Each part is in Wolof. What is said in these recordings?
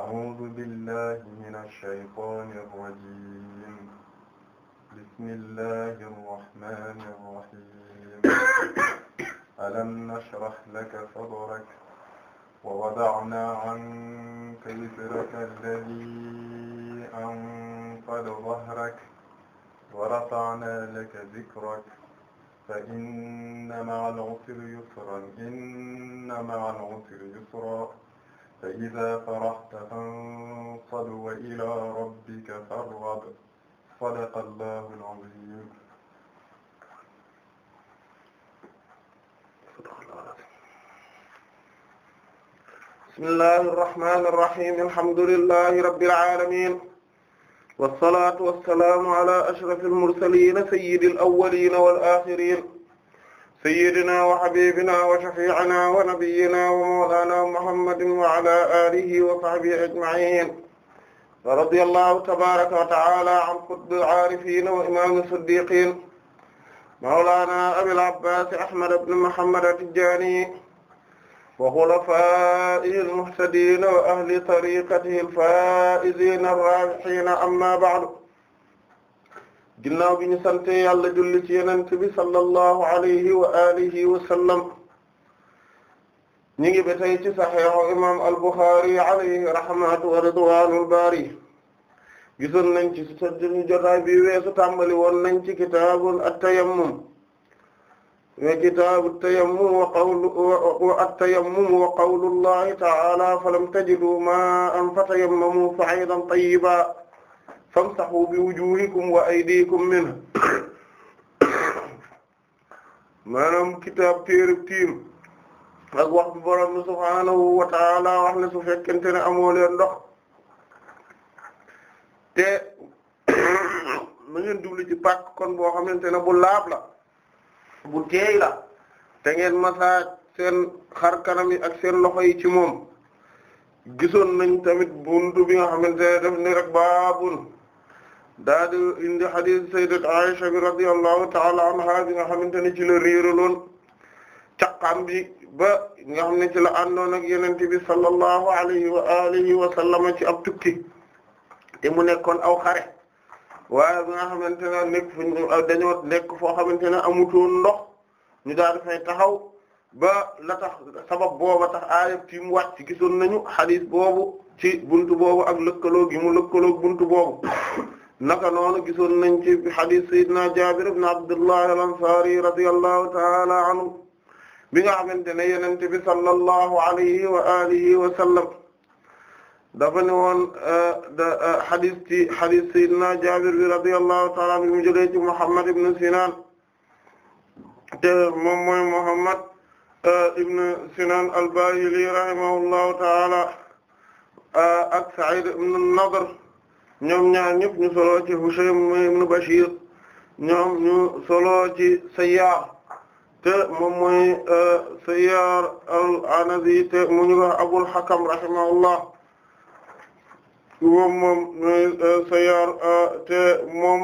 أعوذ بالله من الشيطان الرجيم بسم الله الرحمن الرحيم ألم نشرح لك صدرك ووضعنا عنك وزرك الذي أنقض ظهرك ورفعنا لك ذكرك فإن مع العسر يسرا إن مع العسر يسرا fa idaa faraxta fanṣab wa ilaa rabbika farghab sadaqa Allahu al-aziim bismillahi irrahmani irrahim alhamdulillahi rabbil aalamiin wassalaatu wassalaamu alaa ashrafil mursaliin sayyidil awwaliin wal aaxiriin sayyidina wa habibina wa shafi'ina wa nabiyyina wa mawlana muhammadin wa ala alihi wa sahbihi ajma'in radiyallahu tabaraka wa ta'ala an qutbil aarifin wa imam siddiqin mawlana abil abbas ahmad ibn muhammad at-tijani wa khulafaa'ihi al-muhtadin wa ahli tariqatihi al-faa'izin ar-raabihin amma ba'du ginnaaw bi ñu sante yàlla julli ci yenent bi sallallahu alayhi wa alihi wa sallam ñi ngi ba tey ci saxiixu imam al-Bukhari alayhi rahmatu wa ridwanul bari gisoon nañ ci suñu jotaay bi weesu tàmbali woon nañ ci kitaabun at-tayammum wa kitaabu at-tayammum wa qawlu wa at-tayammum wa qawlu llahi ta'ala falam tajidu ma'an fatayammamu sa'idan tayyiban famsahu bi wujuhikum wa aydikum minhu maanaam kitaab téereb tiim ak wax bi borom bi subhaanahu wa wax ne su fekkente ne amoo leen ndox te na ngeen jublu ci pàkk kon boo xamante ne bu laab la bu teey la te ngeen masaaj seen xar kanam yi ak seen loxo yi ci moom gisoon nañ tamit buntu bi nga xamante ne def ni rek baabun daa di indi hadith sayyidat Aisha bi radiyallahu ta'ala anha bi nga xamante ne ci la réeraloon caqam bi ba nga xam ne ci la àndoon ak yonent bi sallallahu alayhi wa alihi wa sallam ci ab tukki te mu nekkoon aw xare waaye bi nga xamante ne nekk fu nekk foo xamante ne amutoon ndox ñu daal fay taxaw ba la tax sabab booba tax aayab ti mu wàcc gisoon nañu hadith boobu ci buntu boobu ak lëkkaloo gi mu lëkkaloo buntu boobu naka noonu gisoon nañ ci hadith sayyidina Jaabir ibn Abdullah al-Ansari radiyallahu ta'ala anhu bi nga xamante ne Yonent bi sallallahu alayhi wa alihi wa sallam dafa ne woon hadith ci hadith sayyidina Jaabir bi radiyallahu ta'ala anhu mu jëlee ci Muhammad ibn Sinan te moom mooy Muhammad ibn Sinan al-Bahili rahimahullahu ta'ala ak Sa'id ibn an-Nadr ñoom ñaar ñëpp ñu solo ci Hushaym ibn Bashir ñoom ñu solo ci Sayyar te moom mooy euh, sayar al-Anazi te mu ñu wax Abul Hakam rahimahullah moom euh, euh, te moom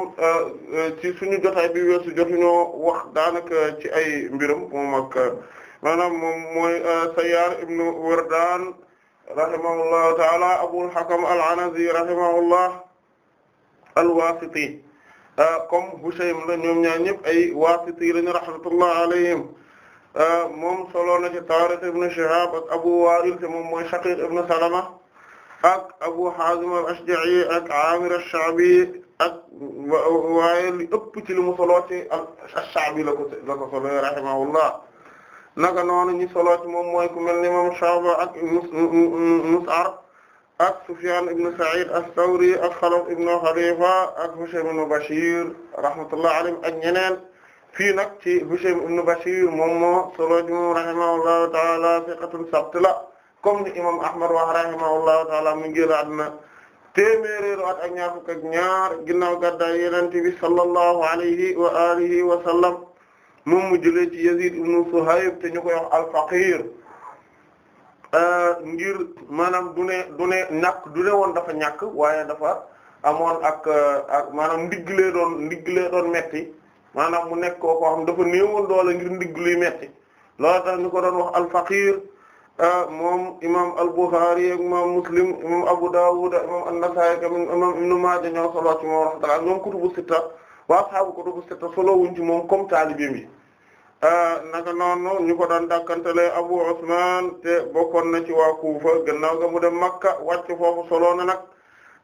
ci suñu jotaay bi weesu jotuñoo wax daanaka ci ay mbiram moom ak moom mooy Sayyar ibn Wardan rahimahullahu ta'ala Abul Hakam al-Anazi rahimahullah al-Wasiti ah, comme Hushaym la ñoom ñaar ñëpp ay Wasiti lañu rahmatullah alayhim ah, moom solo na ci Tariq ibn Shihab ak Abu Wa'il te moom mooy Shaqiq ibn Salama ak Abu Hazim al-Ashja'i ak Amir ash-Sha'bi ak waaye li ëpp ci li mu solo ci ash-Sha'bi la ko la ko solo rahimahullah naka noonu ñi solo ci moom mooy ku mel ni moom Shu'ba ak Mus'ar ak Sufyan ibn Sa'id as-Sawri ak Khalaf ibn Khalifa ak Hushaym ibn Bashir rahmatullah alayhim ak ñeneen fii nag ci Hushaym ibn Bashir moom moo solo ji moom rahimahullahu ta'ala thiqatun sabt la comme ni imam Ahmad wa rahimahullahu ta'ala mu ngi àdduna téeméeri at ak ñaar fukk ak ñaar ginnaaw gàddaay Yonent bi sallallahu alayhi wa alihi wa sallam moom mu jëlee ci Yazid ibn Suhayb te ñu koy wax al-Faqir Euh, ngir maanaam du ne du ne ñàkk du ne woon dafa ñàkk waaye dafa amoon ak euh, ak maanaam ndigg lee doon ndigg lee metti maanaam mu nekk koo xam dafa néewoon doole ngir ndigg lii metti loolu tax ñu ko doon wax al-faqir euh, moom imam al-Bukhari ak imam Muslim imam Abu Dawud imam an-Nasa'i ak imam Ibn Maaja ñoo solo ci moom raxmatullah ñoom kutubu sitta wa ashaabu kutubu sitta solo wuñ ci moom comme taalibeem Ah, naka noonu ñu ko daan dàkkantele Abu Usman te bokkoon na ci waa Kufa gannaaw ga mu dem Makka wàcc foofu solo na nag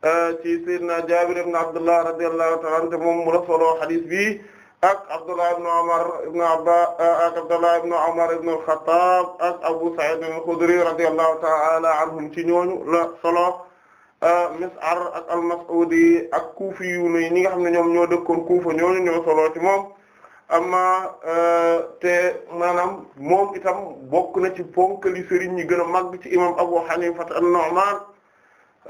ah, ci Sayyidina Jabir ibn Abdullah radiyallahu ta'ala anhu moom mu la solo hadith bi ak Abdullah ibn Umar ibn Abbas ah, ak Abdullah ibn Umar ibn al-Khattab ak Abu Sa'id al-Khudri radiyallahu ta'ala anhum ci ñooñu la solo Mis'ar ak al-Mas'udi ak kuufi yu ñi nga xam ne ñoom ñoo dëkkoon Kufa ñooñu ñoo solo ci moom amma euh, te maanaam moom itam bokk na ci ponkali sëriñ ñi gën a màgg ci imam Abu Hanifa an-Nu'man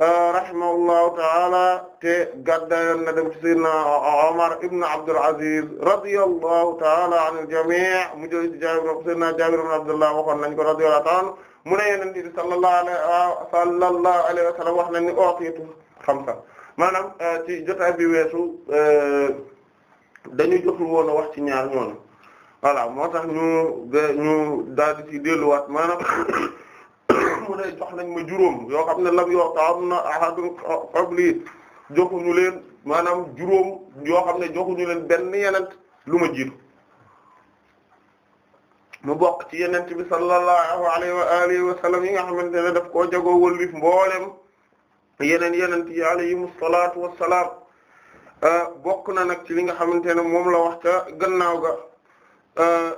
euh, rahimahullahu ta'ala te gàddayoon na dem ci sayyidina Umar ibn Abdul Aziz radiyallahu ta'ala anil jami' mu jël ci Jaabir sayyidina Jaabir ibn Abdullah waxoon nañ ko radiyallahu ta'ala mu ne yonent bi sallallahu alayhi wa sallallahu alayhi wa sallam wax nañ ni u'titu xamsa maanaam euh, ci jotaay bi weesu dañu jotul woon a wax ci ñaar ñooñu voilà moo tax ñu ñu daal di ci delluwaat maanaam mu ne jox nañ ma juróom yoo xam ne lam yoo xam na ahadun qabli joxuñu leen maanaam juróom yoo xam ne joxuñu leen benn yenent lu ma jiitu mu bokk ci yenent bi sallallahu alayhi wa alihi wa sallam yi nga xamante ne def koo jagoo wëlif mboolem yeneen yenent yi alayhimu salaatu wassalaam Euh, bokk na nag ci li nga xamante ne moom la wax ca gannaaw ga euh,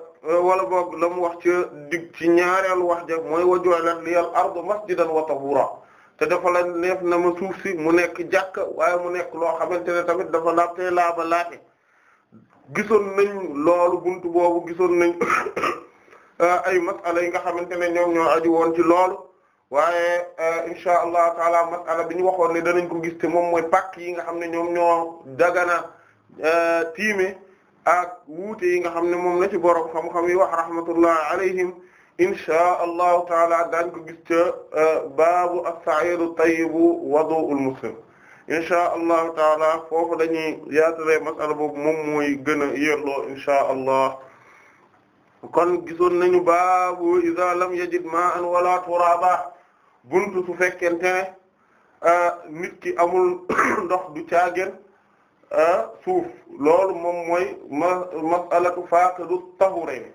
wala boog la mu wax ca digg ci ñaareelu wax ja mooy wa ju'ilat liyal ardu masjidan wa tahura te dafa la neef na ma suuf si mu nekk jàkk waaye mu nekk loo xamante ne tamit dafa laajtee laaba laate gisoon nañ loolu buntu boobu gisoon nañ euh, ay masala yi nga xamante ne ñoom ñoo aju woon ci loolu waaye eh, insha allahu taala masala bi ñu waxoon ne danañ ko gis te moom mooy pàcc yi nga xam ne ñoom ñoo dagana eh, tiime ak wuute yi nga xam ne moom la ci borom xam-xam yi wax rahmatullah alayhim insha allahu taala daañ ko gis ca eh, baabu as-sa'idu tayyibu wadu'ul muslim insha allahu taala foofu dañuy yaatale masala boobu moom mooy gën a yelloo insha allah kon gisoon nañu baabu idha lam yajid ma'an wala turaba buntu su fekkente ne ah, nit ki amul ndox du caageen ah, suuf loolu moom mooy ma masalatu faqidu tahurayn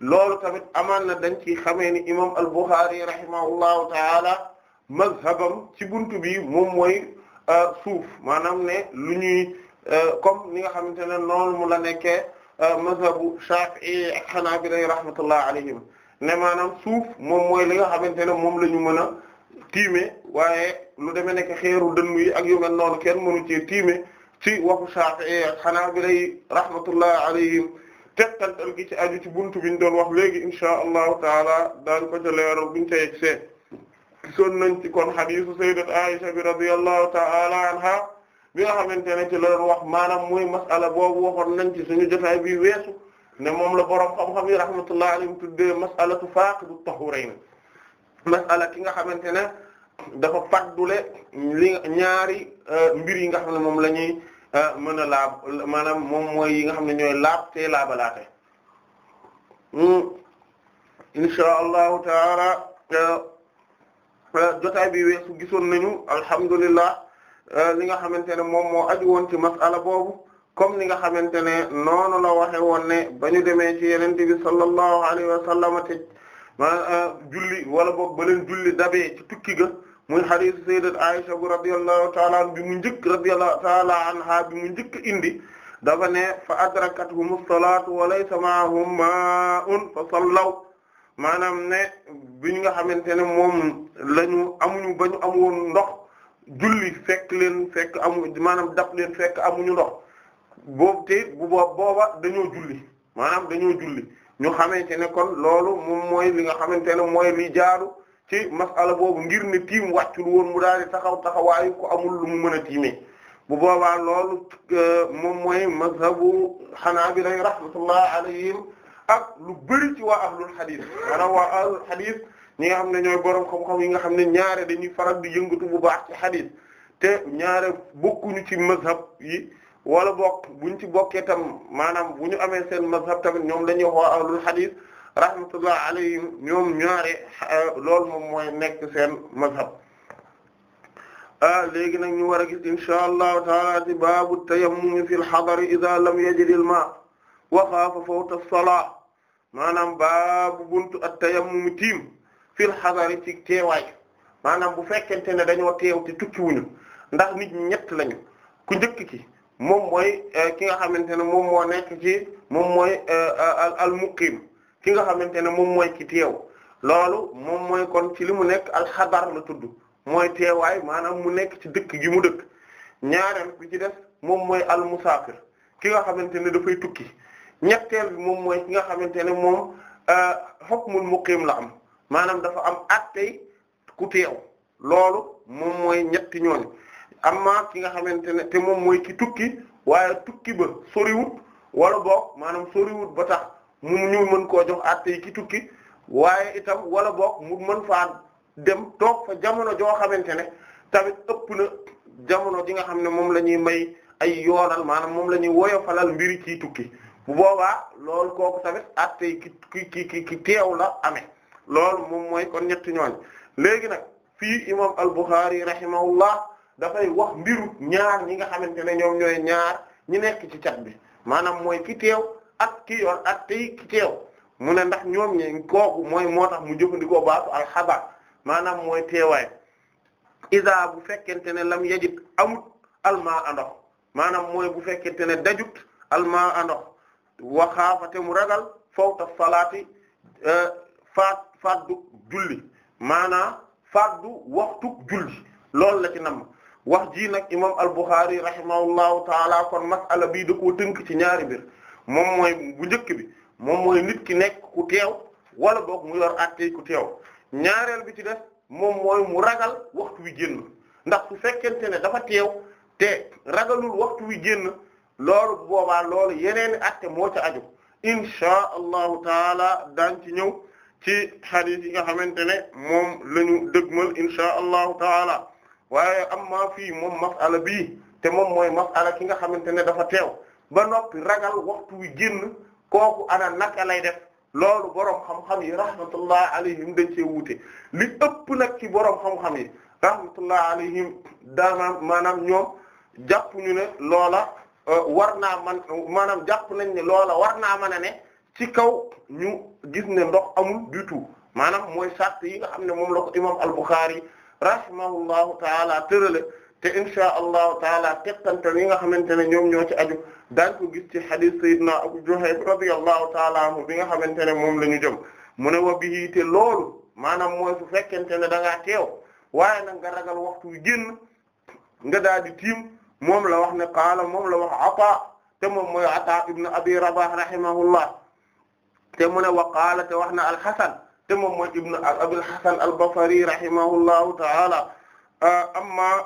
loolu tamit amaan na dañ ci xamee ni imam al-Bukhari rahimahullahu taala mazhabam ci buntu bi moom mooy ah, suuf maanaam ne lu ñuy comme ni nga xamante ne loolu mu la nekkee mazhabu Shafi'i ak Hanabila rahmatullah alayhim ne maanaam suuf moom mooy li nga xamante ne moom la ñu mën a tiime waaye lu demee nekk xeeru dënnu yi ak yu mel noonu kenn mënu ci tiime ci waxu Shafi'i ak eh, Hanabila rahmatullah alayhim tegtal gi ci aju ci buntu bi ñu doon wax léegi insha allahu taala daañu ko ca leeral buñ ca yegsee gisoon nañ ci kon hadiisu sayyidat Aisha bi radiyallahu taala anha bi nga xamante ne ci la doon wax maanaam muy mas'ala boobu waxoon nañ ci suñu jotaay bi weesu ne moom la borom xam-xam yi rahmatullah alayhim tuddee mas'alatu faaqidu tahurayn masala ki nga xamante ne dafa faddule li ñaari euh, mbir yi nga xam ne moom la ñuy euh, mën a laab maanaam moom mooy yi nga xam ne ñooy laab te laabalaate hmm. inshaa allahu taala euh, jotaay bi weesu gisoon nañu alhamdulillah li nga xamante ne moom moo aju woon ci masala boobu comme ni nga xamante ne noonu la waxe woon ne ba ñu demee ci yenente bi sallallahu alayhi wa Ah, julli wala boog ba leen julli dabee ci tukki ga muy hadith sayyidat Aisha bu radiyallahu ta'ala bi mu njëkk radiyallahu ta'ala anha bi mu njëkk indi dafa ne fa adrakathum as-salatu wa laysa ma'ahum ma'un fa sallaw maanaam ne bi ñu nga xamante ne moom lañu amuñu ba ñu amoon ndox julli fekk leen fekk amu maanaam dab leen fekk amuñu ndox boobu te bu booba dañoo julli maanaam dañoo julli ñu xamante ne kon loolu moom mooy li nga xamante ne mooy li jaaru ci masala boobu ngir ne tiim wàccul woon mu daal di taxaw taxawaayu ko amul lu mu mën a tiimee bu boobaa loolu euh, moom mooy mazhabu xanaabila rahmatullah alayhim ak lu bëri ci waa ahlul hadith maanaam wa ahlul hadith ñi nga xam ne ñooy borom xam-xam yi nga xam ne ñaare dañuy faral di yëngatu bu baax ci hadith te ñaare bokkuñu ci mazhab yi. wala bokk buñ ci bokkee tam maanaam bu ñu amee seen mazhab tamit ñoom dañuy wax ahlul hadith rahmatullah alayhim ñoom ñaare euh, loolu moom mooy nekk seen mazhab euh, léegi nag ñu war a gis insha allahu taala ci baabu tayammum fi al-hadari idha lam yajid al-ma wa xaafa fawta as-salaa maanaam baabu buntu at-tayammum tiim fi al-hadari ci teewaay maanaam bu fekkente ne dañoo teew te tukki wuñu ndax nit ñett lañu ku njëkk ki moom mooy euh, ki nga xamante ne moom moo nekk ci moom mooy euh, al muqim ki nga xamante ne moom mooy ki teew loolu moom mooy kon ci li mu nekk alxadar na tudd mooy teewaay maanaam mu nekk ci dëkk gi mu dëkk ñaareel bi ci def moom mooy al musaafir ki nga xamante ne dafay tukki ñetteel bi moom mooy ki nga xamante ne moom euh, hukmul muqim la am maanaam dafa am attey ku teew loolu moom mooy ñetti ñooñu amma ki nga xamante ne te moom mooy ki tukki waaye tukki ba soriwut wala boog maanaam soriwut ba tax mu ñu mën koo jox àtte ki tukki waaye itam wala boog mu mën fa dem toog fa jamono joo xamante ne tamit ëpp na jamono ji nga xam ne moom la ñuy may ay yoonal maanaam moom la ñuy woyofalal mbiri ciy tukki bu boobaa loolu kooku tamit àtte yi ki ki ki ki teew la amee loolu moom mooy kon ñetti ñooñ léegi nag fii imam al-Bukhari rahimahullah dafay wax mbiru ñaar ñi nga xamante ne ñoom ñooy ñaar ñi nekk ci cat bi maanaam mooy ki teew ak ki yor at tey ki teew mu ne ndax ñoom ñi kooku mooy moo tax mu jëfandikoo baatu alxabar maanaam mooy teewaay isa bu fekkente ne lam yajit amut almaa andox maanaam mooy bu fekkente ne dajut almaa andox waxaafate mu ragal fawta salaati e, faat faatdu julli maanaam faatdu waxtu julli loolu la ci nam wax ji nag imam al-Bukhari rahimahullahu taala kon masala bii da koo tënk ci ñaari mbir moom mooy bu njëkk bi moom mooy nit ki nekk ku teew wala boog mu yor àttee ku teew ñaareel bi ci def moom mooy mu ragal waxtu wi génn ndax su fekkente ne dafa teew te ragalul waxtu wi génn loolu boobaa loolu yeneen atte moo ca aju insha allahu taala daan ci ñëw ci hadith yi nga xamante ne moom la ñu dëgmal insha allahu taala waaye am amma fii moom masala bi te moom mooy masala ki nga xamante ne dafa teew ba noppi ragal waxtu wi génn kooku ana naka lay def loolu borom xam-xam yi rahmatullah alayhim dañ cee wuute li ëpp nag ci borom xam yi rahmatullah alayhim daanaam maanaam ñoom jàpp ñu ne loola euh, war naa man maanaam jàpp nañ ne loola war naa mën ne ci kaw ñu gis ne ndox amul du tout maanaam mooy sart yi nga xam ne moom la ko imam al-Bukhari rahimahullahu taala tërale te insha allahu taala teqantal yi nga xamante ne ñoom ñoo ci aju daañ ko gis ci hadith sayyidina Abu Juhayb radiyallahu taala anhu bi nga xamante ne moom la ñu jëm mu ne wa bihi te loolu maanaam mooy su fekkente ne da ngaa teew waaye nag nga ragal waxtu wi génn nga daal di tiim moom la wax ne qaala moom la wax Ata te moom mooy Ata ibn Abi Rabah rahimahullah te mu ne wa qaala te wax na al-Hasan te moom mooy ibnu Abul Hasan al-Basri rahimahullahu ta'ala amma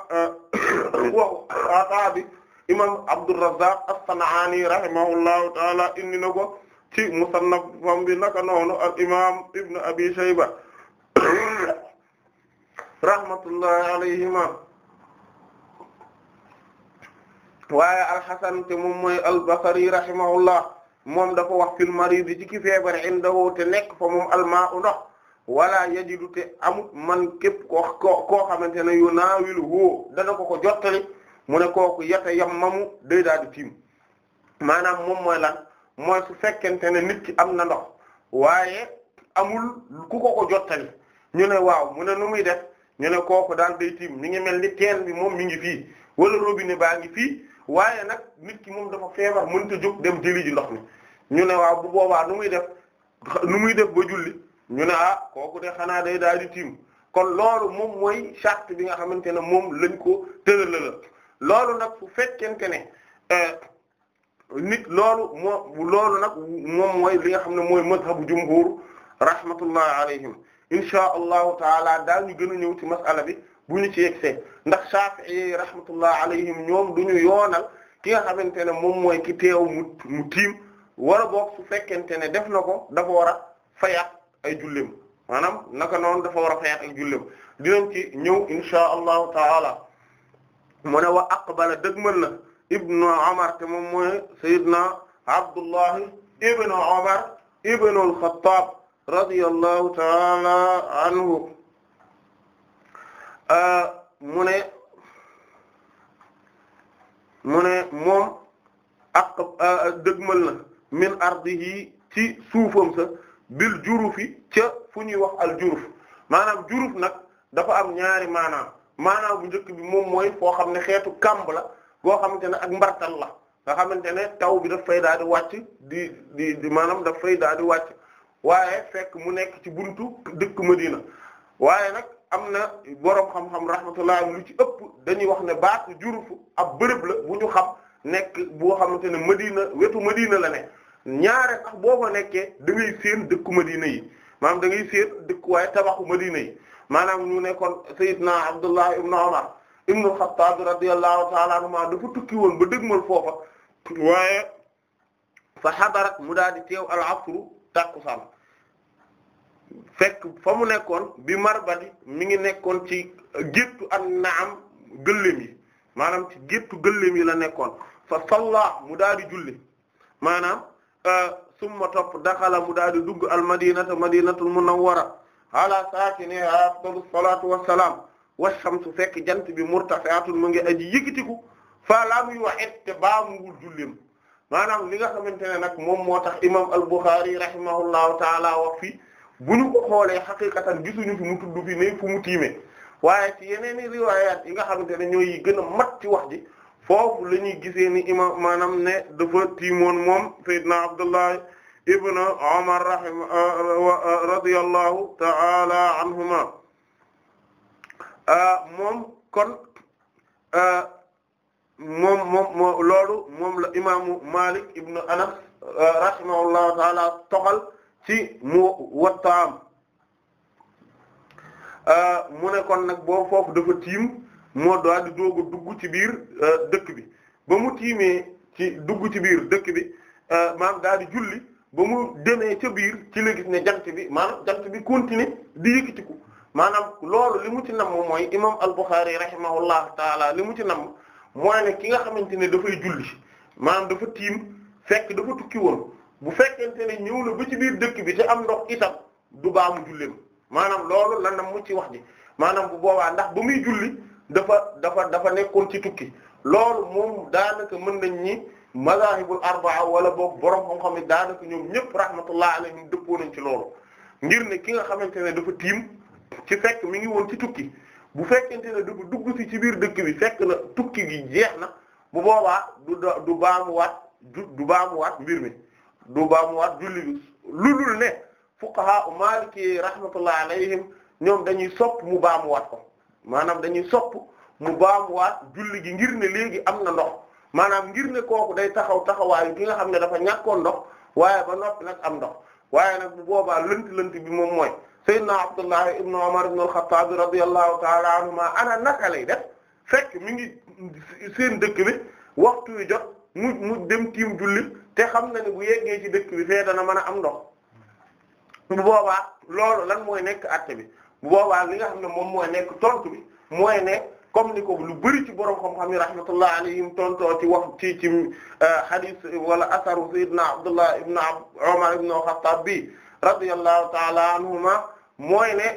wa ata bi imam Abdurrazzaq as-San'ani rahimahullahu ta'ala indi na ko ci Musannaf fam bi naka noonu al imam ibnu Abi Shayba rahmatullahi alayhima waaye al-Hasan te moom mooy al-Basri rahimahullah moom dafa wax fil di ci ki feebar indahu te nekk fa moom almaa u ndox wala yajidu te amut man képp koo koo xamante ne yu naawilu woo dana ko ko jottali mu ne kooku yata yam mamu day daal tiim maanaam moom mooy lan mooy su fekkente ne nit ki am na ndox waaye amul ku ko ko jottali ñu ne waaw mu ne nu muy def ñu ne kooku daal day tiim mi ngi mel ni teen bi moom mi ngi fii wala robinet baa ngi fii waaye nag nit ki moom dafa feebar mënta jóg dem jëli ji ndox mi ñu ne waaw bu boobaa nu muy def nu muy def ba julli ñu ne ah kooku de xanaa day daal di tiim kon loolu moom mooy charte bi nga xamante ne moom lañ ko tëralala loolu nag fu fekkente ne euh, nit loolu moo loolu nag moom mooy li nga xam ne mooy mazhabu jumhur rahmatullah alayhim insha allahu taala daal ñu gën a ñëw ci masala bi bu ñu ci yegsee ndax Shafi'i rahmatullah alayhim ñoom du ñu yoonal ki nga xamante ne moom mooy ki teew mu mu tiim wala boog su fekkente ne def na ko dafa war a fayaat ay jullim maanaam naka noonu dafa war a fayaat ay jullim dinañ ci ñëw insha allahu taala mu ne wa aqbala dëgmal na ibnu Umar te moom mooy Seydina Abdullahi ibnu Umar ibnu al-Khattab radiyallahu taala anhu Euh, mu ne mu ne moom ak euh, dëgmal na min ardihi ci suufam sa bil jurufi ca fu ñuy wax al juruf maanaam juruf nag dafa am ñaari maanaam maanaam bu njëkk bi moom mooy foo xam ne xeetu kàmbla la boo xamante ne ak mbartal la nga xamante ne taw bi daf fay daal di wàcc di di di maanaam daf fay daal di wàcc waaye fekk mu nekk ci buntu dëkk Medina waaye nag am na boroom xam-xam rahmatullah lu ci ëpp dañuy wax ne baatu juruf ab bërëb la bu ñu xam nekk boo xamante ne Medina wetu Medina la ne ñaare sax boo fa nekkee da ngay séen dëkku Medina yi maanaam da ngay séen dëkkuwaay tabaxu Medina yi maanaam ñu ne kon Seydina Abdullah ibn Umar ibn Khattab radiyallahu ta'ala anhuma dafa tukki woon ba dëgmal foofa waaye fa xadarat mu daal di teew al asru tàkkusaan fekk fa mu nekkoon bi marbadi mi ngi nekkoon ci euh, géttu ak naam gëléem yi maanaam ci géttu gëléem yi la nekkoon fa salla mu daal di julli maanaam euh, summa topp daxala mu daal di dugg al madinata madinatul munawwara ala saakiniha afdalu salaatu wassalaam wa shamsu fekk jant bi murtafi'atun mu ngi aji yëkkatiku fa lam yu'id te baa mu wul jullim maanaam li nga xamante ne nag moom moo tax imam al Bukhari rahimahullahu taala wax fii bu ñu ko xoolee xaqiqatan gisuñu fi mu tudd fi ne fu mu tiimee waaye ci yeneen i riwaayaat yi nga xamante ne ñooy gën a mat ci wax ji foofu la ñuy gisee ni imam maanaam ne dafa tiimoon moom Seydina Abdullah ibn Umar rahima euh, euh, euh, radiyallahu ta'ala anhuma moom kon moom moom loolu moom la imaamu Malik ibn Anas rahimahullahu ta'ala toxal ci Muwatta euh, mu ne kon nag boo foofu dafa tiim moo daal di doog dugg ci biir euh, dëkk bi ba mu tiimee ci dugg ci biir dëkk bi euh, maam daal julli ba mu demee ca biir ci la gis ne jant bi maanaam jant bi continuer di yëkkatiku maanaam loolu li mu ci nam mooy imam al-Bukhari rahimahullah taala li mu ci nam mooy ne ki nga xamante ne dafay julli maanaam dafa tiim fekk dafa tukki woon bu fekkente ne ñëw na ba ci biir dëkk bi te am ndox itam du baamu julleem maanaam loolu lan la mu ci wax ji maanaam bu boobaa ndax ba muy julli dafa dafa dafa nekkoon ci tukki loolu moom daanaka mën nañ ñi mazahibul arbaa wala boog borom xam-xam yi daanaka ñoom ñëpp rahmatullah alayhim dëppoo nañ ci loolu ngir ne ki nga xamante ne dafa tiim ci fekk mu ngi woon ci tukki bu fekkente ne dafa dugg si ci biir dëkk bi fekk na tukki gi jeex na bu boobaa du du baamuwaat du baamuwaat mbir mi du baamuwaat julli lu lulul ne fuqaha u maliki rahmatullah alayhim ñoom dañuy sopp mu baamuwaat ko maanaam dañuy sopp mu baamuwaat julli gi ngir ne léegi am na ndox maanaam ngir ne kooku day taxaw taxawaayu gi nga xam ne dafa ñàkkoon ndox waaye ba noppi nag am ndox waaye nag bu boobaa lënt lënt bi moom mooy sayyidna abdullah ibnu umar ibnu al-khattab radiyallahu ta'ala anhuma ana naka lay def fekk mi ngi seen dëkk bi waxtu wi jot mu mu dem tiim jullit te xam na ne bu yeggee ci dëkk bi fee dana mën a am ndox bu boobaa loolu lan mooy nekk àtte bi bu boobaa li nga xam ne moom mooy nekk tontu bi mooy ne comme ni ko lu bari ci borom xam-xam yi rahmatullah alayhim tontoo ci wax ci ci euh, hadith wala asaru na Abdullah ibn Umar ibn Khattab bi radiyallahu ta'ala anhuma mooy ne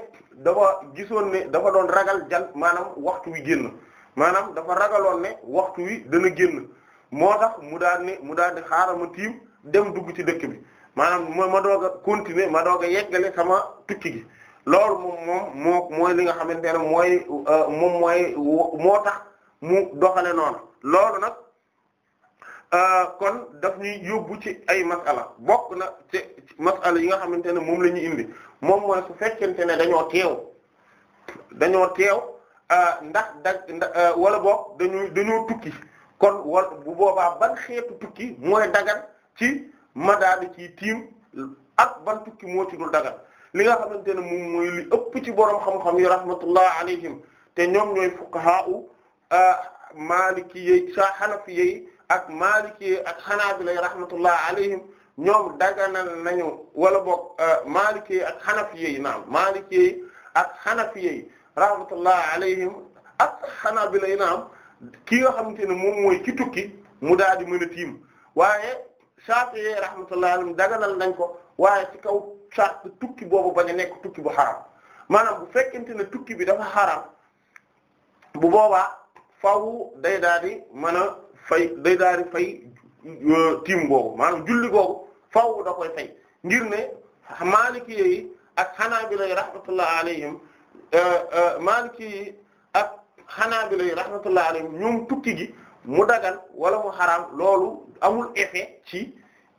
dafa gisoon ne dafa doon ragal jant maanaam waxtu wi génn maanaam dafa ragaloon ne waxtu wi dana génn moo tax mu daal ne mu daal di xaaral ma tiim dem dugg ci dëkk bi maanaam ma ma doog a continuer ma doog a yeggale sama tukki gi loolu moom moom mooy li nga xamante ne mooy euh, moom mooy tax mu doxale noonu loolu nag euh, kon daf ñuy yóbbu ci ay masala bokk na ci masala yi nga xamante ne moom la indi moom mooy su fekkente ne dañoo teew dañoo teew euh, ndax da wala boog dañuy dañoo tukki kon war bu boobaa ban xeetu tukki mooy dagan ci ma daal di ciy tiim ak ban tukki moo ci dul dagan li nga xamante ne moom mooy li ëpp ci borom xam-xam yi rahmatullah alayhim te ñoom ñooy fuqaha u maliki yey sa xanafi ak maliki yey ak xanaabila rahmatullah alayhim ñoom daganal nañu wala boog maliki yey ak xanafi yey naam maliki yey ak xanafi yey rahmatullah alayhim ak xanaabila naam ki nga xamante ne moom mooy ki tukki mu daal di mën a tiim waaye Shafi'i rahmatullahi alayhi daganal nañ ko waaye ci kaw sart tukki boobu ba nekk tukki bu xaram maanaam bu fekkente ne tukki bi dafa xaram bu boobaa faaw day daal di mën a fay day daal di fay euh, tiim boobu maanaam julli boobu faaw da koy fay ngir ne Maliki yi ak Hanabila rahmatullahi alayhim euh, euh, Maliki xanaa Hanaabila rahmatullahi alayhim ñoom tukki gi mu dagal wala mu xaraam loolu amul effet ci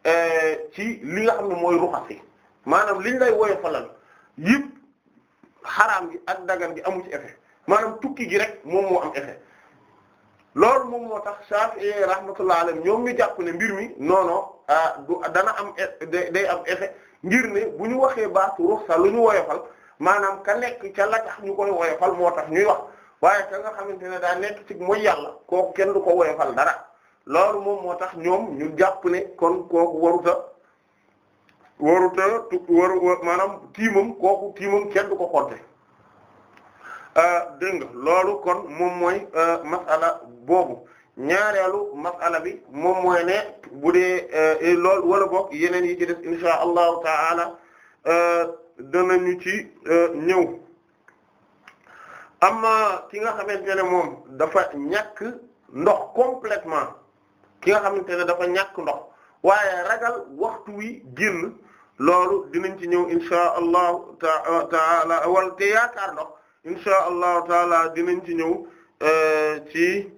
euh, ci li nga xam ne mooy ruxasi maanaam liñ lay woyo falal yëpp xaraam gi ak dagal gi amu ci maanaam tukki gi rek moom moo am effet loolu moom moo tax Shafi'i rahmatullahi alayhim ñoom ñu jàpp ne mbir mi non non ah, du dana am e, day am effet ngir ne bu ñu waxee baatu ruxsa lu ñu woyofal maanaam ka nekk ca la tax ñu koy woyofal moo tax ñuy wax waaye ka nga xamante ne daa nekk ci mooy yàlla kooku kenn du ko woyofal dara loolu moom moo tax ñoom ñu jàpp ne kon kooku waruta waruta waru maanaam tiimam kooku tiimam kenn du ko xonte euh, dégg nga loolu kon moom mooy euh, masala boobu ñaareelu masala bi moom mooy ne bu dee euh, lool wala bokk yeneen yi ci des insha allahu taala ñu ci ñëw amma ki nga xamante ne moom dafa ñàkk ndox complètement ki nga xamante ne dafa ñàkk ndox waaye ragal waxtu wi génn loolu dinañ ci ñëw insha allahu euh, taala wala te yaakaar ndox insha allahu taala dinañ ci ñëw euh, ci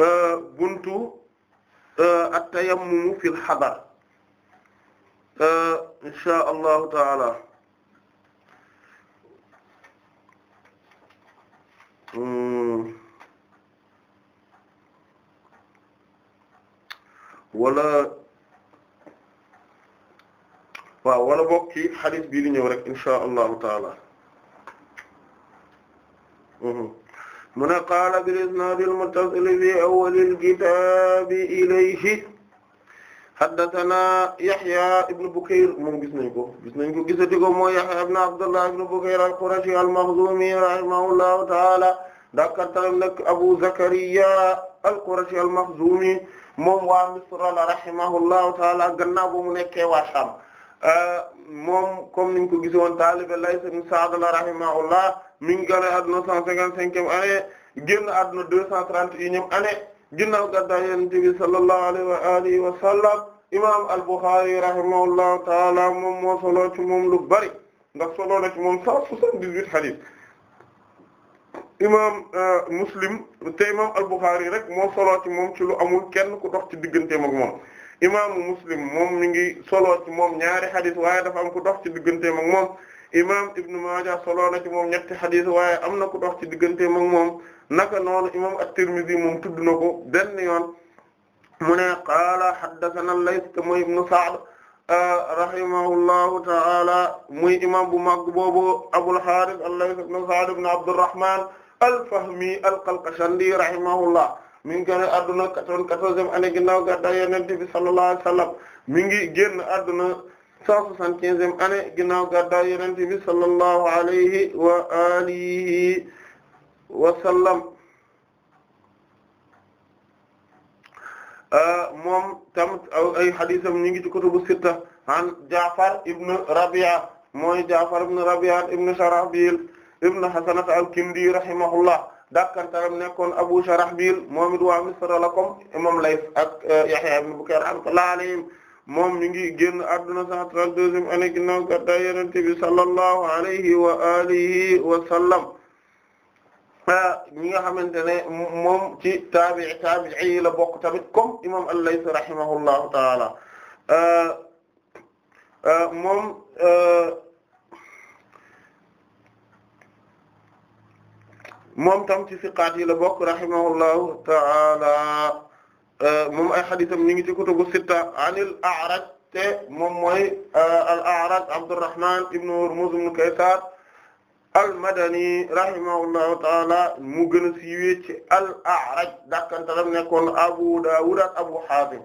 euh, buntu at-tayammum fil hadar insha allahu taala Hmm. wala waaw wala bokk ci xadis bii di ñëw rek inshaa allahu taala hmm. mu ne qaala bil isnaadil muttasil fi awwalil kitaabi ilayhi haddathana Yahya ibn Bukayr moom gis nañ ko gis nañ ko gisati ko mooy Yahya ibn Abdullah ibn Bukayr al-Qurashi al-Makhzumi rahimahullahu ta'ala dakkantalam nag Abu Zakariya al-Qurashi al-Makhzumi moom waa Misra la rahimahullahu ta'ala gannaaw ba mu nekkee waa Sham euh, moom comme niñ ko gisoon taalibe Layth ibn Sa'd la rahimahullah mi ngi gane adduna 155e année génn adduna 231e année ginnaaw gaddaa yonent bi sallallahu alayhi wa alihi wa sallam imam al-Bukhari rahimahullahu taala moom moo solo ci moom lu bari ndax solo na ci moom cent soixante-dix-huit hadith imam euh, Muslim te imam al-Bukhari rek moo solo ci moom ci lu amul kenn ku dox ci digganteem ak moom imaamu Muslim moom mi ngi solo ci moom ñaari hadith waaye dafa am ku dox ci digganteem ak imam Ibn Maaja solo na ci moom ñetti xadis waaye am na ku dox ci diggante moom moom naka noonu imam At-Tirmidhi moom tudd na ko benn yoon mu ne qaala haddathana Layth mooy ibnu Sa'd rahimahullahu ta'ala muy imam bu mag boobu Abul Harith al-Layth ibn Sa'd ibn Abdurrahman al-Fahmi al-Qalqashandi rahimahullah mi ngi génn adduna 94e année ginnaaw gàddaay Yonent bi sallallahu alayhi wasallam mi ngi génn adduna. 175e année ginnaaw gàddaay Yonent bi sallallahu alayhi wa alihi wa sallam euh, moom tam ay hadiisam ñu ngi ci kutubu sitta an Ja'far ibn Rabi'a mooy Ja'far ibn Rabi'a ibn Sharahbil ibn Hasanat al-Kindi rahimahullah dakkantaram nekkoon Abu Sharahbil moom it waa Misra la kom moom Layth ak euh, Yahya ibn Bukayr rahmatullahi alayhim moom mi ngi génn adduna 132e année ginnaaw gàddaay Yonent bi sallallahu alayhi wa alihi wa sallam ah, ñi nga xamante ne moom ci taabi'i taabi'i yi la bokk tamit comme imam al-Layth taala ah, ah, moom moom tam ci siqaat yi la bokk taala Euh, moom ay xadisam ñu ngi ci kutubu sitta anil A'raj te moom mooy euh, al A'raj Abdurrahman ibn Hurmuz ibn Kaysar al-Madani rahimahullahu ta'ala mu gën a siiwee ci al A'raj dakkantalam nekkoon Abu Dawud Abu Hazim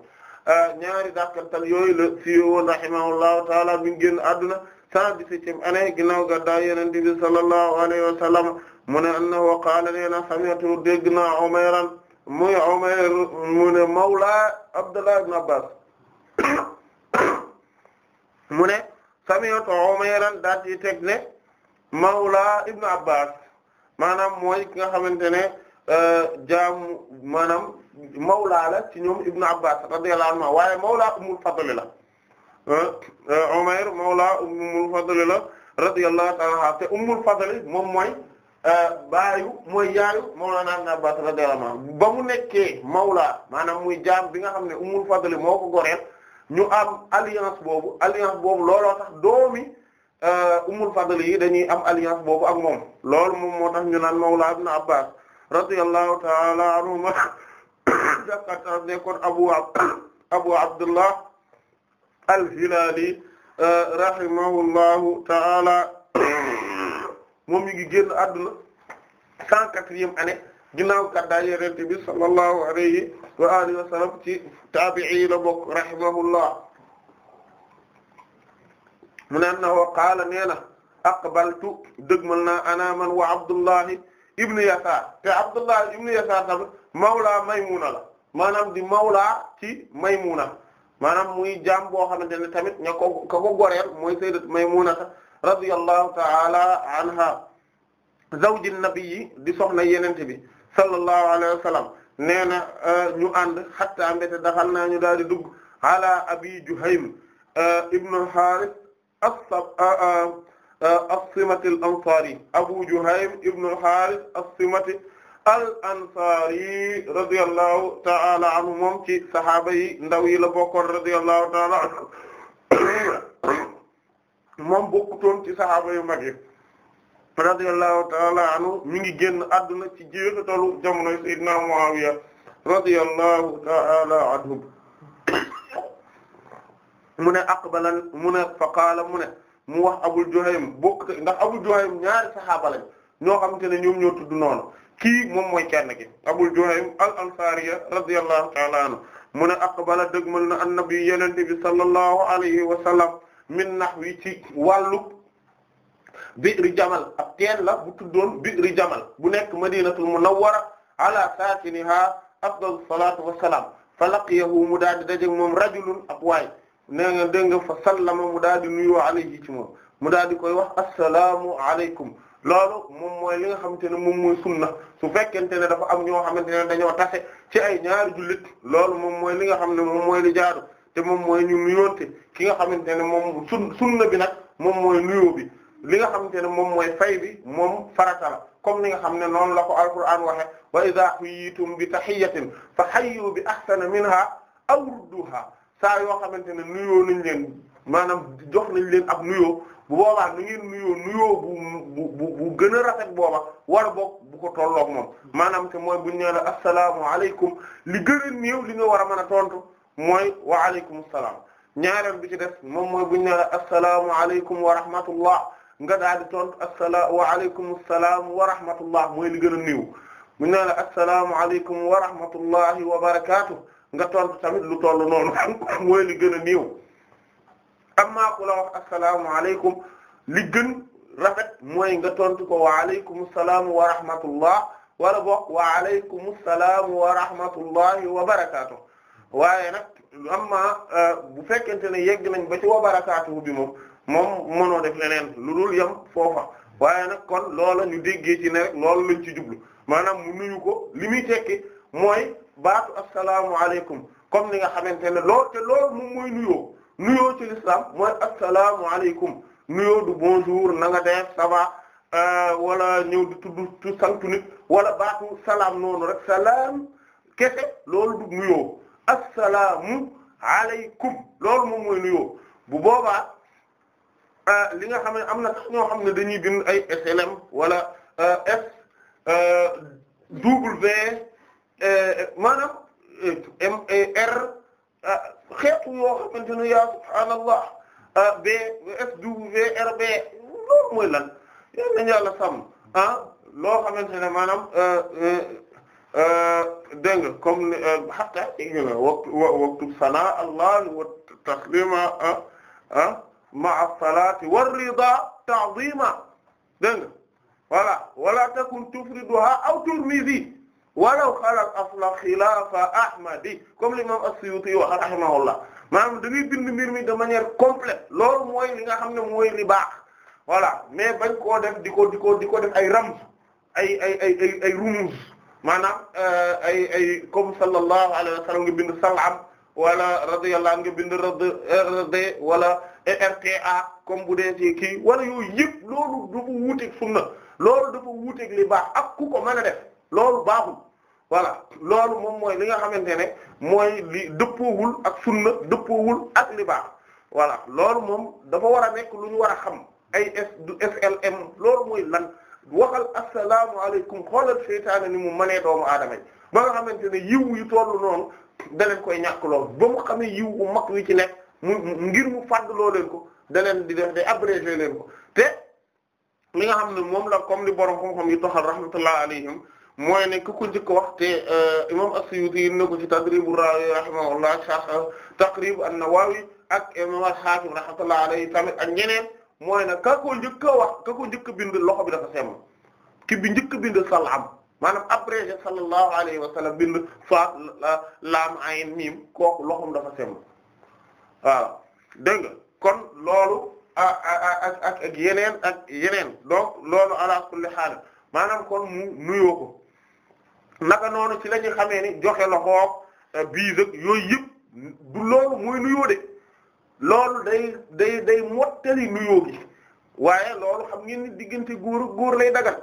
euh, ñaari dakkantal yooyu la siiwoon rahimahullahu ta'ala bi génn àdduna 117e année ginnaaw gàddaay bi sallallahu alayhi wa sallam mu ne annahu qaala lana Umayran muy Umayr mu ne mawla Abdullah ibn Abbas mu ne sami'tu Umayran daal di teg ne mawla ibn Abbas maanaam mooy ki nga xamante ne euh, jaamu maanaam mawla la ci ñoom ibn Abbas radiyallahu anhu waaye mawla Ummul Fadl la Umayr euh, euh, mawla Ummul Fadl la Euh, baayu mooy yaayu Mawlana Ibn Abbas radiyallahu anhu ba mu nekkee mawla maanaam muy jaam bi nga xam ne Ummul Fadl moo ko goreel ñu am alliance boobu alliance boobu lool tax doomi euh, Ummul yi dañuy am alliance boobu ak moom loolu moom moo tax ñu naan Mawlana Ibn Abbas radiyallahu ta'ala anhuma dakkatar nekkoon Abu Abu Abdullah al-Hilali euh, rahimahullahu ta'ala moom mi ngi génn àdduna cent quatrième année ginnaaw gàddaay Yonent bi sallallahu alayhi wa alihi wa sallam ci taabi'i la bokk rahimahullah mu ne na wa qaala nee na aqbaltu dëgmal naa ana man wa Abdullahi Ibn Yasaar te Abdullahi Ibn Yasaar tamit mawla Maymuna la maanaam di mawla ci Maymuna maanaam muy jaam boo xamante ne tamit ña ko ka ko goreel mooy sayyidat Maymuna radiyallahu ta'ala anha zawji nabi di soxna yenente bi sallallahu alayhi wa sallam nee na euh, ñu ànd hatta mbéte daxal naa ñu daal di dugg ala abi Juhaym euh, ibn al-Harith euh, as-Simati al-Ansari abu Juhaym ibn al-Harith as-Simati al-Ansari radiyallahu ta'ala anhu moom ci sahaaba yi ndaw yi la bokkoon radiyallahu ta'ala anhu moom bokkutoon ci sahaaba yu mag yi radiyallahu ta'ala anhu mi génn adduna ci jeexitalu jamonoy sayyidina Muawiya radiyallahu ta'ala anhu mu ne aqbalan mu ne fa qaala mu ne mu wax Abul Juhaym bokk ndax Abul Juhaym ñaari sahaaba lañ ñoo xamante ne ñoom ñoo tudd noonu kii moom mooy kenn ki Abul Juhaym al ansariya radiyallahu ta'ala anhu mu ne aqbala dëgmal na annabi yenente bi sallallahu alayhi wa sallam min nahwi ci wàllu bi'ri jamal ak teen la bu tuddoon bi'ri jamal bu nekk madinatul munawwara ala saakiniha afdal salatu wassalam fa laqiyahu mu daal di daje moom rajulun ak waay nee nga dégg nga fa sallama mu daal di nuyoo alayhi ci moom mu daal di koy wax assalaamu aleykum loolu moom mooy li nga xamante ne moom mooy sunna su fekkente ne dafa am ñoo xamante ne dañoo tase ci ay ñaari jullit loolu moom mooy li nga xam ne moom mooy li jaadu te moom mooy ñu nuyoonte ki nga xamante ne moom sun sunna bi nag moom mooy nuyoo li nga xamante ne moom mooy fay bi moom farata la comme ni nga xam ne noonu la ko alquran waxe wa idha huyitum bi tahiyatin fa hayyu bi ahsana minha aw rudduha saa yoo xamante ne nuyoo nañ leen maanaam jox nañ leen ab nuyoo bu boobaa nu ngeen nuyoo nuyoo bu bu bu gën a rafet booba war a bokk bu ko tolloog moom maanaam te mooy buñ nee la asalaamu aleykum li gën a li nga war a mën a tontu mooy waaleykum salaam ñaareel bi ci def moom mooy bu ñu nee la asalaamualeykum wa rahmatullah nga daal di tontu asalaam waaleykum salaam wa rahmatullah mooy li gën a néew bu ñu nee la asalaamualeykum wa rahmatullahi wa barakaatu nga tontu tamit lu toll noonu mooy li gën a néew amaa ku la wax asalaamualeykum li gën rafet mooy nga tontu ko waaleykum salaam wa rahmatullah wala boog waaleykum salaam wa rahmatullahi wa barakaatu. waaye nag amma euh, bu fekkente ne yegg nañ ba ci wa barakaatuhu bi moom moom mënoo def leneen lu dul yem foofa waaye nag kon loola ñu ne rek loolu ci jublu maanaam mu nuyu ko li muy tekki mooy baatu assalaamu aleykum comme ni nga xamante ne lool te loolu moom mooy nuyoo ci l'islam mooy assalaamu aleykum nuyoo du bonjour na nga def euh, wala ñëw di tudd nit wala baatu salaam noonu rek salaam kese loolu du nuyoo assalaamu aleykum loolu moom mooy nuyoo bu boobaa euh, li nga xam ne am na sax ñoo xam ne dañuy bind ay SLM wala F euh, euh, W maanaam M R xeetu yoo xamante ne yaa subhaanallah B F W R B loolu mooy lan yal nañu yàlla sàmm ah loo xamante ne maanaam. Euh, dégg nga comme euh, hatta igna waqtu waqtu sana allah wa taslima ah, ah ma'a salati war rida ta'zima dégg nga voilà wala takun tufriduha aw turmizi walaw xalat asla xilafa ahmadi comme l'imam as-Suyuti wa rahimahullah maanaam da ngay bind mbir mi de manière complète loolu mooy li nga xam ne mooy li baax voilà mais bañ koo def di ko di ko di ko def ay rams ay ay ay ay ay rumuz maanaam euh, ay ay comme sallallahu alayhi wa sallam nga bind salam wala radiyallahu ngi bind rad euh, rad wala e rta comme bu dee ci kii wala yooyu yëpp loolu dafa wuuteeg sunna loolu dafa wuuteeg li baax ak ku ko mën a def loolu baaxul wala loolu moom mooy li nga xamante ne mooy li dëppoowul ak sunna dëppoowul ak li wala loolu moom dafa war a nekk lu ñu war a xam ay S du SLM loolu mooy lan waxal asalaamualeykum xoolal seytaane ni mu mënee doomu aadama yi ba nga ne yiw yu tollu noonu da leen koy ñàkk lool ba mu xamee yiw bu mag wi ci nekk mu ngir mu fàddaloo leen ko da di def day abrégé leen ko te li nga xam ne moom la comme li borom xam-xam yi toxal rahmatullah alayhim mooy ne ku ko njëkk wax euh, imam as-Suyuti na ko ci Tadribu Raawi rahimahullah Taqrib an-Nawawi ak imam al alayhi tamit ak ñeneen. mooy na ka ko njëkk a wax ka ko njëkk a bind loxo bi dafa sell ki bi njëkk a bind salaam maanaam abrégé sallallahu alayhi wa sallam bind fa laam kooku loxom dafa sell waaw dégg kon loolu ak ak ak ak yeneen ak yeneen donc loolu ala kulli haal maanaam kon mu nuyoo ko naka noonu ci la xamee ni joxe loxoog eh, biis ak yooyu yëpp du loolu mooy nuyoo de. loolu day day day mottali nuyoo gi waaye loolu xam ngeen ni diggante góor ak góor lay dagal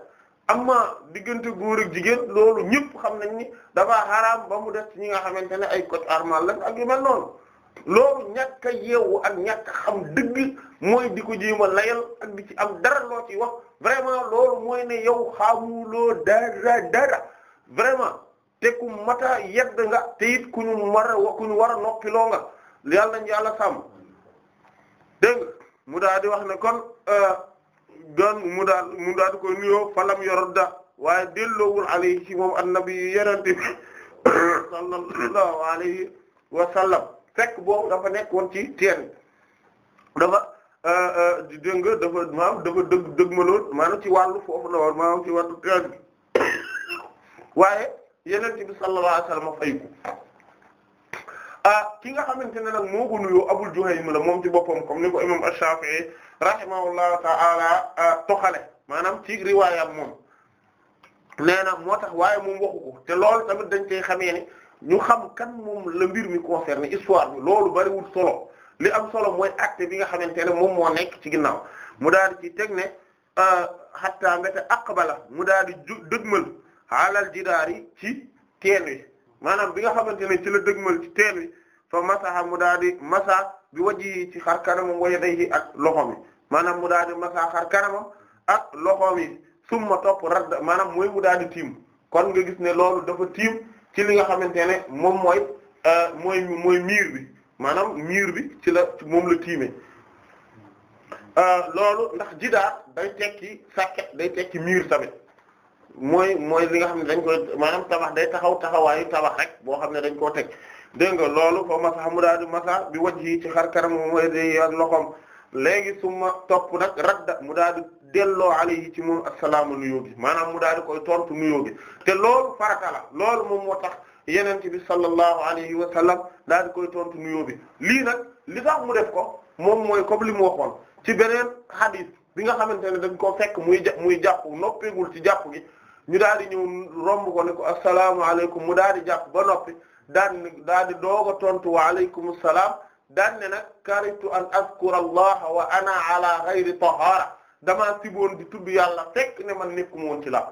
amma diggante góor ak jigéen loolu ñëpp xam nañ ni dafa xaraam ba mu def ci ñi nga xamante ne ay cote armal la ak yu mel noonu loolu ñàkk a ak ñàkk xam dëgg mooy di ko jéem a layal ak di ci am dara loo ci wax vraiment loolu mooy ne yow xamuloo dara dara vraiment te ku mata yedd nga te it ku ñu mar a ku ñu war a noppiloo nga yàlla nañ yàlla sàmm dégg mu daal wax ne kon gan euh, mu daal mu daal di ko nuyoo falam da waaye delloowul alayhi ci moom annabi yu yenente bi sallallahu alayhi wa sallam fekk boobu dafa nekk woon ci teen dafa euh, euh, dégg nga dafa maanaam dafa dëgg dëgg maloon maanaam ci wàllu foofu la woon maanaam ci wàllu teen bi waaye yenente bi sallallahu alayhi wa sallam ah ki nga xamante ne nag moo ko nuyoo Abul Juhaym la moom ci boppam comme ni ko imam Ash-Shafi'i rahimahullahu ta'ala ah, toxale maanaam ci riwaayam moom nee na moo tax waaye moom waxu te loolu tamit dañ koy xamee ne ñu xam kan moom la mbir mi concerné histoire bi loolu bariwul solo li am solo mooy acte bi nga xamante ne moom moo nekk ci ginnaaw mu daal di ci teg ne ah, hatta mbéte aqbala mu daal di ju dëgmal alal jidaar ci teen wi maanaam bi nga xamante ne ci la dëgmal ci teen wi fa masaha mu daa di masa bi wajji ci xar kanamam wa yadayhi ak loxoom yi maanaam mu daa di masa xar ak loxoom yi summa topp radda maanaam mooy mu daa di tiim kon nga gis ne loolu dafa tiim ci li nga xamante ne moom mooy euh, mooy miir bi maanaam miir bi ci la moom la tiimee euh, loolu ndax jidaar day tekki sàkket day tekki miir tamit mooy mooy li nga xam ne dañ ko maanaam tabax day taxaw taxawaayu tabax rek boo xam ne dañ koo teg dégg nga loolu fa masax mu daal di masa bi waj yi ci xar kanam mooy day yor loxoom léegi su ma topp nag radda mu daal di delloo alayhi ci mu assalaamu nuyoo gi maanaam mu daal di koy tontu nuyoo gi te loolu farata la loolu moom moo tax yeneen ci bi sallallahu alayhi wa sallam daal di koy tontu nuyoo bi lii nag li tax mu def ko moom mooy comme li mu waxoon ci beneen hadith bi nga xamante ne dañ koo fekk muy muy jàpp noppeegul ci jàpp gi. ñu daal di ñëw romb ko ne ko asalaamaaleykum mu daal di jàpp ba noppi daan daal di doog a tontu wa aleykum salaam daan ne nag karitu an azkura allah wa ana ala ghayri tahara damaa siboon di tudd yàlla fekk ne man nekkuma woon ci laab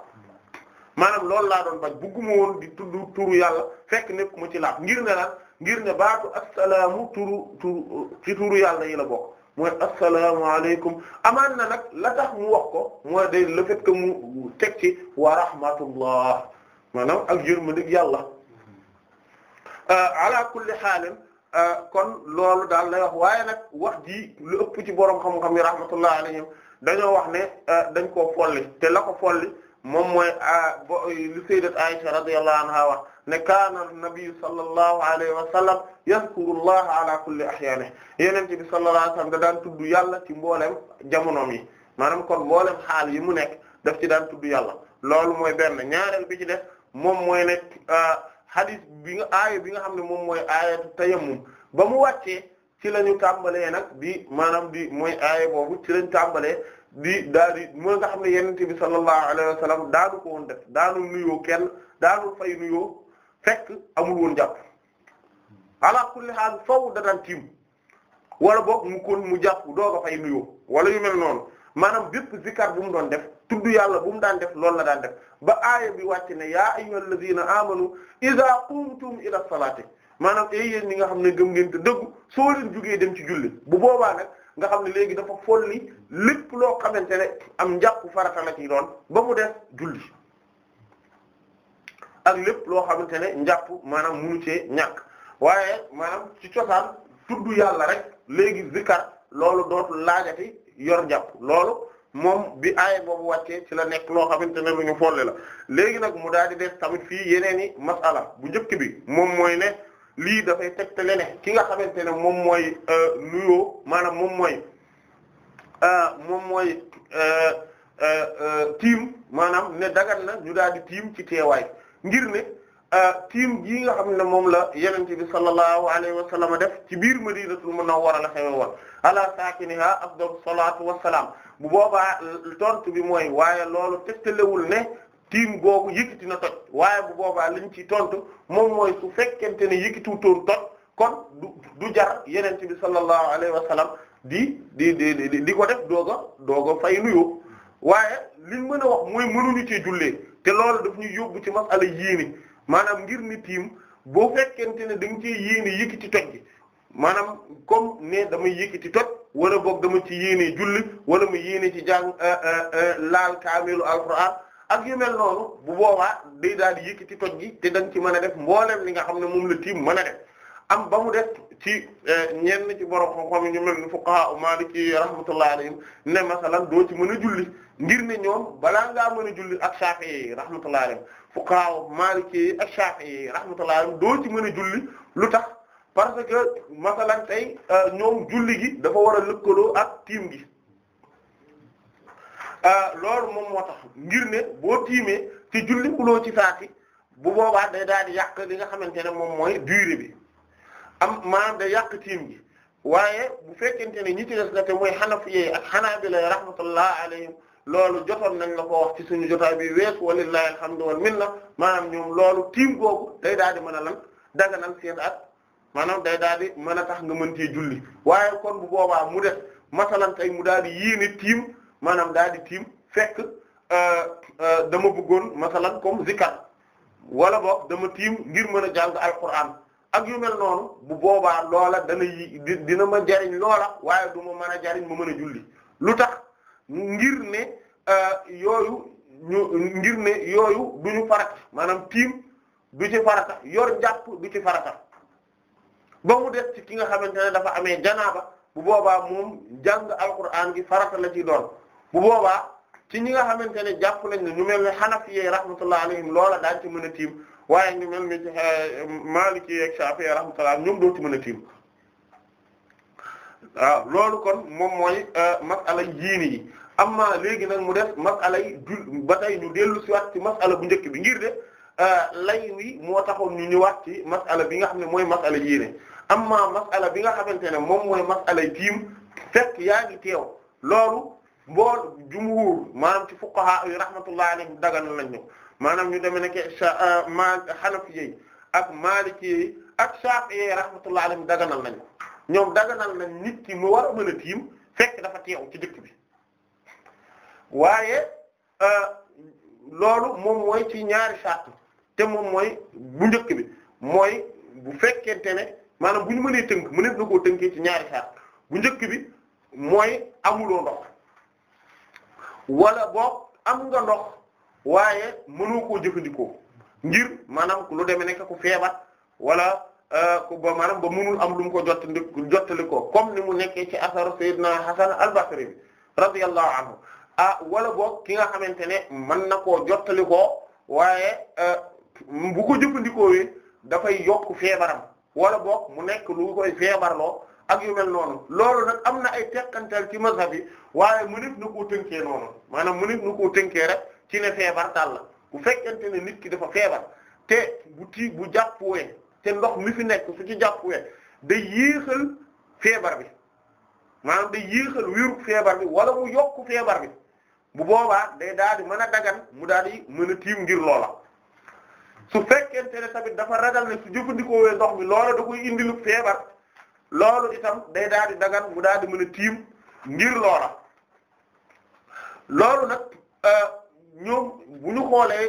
maanaam loolu laa doon bañ bugguma woon di tudd turu yàlla fekk nekkuma ci laab ngir ne nag ngir ne baatu asalaamu turu turu ci turu yàlla yi la bokk mooy asalaamaaleykum amaan na nag la tax mu wax ko mooy day le fait que mu teg ci wa rahmatullah maanaam ak yërmandik yàlla ala kulli xaalin kon loolu daal lay wax waaye nag wax ji lu ëpp ci borom xam-xam yi rahmatullah alayhim dañoo wax ne dañ koo folli te la ko folli moom mooy lu sayyidat Aisha radiyallahu anha wax ne kaana nabi sallallahu alayhi wa sallam yazkurullaha ala kulli ahyaanihi yonent bi sallallahu alayhi wa sallam da daan tudd yàlla ci mboolem jamonoom yi maanaam kon mboolem xaal yi mu nekk daf ci daan tudd yàlla loolu mooy benn ñaareel bi ci def moom mooy ne ah, hadith bi nga aaya bi nga xam ne moom mooy aayatu tayammum ba mu wàccee ci la ñu tàmbalee nag di maanaam di mooy aaya boobu ci lañ tàmbalee bi daal di moo nga xam ne yonent bi sallallahu alayhi wa sallam daanu ko woon def daanu nuyoo kenn daanu fay nuyoo. fekk amul woon jàpp ala kulli haal faww danaan tiim wala boog mu kon mu jàpp doo a fay nuyoo wala yu mel noonu maanaam bépp zikar bu mu doon def tudd yàlla bu mu daan def loolu la daan def ba aaya bi wàcc na yaa ay ayyuhal ladina amanu idha qumtum ila salati maanaam ay yéen ñi nga xam ne gëm ngeen te dëggu soo leen jógee dem ci julli bu boobaa nag nga xam ne léegi dafa folli lépp loo xamante ne am njàpp farata la ci doon ba mu def julli ak lépp loo xamante ne njàpp maanaam munu cee ñàkk waaye maanaam ci cosaan tudd yàlla rek léegi zikar loolu dootu laajati yor njàpp loolu moom bi ay boobu wàccee ci la nekk loo xamante ne lu ñu folle la léegi nag mu daal di def tamit fii yeneen i masala bu njëkk bi moom mooy ne lii dafay tegtale ne ki nga xamante ne moom mooy euh, nuyoo maanaam moom mooy euh, moom mooy euh, tiim maanaam ne dagan na ñu daal di tiim ci teewaay ngir ne euh, tiim gii nga xam ne moom la yonent bi sallallahu alayhi wa sallam def ci biir madinatul munawwara la xewe woon ala saakiniha afdalu salaatu wassalaam bu boobaa tontu bi mooy waaye loolu tegtalewul ne tiim googu yëkkati na toj waaye bu boobaa liñ ci tontu moom mooy su fekkente ne yëkkatiwu toon toj kon du du jar yonent bi sallallahu alayhi wa sallam di di di di ko def doog a doog a fay waaye liñ mën a wax mooy mënuñu ci jullee te loolu daf ñu yóbbu ci mag masala yéene maanaam ngir ni tiim boo fekkente ne da nga ciy yéene yëkkati toj gi maanaam comme ne damay yëkkati toj wala boog dama ci yéene julli wala ma yéene ci jàng euh, euh, euh, laal kaamilu alxuraan ak yu mel noonu bu boobaa day daal di yëkkati toj gi te da ci mën a def mboolem li nga xam ne moom la tiim mën a def am ba mu def ci eh, ñenn ci borom xam-xam ñu mel ni ne masalan doo ci mën a julli ngir ne ñoom balaa ngaa mën a julli ak Shafi'i rahmatullahi alayhim fuqaha maliki ak Shafi'i rahmatullahi alayhim doo ci mën a julli lu tax parce que masalan tey eh, ñoom julli gi dafa war a lëkkaloo ak tiim gi eh, loolu moom moo tax ngir ne boo tiimee ci julli kuloo ci saati bu boobaa day daal di yàq li nga xamante ne moom mooy durée bi am maanaam day yàq tiim gi waaye bu fekkente ne ñi ci des la te mooy xanafiye ak xanaabila rahmatullah alayhim loolu jotoon nañ la ko ci suñu jotaay bi weesu walillahi alhamdu wal minna maanaam ñoom loolu tiim googu day daal di mën a lan daganal seen at maanaam day daal di mën a tax nga mën cee julli waaye kon bu boobaa mu def masalan tey mu daal di yéene tiim maanaam daal di tiim fekk euh, euh, dama bëggoon masalan comme zikar wala boog dama tiim ngir mën a jàng alquran ak yu mel noonu bu boobaa loola dana yi dina ma jariñ loola waaye du ma mën jariñ ma mën a julli lu tax ngir ne euh, yooyu ngir ne yooyu du ñu farata maanaam tiim du ci farata yor jàpp du ci farata ba mu des ci ki nga xamante ne dafa amee janaaba bu boobaa moom jàng alquran gi farata la ci doon bu boobaa ci ñi nga xamante ne jàpp nañ ne ñu mel ne xanafiyee rahmatullah alayhim loola daañ ci mën a tiim waaye ñu mel ni eh, Maliki ak Shafi'i rahmatullah ñoom doo ci mën a tiim ah, loolu kon moom mooy eh, masala jiini yi am na léegi nag mu def masala yi ju ba tey ñu dellu si waat ci masala bu njëkk bi ngir de eh, lay wi moo taxoon ñu ñëwaat ci masala bi nga xam ne mooy masala jiine amma masala bi nga xamante ne moom mooy masala yi tiim fekk yaa ngi teew loolu mbool jumhur maanaam ci fuqaha yi rahmatullah alayhim daganal nañ ñu maanaam ñu demee nekk ah, ma Hanafi ak Maliki ki ak Shafi'i rahmatullahi alayhim daganal nañ ko ñoom daganal nañ nit ki mu war a mën a fekk dafa teew ci dëkk bi waaye ah, loolu moom mooy ci ñaari sart te moom mooy bu njëkk bi mooy bu fekkente ne maanaam bu ñu mënee tënk mënees na koo tënkee ci ñaari sart bu njëkk bi mooy amuloo ndox wala boog am nga ndox waaye mënoo koo jëfandikoo ngir maanaam lu demee nekk ku feebar wala euh, ba maanaam ba mënul am lu mu ko jottali jottali ko comme ni mu nekkee ci asar Seydina Hasan al-Basri bi radiyallahu anhu ah wala book ki nga xamante ne mën na koo jottali koo waaye euh, bu ko jëfandikoo wi dafay yokk feebaram wala boog mu nekk lu koy loo ak yu mel noonu loolu nag am na ay tekkantal ci mazhab yi waaye mëneef na koo tënkee noonu maanaam mëneef na koo tënkee rek. ci ne feebar tàll bu fekkente ne nit ki dafa feebar te bu bu jàppuwee te ndox mi fi nekk su ci jàppuwee da yéexal feebar bi maanaam day yéexal wéru feebar bi wala mu yokk feebar bi bu boobaa day daal di mën a dagan mu daal di mën a tiim ngir loola su fekkente ne tamit dafa ragal ne su jëfandikoowee ndox mi loola da koy indilu feebar loolu itam day daal di dagan daal di mën a tiim ngir loola loolu nag euh, ñoom bu ñu xoolee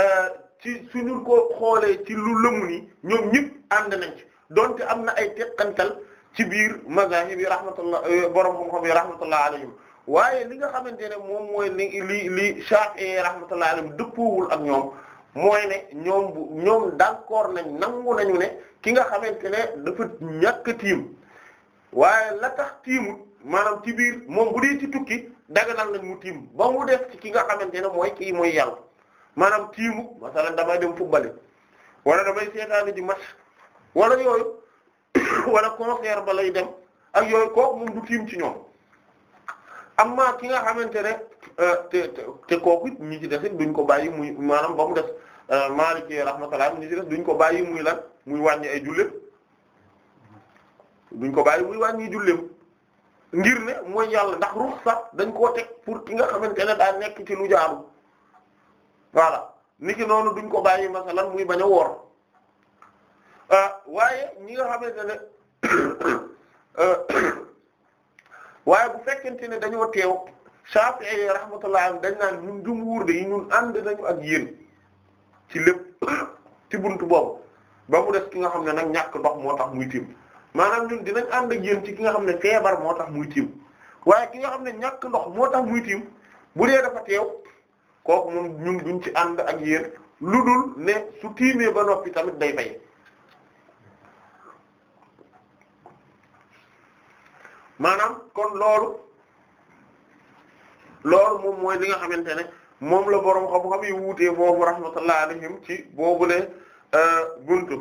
euh, ci suñu ko xoolee ci lu lëmu ni ñoom ñëpp ànd nañ ci donte am na ay teqantal ci biir mazahib yi rahmatullah euh, borom xam-xam yi rahmatullah alayhim waaye li nga xamante ne moom mooy li li li Shafi'i rahmatullah alayhim dëppoowul ak ñoom mooy ne ñoom bu ñoom d'accord nañ nangu nañu ne ki nga xamante ne dafa ñàkk tiim waaye la tax tiimut maanaam ci biir moom bu dee ci tukki daganal nañ mu tiim ba mu def ci ki nga xamante ne mooy kii mooy yàlla maanaam tiimu masalan damay dem football wala damay seetaani di match wala yooyu wala concert ba lay dem ak yooyu kooku moom du tiim ci ñoom amma ki nga xamante ne euh, te te kooku ñi ci desit duñ ko bàyyi muy maanaam ba mu def euh, Maliki rahmatullah ñi ci des duñ ko bàyyi muy lan muy wàññi ay julleem duñ ko bàyyi muy wàññi julleem ngir ne mooy yàlla ndax ruxsa dañ koo teg pour ki nga xamante ne daa nekk ci lu jaaru voilà niki noonu duñ ko bàyyi masalan muy bañ a woor ah, waaye ñi nga xamante ne ah, waaye bu fekkente ne dañoo teew Shafi'i yi rahmatullah dañ naan ñun jumhuur de yi ñun ànd nañu ak yéen ci lépp ci bunt boobu ba mu def ki nga xam ne nag ñàkk ndox moo tax muy tiim. maanaam ñun dinañ ànd ak yéen ci ki nga xam ne feebar moo tax muy tiim waaye ki nga xam ne ñàkk ndox moo tax muy tiim bu dee dafa teew kooku moom ñun duñ ci ànd ak yéen lu dul ne su tiimee ba noppi tamit day fay maanaam kon loolu loolu moom mooy li nga xamante ne moom la boroom xam-xam yi wuutee boobu rahmatullah alayhim ci boobu ne euh, buntu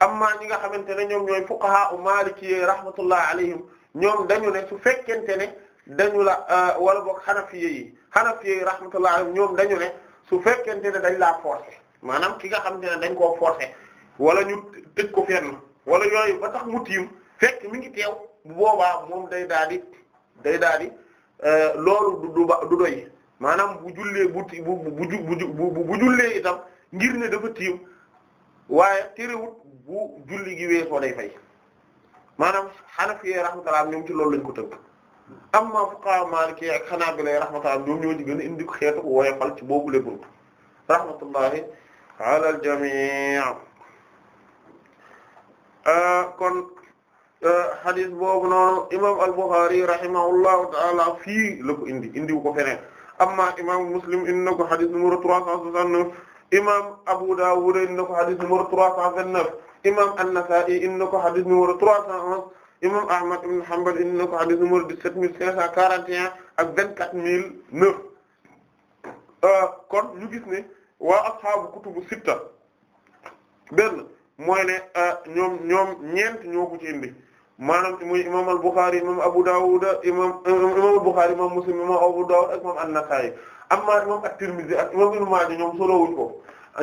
amma ñi nga xamante ne ñoom ñooy fuqaha u maliki rahmatullah alayhim ñoom dañu ne su fekkente ne dañu la euh, wala boog xanafiye yi xanafiye yi rahmatullah alayhim ñoom dañu ne su fekkente ne dañ laa forcer maanaam ki nga xam ne dañ koo forcer wala ñu tëj ko fenn wala yooyu ba tax mu tiim fekk mi ngi teew bu boobaa moom day daal di day daal di euh, loolu du du doy maanaam bu jullee bu bu bu bu bu itam ngir ne dafa tiim. waaye terewut bu julli gi weesoo day fay maanaam Hanafi rahmatullah ñoom ci loolu lañ ko tënk amma fuqaha Maliki ak Hanabila rahmatullah ñoom ñoo ci gën a indi xeetu woyofal ci boobu le buntu rahmatullahi ala al jami' ah, kon ah, hadith boobu noonu imam al-Bukhari rahimahullahu ta'ala fii la ko indi indiwu ko feneen amma imam Muslim indi na ko hadith numéro 369 imam Abu Dawud indi na ko hadith numéro 329 imam An-Nasa'i indi na ko hadith numéro 311 imam Ahmad ibn Hanbal indi na ko hadith numéro 17541 ak 24009 euh, kon ñu gis ne waa ashaabu kutubu sitta benn mooy ne euh, ñoom ñeent ñoo ko ci indi imam Al-Bukhari imam Abu Dawud imam imam Al-Bukhari imam Muslim imam Abu Dawud ak imam an amma imam at-Tirmidhi ak imam Ibn Maaja ñoom solo wuñ ko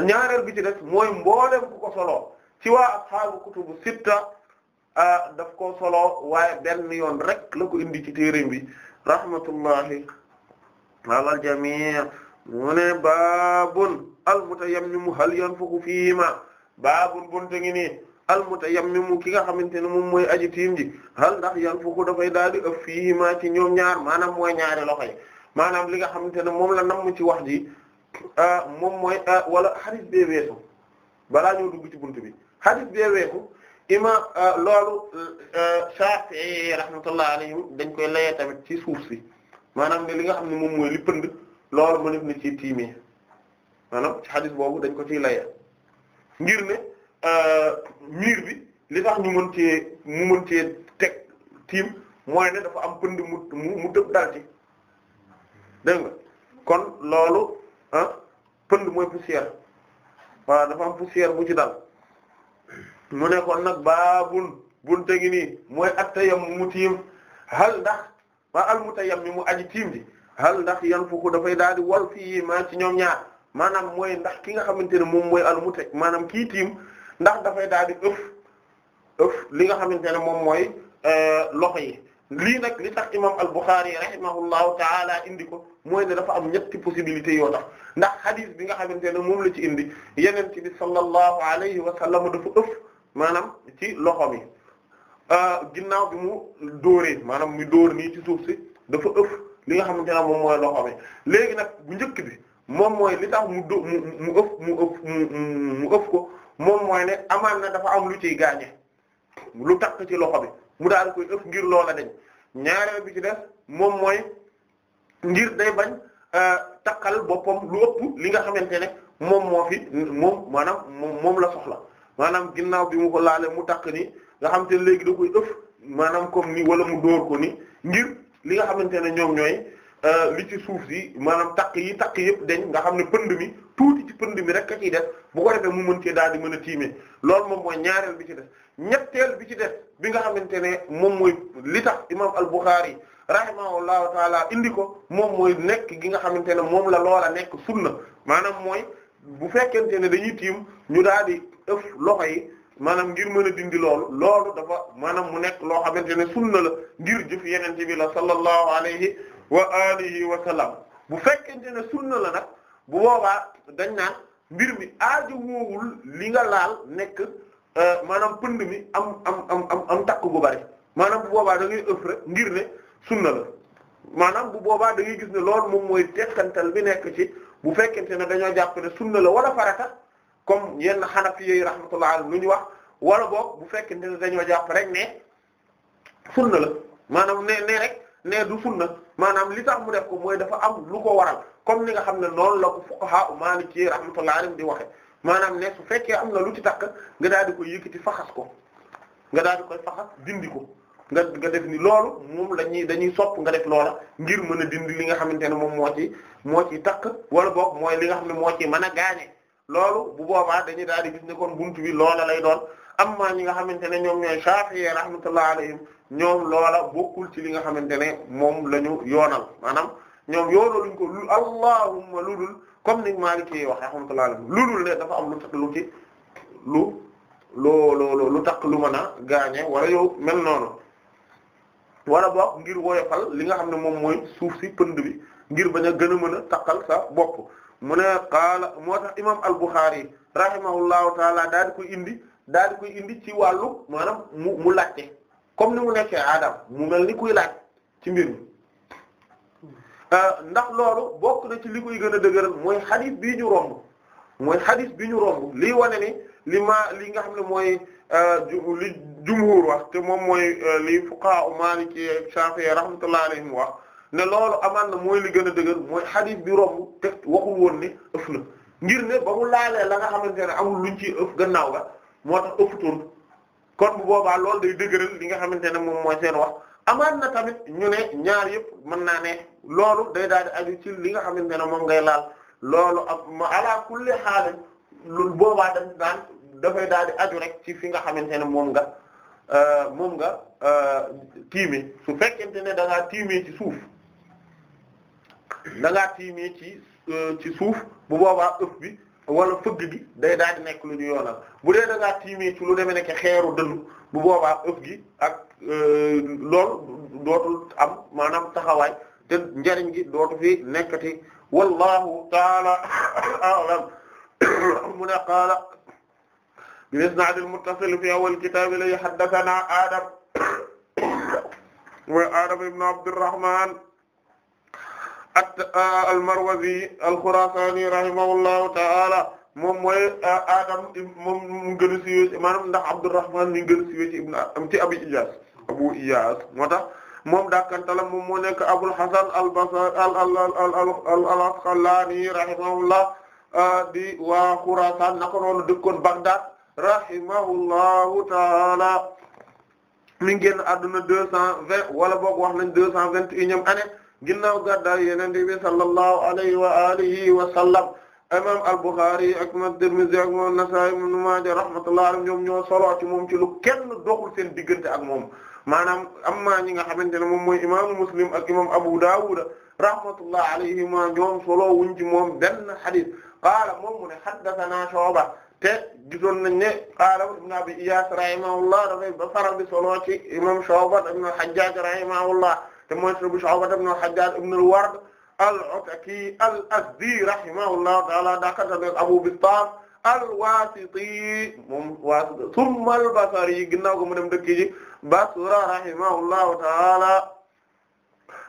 ñaareel bi ci des mooy mboole ku ko solo ci waa ashaabu kutubu sitta daf ko solo waaye benn yoon rek la ko indi ci téereem bi rahmatullahi ala jamii mu ne baabun al-mutayammimu hal yanfuxu fiima baabun bunte ngi nii al mu ki nga xamante ne moom mooy aji tiim ji hal ndax yanfuxu dafay daal di ëpp fiima ci ñoom ñaar maanaam mooy ñaari loxo yi maanaam li nga xamante ne moom la mu ci wax di ah, moom mooy ah, wala hadith bee weesu balaa ñëw dugg ci bunt bi hadith bee weesu ima ah, loolu Shafi'i rahmatullah alayhi dañ koy layee tamit ci suuf si maanaam li nga xam ne moom mooy li pënd loolu mënef na ci tiimee maanaam ci hadith boobu dañ ko ciy ngir ne miir bi li tax ñu mu mën cee teg tiim mooy ne dafa am pënd mu mu dëb dal ci dégg nga kon loolu ah pënd mooy poussière waa dafa am poussière bu ci dal mu ne kon nag baabul bunte gi nii mooy at mu tiim hal ndax waa al-mutayammimu aji tiim di hal ndax yan fuku dafay daal di wal fii maa ci ñoom ñaar maanaam mooy ndax ki nga xamante ne moom mooy almuta maanaam kii tiim ndax dafay daal di ëf ëf li nga xamante ne moom mooy euh, loxo yi lii nag li tax imam al-Bukhari rahimahullahu taala indi ko mooy ne dafa am ñetti possibilité yoo tax ndax hadith bi nga xamante ne moom la ci indi yeneen ci bi sallallahu alayhi wa sallam dafa ëf maanaam ci loxo mi euh, ginnaaw bi mu dóoree maanaam mu dóor nii ci suuf si dafa ëf li nga xamante ne moom mooy loxo mi léegi nag bu njëkk bi moom mooy li tax mu do mu mu ëf mu ëf ko moom mooy ne amaan na dafa am lu ciy gaañe lu takk ci loxo bi mu daal koy ëf ngir loola dañ ñaareel bi ci def moom mooy ngir day bañ euh, takkal boppam lu ëpp li nga xamante ne moom moo fi maanaam moom moom la soxla maanaam ginnaaw bi mu ko laale mu takk ni nga xam te léegi da koy ëf maanaam comme wala mu dóor ko ni ngir li nga xamante ne ñoom ñooy euh, li ci suuf si maanaam takk yi takk yëpp dañ nga xam ne pënd mi tuuti ci pënd rek ka ciy def bu ko defee mu mën cee daal di mën a tiime loolu moom mooy ñaareel bi ci def ñetteel bi ci def bi nga xamante ne moom mooy li tax imam al-Bukhari rahimahullahu taala indi ko moom mooy nekk gi nga xamante ne moom la loola nekk sunna maanaam mooy bu fekkente ne dañuy tiim ñu daal di ëf loxo yi maanaam ngir mën a dindi loolu loolu dafa maanaam mu nekk loo xamante ne sunna la ngir yeneen bi la sallallahu alayhi wa alihi wa bu fekkente ne sunna la nag bu boobaa dañ naan mbir mi aaju woowul li nga laal nekk euh, maanaam pënd mi am am takk bu bari maanaam bu boobaa da ngay ëf rek ngir ne sunna la maanaam bu boobaa da ngay gis ne loolu moom mooy tekkantal bi nekk ci bu fekkente ne dañoo jàpp ne sunna la wala farata comme yenn xanafi yi rahmatullah alayhi lu ñu wax wala boog bu fekkente ne dañoo jàpp rek ne sunna la maanaam ne ne rek ne du sunna maanaam li tax mu def ko dafa am lu ko waral comme ni nga xam ne noonu la ko fuqaha u maliki rahmatullah alayhi di waxe maanaam ne su fekkee am na lu ci takk nga daal di koy yëkkati faxas ko nga daal koy faxas dindi ko nga nga def ni loolu moom lañuy dañuy sopp nga def loola ngir mën a dindi li nga xamante ne moom moo ci moo ci takk wala boog mooy li nga xam ne moo ci mën a gaañe loolu bu boobaa dañuy daal di gis ne kon buntu bi loola lay doon ñi nga xamante ne ñoom ñooy Shafi'i rahmatullah alayhim ñoom loola bokkul ci li nga xamante ne moom la ñu yoonal maanaam ñoom yoonaluñ ko lu allahumma ludul comme maa Maliki yi wax rahmatullah alayhim ludul ne dafa am lu takk lu ci lu loo loo lu takk lu mën a gaañe wala yow mel noonu wala boog ngir woyofal li nga xam ne moom mooy suuf si pënd bi ngir bañ a gën a mën a taqal sa bopp mu ne qaala moo tax imam al-Bukhari rahimahullahu taala daal di koy indi daal di koy indi ci wàllu maanaam mu mu laajte comme ni mu nekkee aadam mu mel ni kuy laaj ci mbir mi euh, ndax loolu bokk na ci li koy gën a dëgëral mooy xadis bii ñu romb mooy xadis bi ñu romb lii wane ni li ma li nga xam ne mooy Euh, li jumhur wa te moom mooy euh, li fuqaha Maliki Shafi'i rahmatullahi alayhim wax ne loolu amaan na mooy li gën a dëgër mooy hadith bi romb te waxul woon ne ëf na ngir ne ba mu laalee la nga xamante ne amul luñ ciy ëf gannaaw ga moo tax ëffutoon kon bu boobaa loolu day dëgëral li nga xamante ne moom mooy seen wa amaan na tamit ñu ne ñaar yëpp mën naa ne loolu day daal di aju ci li nga xamante ne moom ngay laal loolu ak ma ala lu boobaa dañ daan dafay daal di aju rek ci fi nga xamante ne moom nga euh, moom nga euh, tiime su fekkente ne da ngaa tiimee ci suuf ci euh, ci suuf bu boobaa ëpp bi wala fëgg bi day daal di nekk lu ñu yoonal bu dee da ngaa tiimee ci lu demee nekk xeeru dënnu bu boobaa ëpp gi ak loolu dootul am maanaam taxawaay te njariñ gi dootu fi nekkati wallahu taala alam mu ne qaala bilisnaadi al-muttasil fi awwal kitaab li haddathana Adam wa Adam ibn Abdurrahman at al-Marwazi al-Khurasani rahimahullahu ta'ala moom mooy Adam moom mu gën a siiwee maanaam ndax Abdurrahman mi gën a siiwee ci ibn ci Abi Iyas Abu Iyas moo tax moom dakkantala moom moo nekk Abul Hasan al-Basri al-Asqalani rahimahullah di waa Khurasan naka noonu dëkkoon Bagdad rahimahullahu taala mi ngi génn adduna deux cent vingt wala boog wax nañ deux cent vingt et unième année ginnaaw gàddaay Yonent bi sallallahu alayhi wa alihi wa sallam imam al-Bukhari ak imam Tirmidhi ak imam Nasa'i ibn Maaja rahmatullahi alayhim ñoom ñoo solo ci moom ci lu kenn doxul seen diggante ak moom maanaam amma ñi nga xamante ne moom mooy imam Muslim ak imam Abu Dawud rahmatullahi alayhima ñoom solo wuñ ci moom benn hadith qaala moom mu ne haddathana Shu'ba te gisoon nañ ne qaala ibn abi Iyaas rahimahullah dafay ba faral di solo ci imam Shu'ba ibn al-Hajjaj rahimahullah te mooy Shu'ba ibn al-Hajjaj ibn al-Ward al-Ataki al-Azdi rahimahullahu ta'ala dakata ne Abu Bistam al-Wasiti moom Wasit thumma al-Basri ginnaaw ko mu dem dëkk ji Basra rahimahullahu ta'ala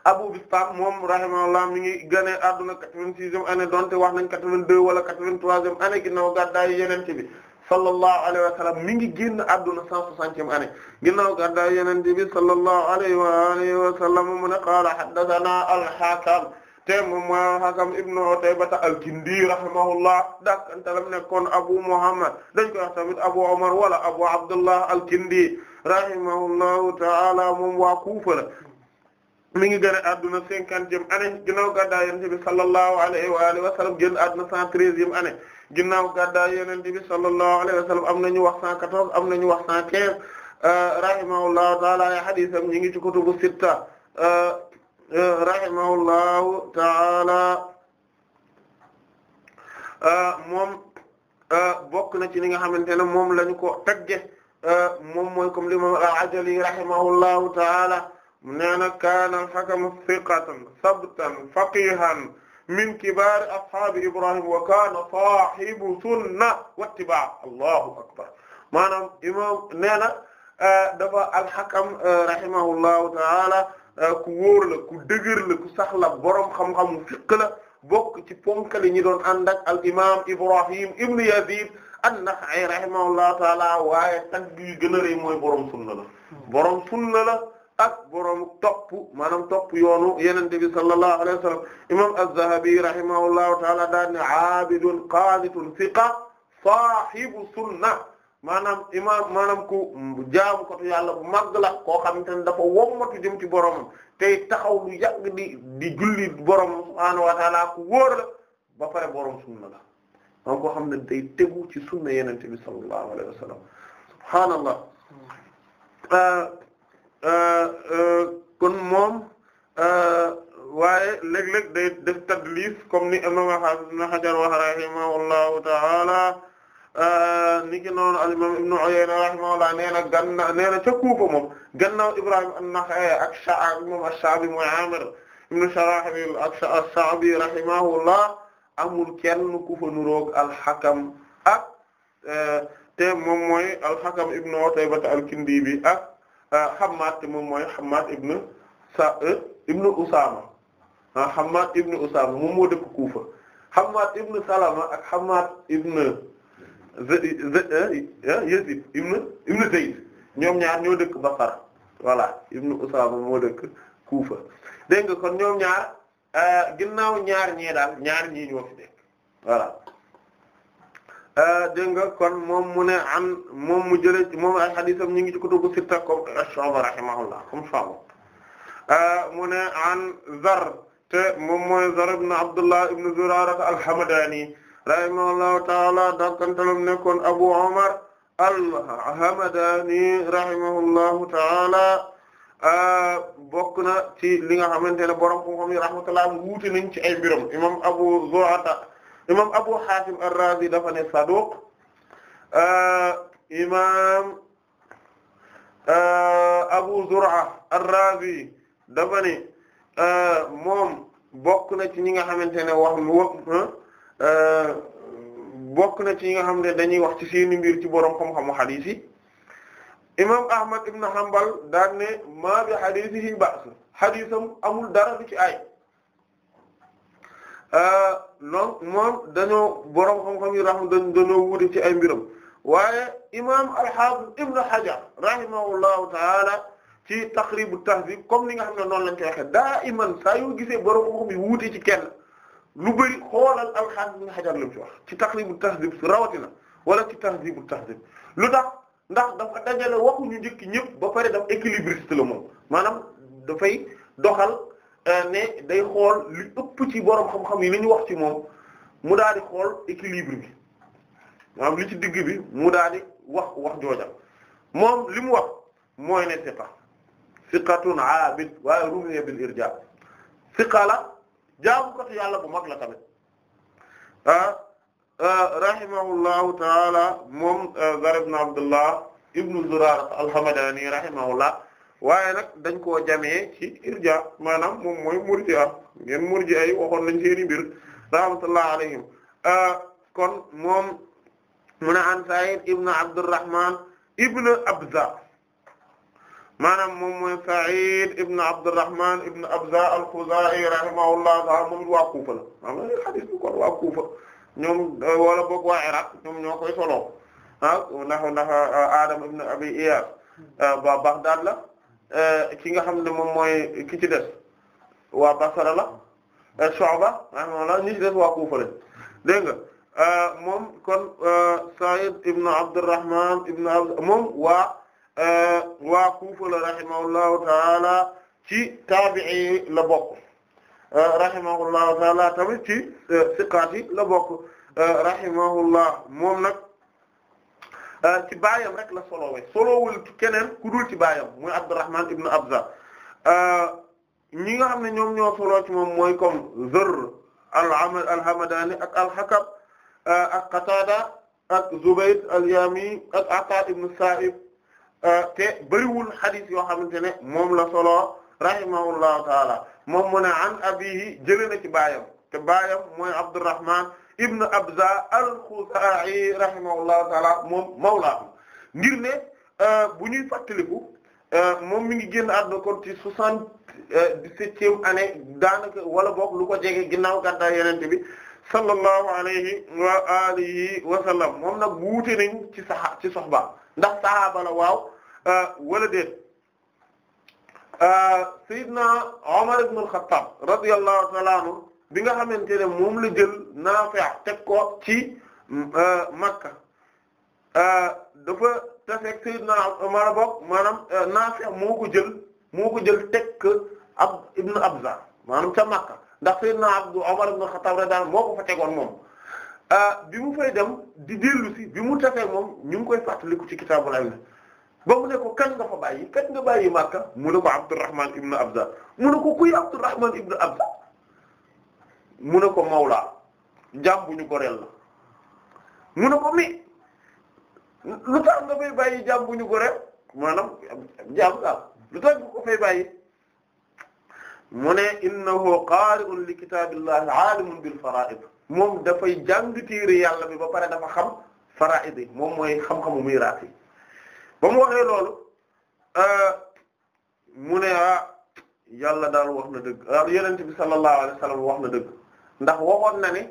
Abu Bistam moom rahimahullah mi ngi gane adduna 86e année wax nañ 82 wala 83e année ginnaaw gàddaayu Yonent bi sallallahu alayhi wa mi ngi génn adduna 160e année ginnaaw gàddaayu Yonent bi sallallahu alayhi wa alihi wa sallam mu ne qaala haddathana al-Hakam te moom mooy nekkoon Abu Muhammad dañ koy wax tamit Abu Umar wala Abu Abdullah al-Kindi rahimahullahu ta'ala moom waa Kufa mi ngi gën a adduna cinquantième année ginnaaw gàddaay yonent bi sallallahu alayhi wa alihi wa sallam génn adduna cent treizième année ginnaaw gàddaay yonent bi sallallahu alayhi wa sallam am nañu wax cent quatorze am ñu wax cent quinze euh, rahimahullahu taala ay hadisam ñi ngi ci kutubu sitta euh, euh, rahimahullahu taala moom bokk na ci li nga xamante ne moom lañu ko tagge moom mooy comme l'imam al-Ajali rahimahullahu taala nee na kaana al-Hakam thiqatan sabtan faqihan min kibaar ashaabi Ibrahim wa kaana saahibu sunna wa ittibaa' Allahu akbar maanaam imaam nee na eh, dafa al-Hakam eh, rahimahullahu ta'ala eh, ku wóor la ku dëgër la ku sax la borom xam-xamu fiq la bokk ci ponkali ñi doon ànd ak al imaam Ibrahim ibn Yazid an-Nakha'i rahimahullahu ta'ala waaye tagg yi gën a rëy mooy borom sunna la borom sunna la. ak borom topp maanaam topp yoonu yonent bi sallallahu alayhi wa sallam imam az-Zahabi rahimahullahu ta'ala daan ne aabidun qaanitun thiqa saahibu sunna maanaam imaam maanaam ku jaamu ko yàlla bu màgg la koo xamante ne dafa wommatu jëm ci boromam tey taxaw lu yàgg di di julli borom subhaanahu wa ta'ala ku wóor la ba pare borom sunna la maanaam koo xam ne day tegu ci sunna yonent bi sallallahu alayhi wa sallam subhaanallah hmm. euh, Euh, euh, kon moom euh, waaye léeg-léeg day def tadlis comme ni imam Hafiz ibn Hajar wa rahimahullahu ta'ala niki noonu al imam Ibn Uyayna rahimahullah nee na ganna nee na ca Kuufa moom gannaaw Ibrahim an-Nakha'i ak Sha'bi moom ash-Sha'bi mooy Amir ibn Sharahil ak ash-Sha'bi rahimahullah amul kenn ku fa nuroog al-Hakam ak te moom mooy al-Hakam ibn Utaybah al-Kindi bi ak Euh, Hammaad te moom mooy Hammaad ibn Sa euh, ibn Usaama ah ibn Usaama moom moo dëkk Kuufa Hammaad ibn Salama ak Hammaad ibn euh, Yazid ibn ibn Zayd ñoom ñaar ñoo dëkk Basra voilà ibn Usaama moo dëkk Kuufa dégg nga kon ñoom ñaar ginnaaw ñaar ñee daal ñaar ñii ñoo fi dëkk voilà Euh, dégg nga kon moom mu ne an moom mu jëlee moom ay xadiisam ñu ngi ci kutubu sitta comme Shu'ba rahimahullah comme Shu'ba euh, mu ne an Zar te moom mooy Zar ibn Abdullah ibn Zurara al-Hamadani rahimahullahu ta'ala dakantalam nekkoon Abu Umar al-Hamadani rahimahullahu ta'ala euh, bokk na ci li nga xamante ne borom xam-xam yi rahmatullah wuute nañ ci ay mbiram imam Abu Zur'ata imam Abu Hatim ar-Razi dafa ne saduq eh, imam eh, Abu Zur'a ar-Razi dafa ne eh, moom bokk na ci ñi nga xamante ne wax bokk na ci ñi nga xam ne dañuy wax ci seeni mbir ci borom xam-xamu xadiis yi imam Ahmad ibn Hanbal daan ne maa bi xadiisihi ba's xadiisam amul dara du ci ay donc euh, moom dañoo borom xam-xam yi raxam dañoo wuute ci ay mbiram waaye imaam al-Hafiz Ibn Hajar rahimahullahu taala ci Taqrib at-Tahdhib comme ni nga xam ne noonu lañ koy waxee daa iman saa yu gisee borom xam-xam yi wuute ci kenn lu bëri xoolal al-Hafiz Ibn Hajar lu ci wax ci Taqrib at-Tahdhib rawatina wala ci Tahdhib at-Tahdhib lu tax ndax dafa dajale waxuñu njëkk ñëpp ba pare daf équilibriste la moom maanaam dafay doxal. Euh, ne day xool li ëpp ci borom xam-xam yi li ñu wax ci moom mu daal di xool équilibre bi maanaam li ci digg bi mu daal wax wax jooja moom li wax mooy ne siqa siqatun abid waaye rumiya bil irja siqa la jaamukatu yàlla bu mag la tamit ah, ah rahimahullahu taala moom ah, Zar na Abdullah ibnu Zurar al-Hamadani rahimahullah waaye nag dañ koo jamee ci irja maanaam moom mooy murji'a ngeen murji'a yi waxoon nañ seeni mbir rahmatullah alayhim ah, kon moom mu ne an Sa'id ibn Abdurrahman ibn Abza maanaam moom mooy Sa'id ibn Abdurrahman waa Kufa la am na hadith bi kon waa Kufa ñoom eh, wala boog waa Iraq ñoom ñoo koy soloo ah, ah, Adam ibn Abi Iyas ba la Euh, ki nga xam ne moom mooy ki ci des waa Basra la euh, Shu'ba rahimahullah ñi ci des waa Kufa la dégg nga euh, moom kon Sa'id ibn Abdurrahman ibn Abd moom waa waa Kufa la rahimahullahu taala ci taabi'i la bokk rahimahullahu taala tamit ci siqaat yi la bokk rahimahullah moom nag Euh, ci baayam rek la solowee solowul ci keneen ku dul ci baayam muy Abdurrahman ibn Abza euh, ñi nga xam ne ñoom ñoo soloo ci moom mooy kom Zurr al-Amr al ak al-Hakam euh, ak Qatada ak Zubayd al-Yami ak Ata ibn Sa'ib te bëriwul hadith yoo xamante ne moom la solo rahimahullahu abihi jëlee ci baayam te baayam mooy ibn Abza al-Khuzai rahimahullahu taala moom mawlaahu ngir ne euh, bu ñuy fàttaliku euh, moom mi ngi génn àdduna kon ci soixante-dix-septième année daanaka wala boog lu ko jege ginnaaw gàddaay yonent bi sallallahu alayhi wa alihi wa sallam moom nag wuute nañ ci saxa ci soxba ndax sahaaba la waaw euh, wala déet Seydina Omar ibn al-Khattab radiyallahu ta'ala anhu bi nga xamante ne moom la jël Naafi' teg ko ci euh, Makka euh, dafa tafeeg Seydina maanaam bokk euh, maanaam Naafi' moo ko jël moo ko jël teg ab Ibn Abza maanaam ca Makka ndax Seydina naa Umar ibn Xattaab radiyallaahu moo ko fa tegoon moom bi mu fay dem di dellu si bi mu tafeeg moom ñu ngi koy fàttaliku ci kitaabul ilm ba mu ne ko kan nga fa bàyyi kan nga bàyyi Makka mu ne ko Abdurrahman ibn Abza mu ne ko kuy mu ne ko mawla jaam bu ñu goreel la mu ne ko mi lu tax nga fay bàyyi jaam bu ñu goreel maanaam jaam lu tax nga ko fay bàyyi mu ne innahu qaari'un li kitaabillahi aalimun bil fara'id moom dafay jàng téere yàlla bi ba pare dafa xam fara'id yi moom mooy xam-xamu miraas yi ba mu waxee loolu euh, mu ne ah, wax na dëgg ah, yenente bi sallallahu alayhi wax na dëgg ndax waxoon na ne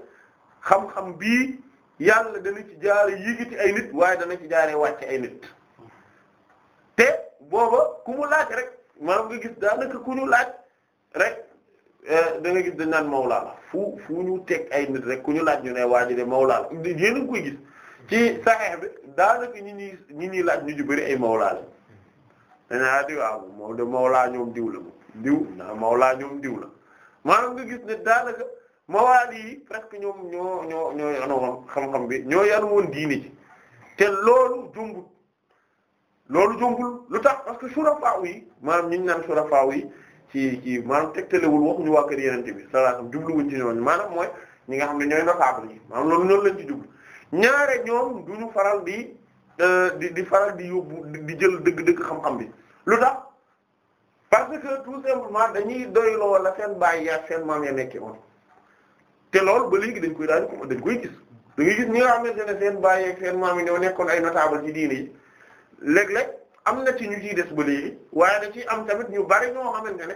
xam-xam bii yàlla dana ci jaare yigiti ay nit waaye dana ci jaaree wàcc ay nit te booba ku mu laaj rek maanaam nga gis daanaka ku ñu laaj rek eh, da gis dañ naan mawla la fu teg ay nit rek ku ñu laaj ñu ne waa ji de mawla la yéen a koy gis ci saxeex bi daanaka ñi ñuy ñi ñuy laaj ñu ju bari ay mawla la danaa ah, diw ah moom de mawla ñoom diw la diw ñoom diw la maanaam nga gis ne daanaka. mawaali yi presque ñoom ñoo ñoo ñoo yanoon bi ñoo yan woon diini ji te loolu jumbul loolu jumbul lu tax parce que surafaaw yi maanaam ñu naan surafaaw yi ci ci maanaam tegtalewul waxuñu waa kër yenente bi sallallahu alayhi wasallam jubluwuñ ci ñooñu maanaam mooy ñi nga xam ne ñooy notable yi maanaam loolu ñoonu lañ ci jublu ñaare ñoom ñu faral di euh, di di faral di yóbbu di jël dëgg-dëgg xam-xam bi lu tax parce que tout simplement dañuy doyloo la seen bàyyi yaag seen maam ya nekkee woon te loolu ba léegi dañ koy daal dañ koy gis da gis ñi nga xamante ne seen baay ak seen maam yi ñoo nekkoon ay notable ci diine yi léeg-léeg am na ci ñu ciy des ba léegi waaye da ciy am tamit ñu bari ñoo xamante ne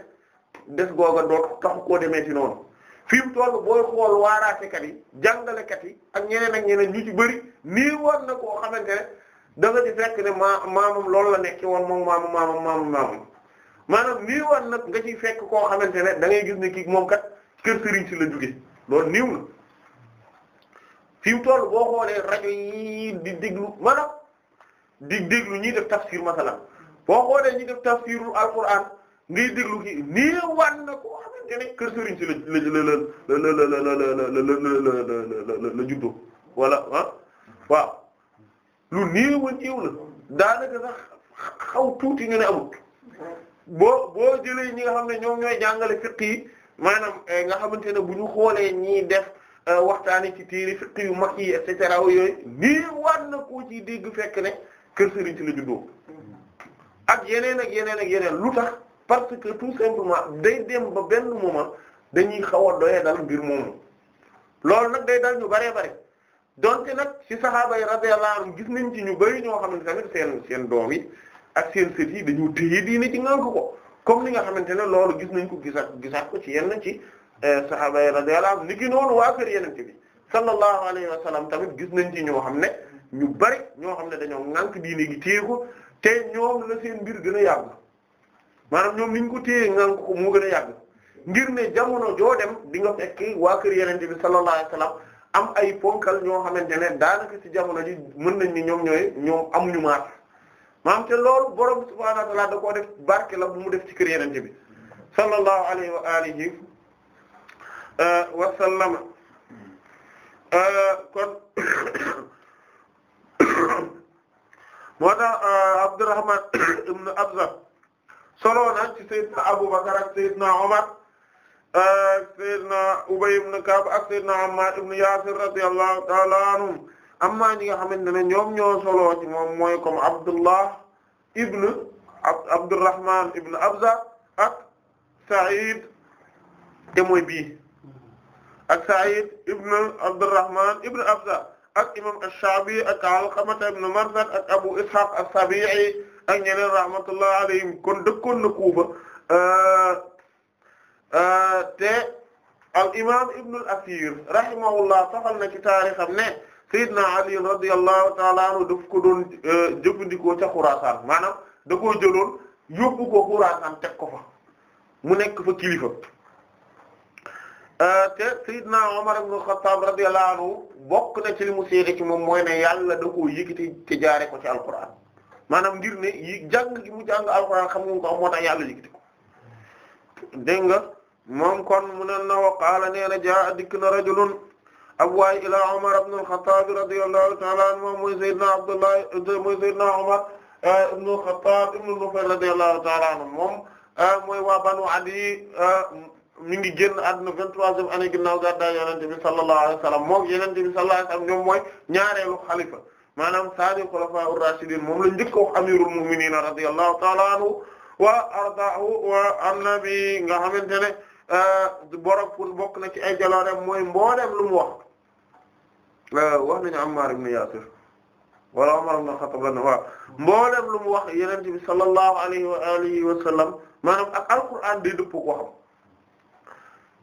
des googa doot taxu koo demee ci noonu fi mu toll booy xool waaraatekat yi jàngalekat yi ak ñeneen ak ñeneen ñu bëri nii war na koo xamante da nga di fekk ne maamam loolu la nekk woon moom maamam maamam maamam maanaam nii war nag nga ciy fekk koo xamante ne da ngay gis ne kii moom kat kër sëriñ si la jóge loolu néew na fi mu boo xoolee rajo yi di déglu maanaam di déglu ñiy def tafsir masalan boo xoolee ñi def tafsirul alquran ngay déglu kii néewaan na koo xamante ne kër sëriñ si la la la la la la la la la juddoo wala ah waaw lu néew a néew la daanaka sax xaw tuuti nga ne amut boo boo jëlee ñi nga xam ne ñoom ñooy jàngale fiqh yi. maanaam eh, nga xamante ne bu ñu xoolee ñiy def eh, waxtaani ci tiiri fiq yu mag yi et cetera yooyu nii war na koo ciy dégg fekk ne kër sëriñ ci la juddoo ak yeneen ak yeneen ak yeneen lu tax parce que tout simplement day dem ba benn moment dañuy xaw a doyee dal mbir moomu loolu nag day dal ñu bëree bëri donte nag ci sahaaba yi radiyallahu anhum gis nañ ci ñu bëri ñoo xam ne tamit seen doom yi ak seen sët yi dañu téye diine ci ngànk ko comme ni nga xamante ne loolu gis nañ ko gisaat gisaat ko ci yenn ci euh, sahaaba yi radiyallahu anhum ni ki noonu waa kër yeneen bi sallallahu alayhi wa sallam tamit gis nañ ci ñoo xam ne ñu bari ñoo xam ne dañoo ŋànk diine gi téye te ñoom la seen mbir gën a yàgg maanaam ñoom niñ ko téye ŋànk ko moo gën a yàgg ngir ne jamono joo dem di nga fekk waa kër yeneen bi sallallahu alayhi wa am ay ponkal ñoo xamante ne daanaka ci jamono ji mën nañ ni ñoom ñooy ñoom amuñu maat maanaam te loolu borom bi subhaanahu wa ta'aala da koo def barke la bu mu def ci kër yenente bi sallallahu alayhi wa alihi uh, wa sallama uh, kon moo tax uh, Abdurrahman ibn Abza solo na ci Seydina Abubakar ak Seydina Omar Seydina Ubay ibn Ka'b ak Seydina Ammar ibn Yasir radiyallahu ta'ala anhum amma ñi nga xamante ne ñoom ñoo soloo ci moom mooy comme Abdullah ibn Abdurrahman ibn Abza ak Sa'id te mooy bii ak Abza ak imam Ash-Sha'bi ak Abu Ishaq as ak ñeneen rahmatullah alayhim kon dëkkoon na Kuufa euh, euh, te al imam Ibn al-Athir rahimahullah saxal na ci Seydina Ali radiyallahu ta'ala anhu daf ko doon euh, jëfandikoo ca Xuraasaan maanaam da koo jëloon yóbbu ko Xuraasaan teg ko fa mu nekk fa kilifa euh, te Seydina Umar ibn Khattab radiyallahu bokk na ci li mu seede ci moom mooy ne yàlla da koo yëkkati te jaare ko ci alquran maanaam ngir ne yi gi mu jàng alquran xam nga ko moo tax yàlla yëkkati ko dégg moom kon mu ne na waqaala nee na jaa dikk na rajulun abwaay ila Umar ibn al-Khattab radiyallahu ta'ala anhu mooy Seydina Abdullah mooy Seydina Umar eh, ibn al-Khattab ibn Nufayl radiyallahu ta'ala anhu moom eh, mooy waa Banu Adi eh, mi ngi génn àdduna vingt-troisième année ginnaaw gàddaay Yonent bi sallallahu alayhi wa sallam moom Yonent bi sallallahu alayhi wa sallam ñoom mooy ñaareelu xalifa maanaam saadi xulafaa ar-raashidin moom la njëkk wax amirul mu'minin radiyallahu ta'ala anhu wa ardaahu wa annabi nga xamante ne borom pour bokk na ci ay jaloorem mooy mboolem lu mu wax wax nañu Ammar ibn Yasir wala Umar ibn Khattab la ne waaw mboolem lu mu wax Yonent bi sallallahu alayhi wa alihi wa sallam maanaam ak alquran day dëppoo ko xam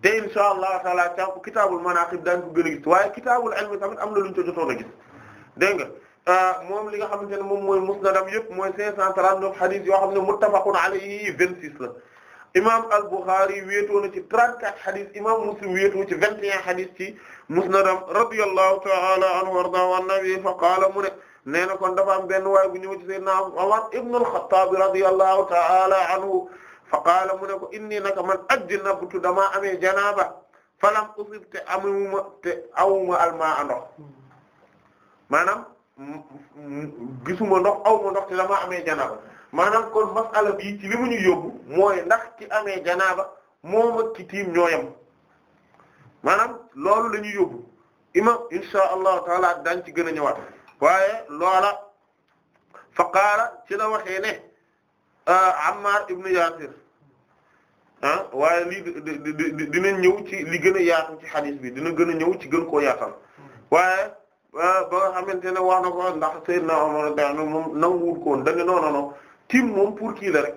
te insha allah taala ca kitaabul manaqib daañu ko gën a gis waaye kitaabul ilmi tamit am na lu ñu ko jotoon a gis dégg nga ah, moom li nga xamante ne moom mooy musnadam yëpp mooy 539 hadith yoo xam ne muttafaqun alayhi 26 la. imam al-Bukhari wéetoo na ci 34 xadis imam Muslim wéetoo ci 21 xadis ci musnadam radiyallahu ta'ala anhu warda wa nabi fa qaala mu ne nee na kon dafa am benn waay bu ñëw ci sayyidina Umar ibn al-Khattab radiyallahu ta'ala anhu fa qaala mu ne ko inni naka man ajnabtu damaa amee janaaba falam usib te amuma te awuma almaa a ndox maanaam gisuma ndox awuma ndox te damaa amee janaaba maanaam kon masala bii ci li mu ñu yóbbu mooy ndax ci amee janaaba moom ak ci tiim ñooyam maanaam loolu la ñuy yóbbu imam insha allahu taala dañ ci gën a ñëwaat waaye loola fa ci la waxee ne ah, Ammar ibn Yasir ah waaye lii di dina ñëw ci li gën a yaatu ci xadiis bi dina gën a ñëw ci gën koo yaatal waaye ah, ba nga xamante ne wax na ko ndax Seydina Omar daan moom nanguwul koon da nga non tiim moom pour kii rek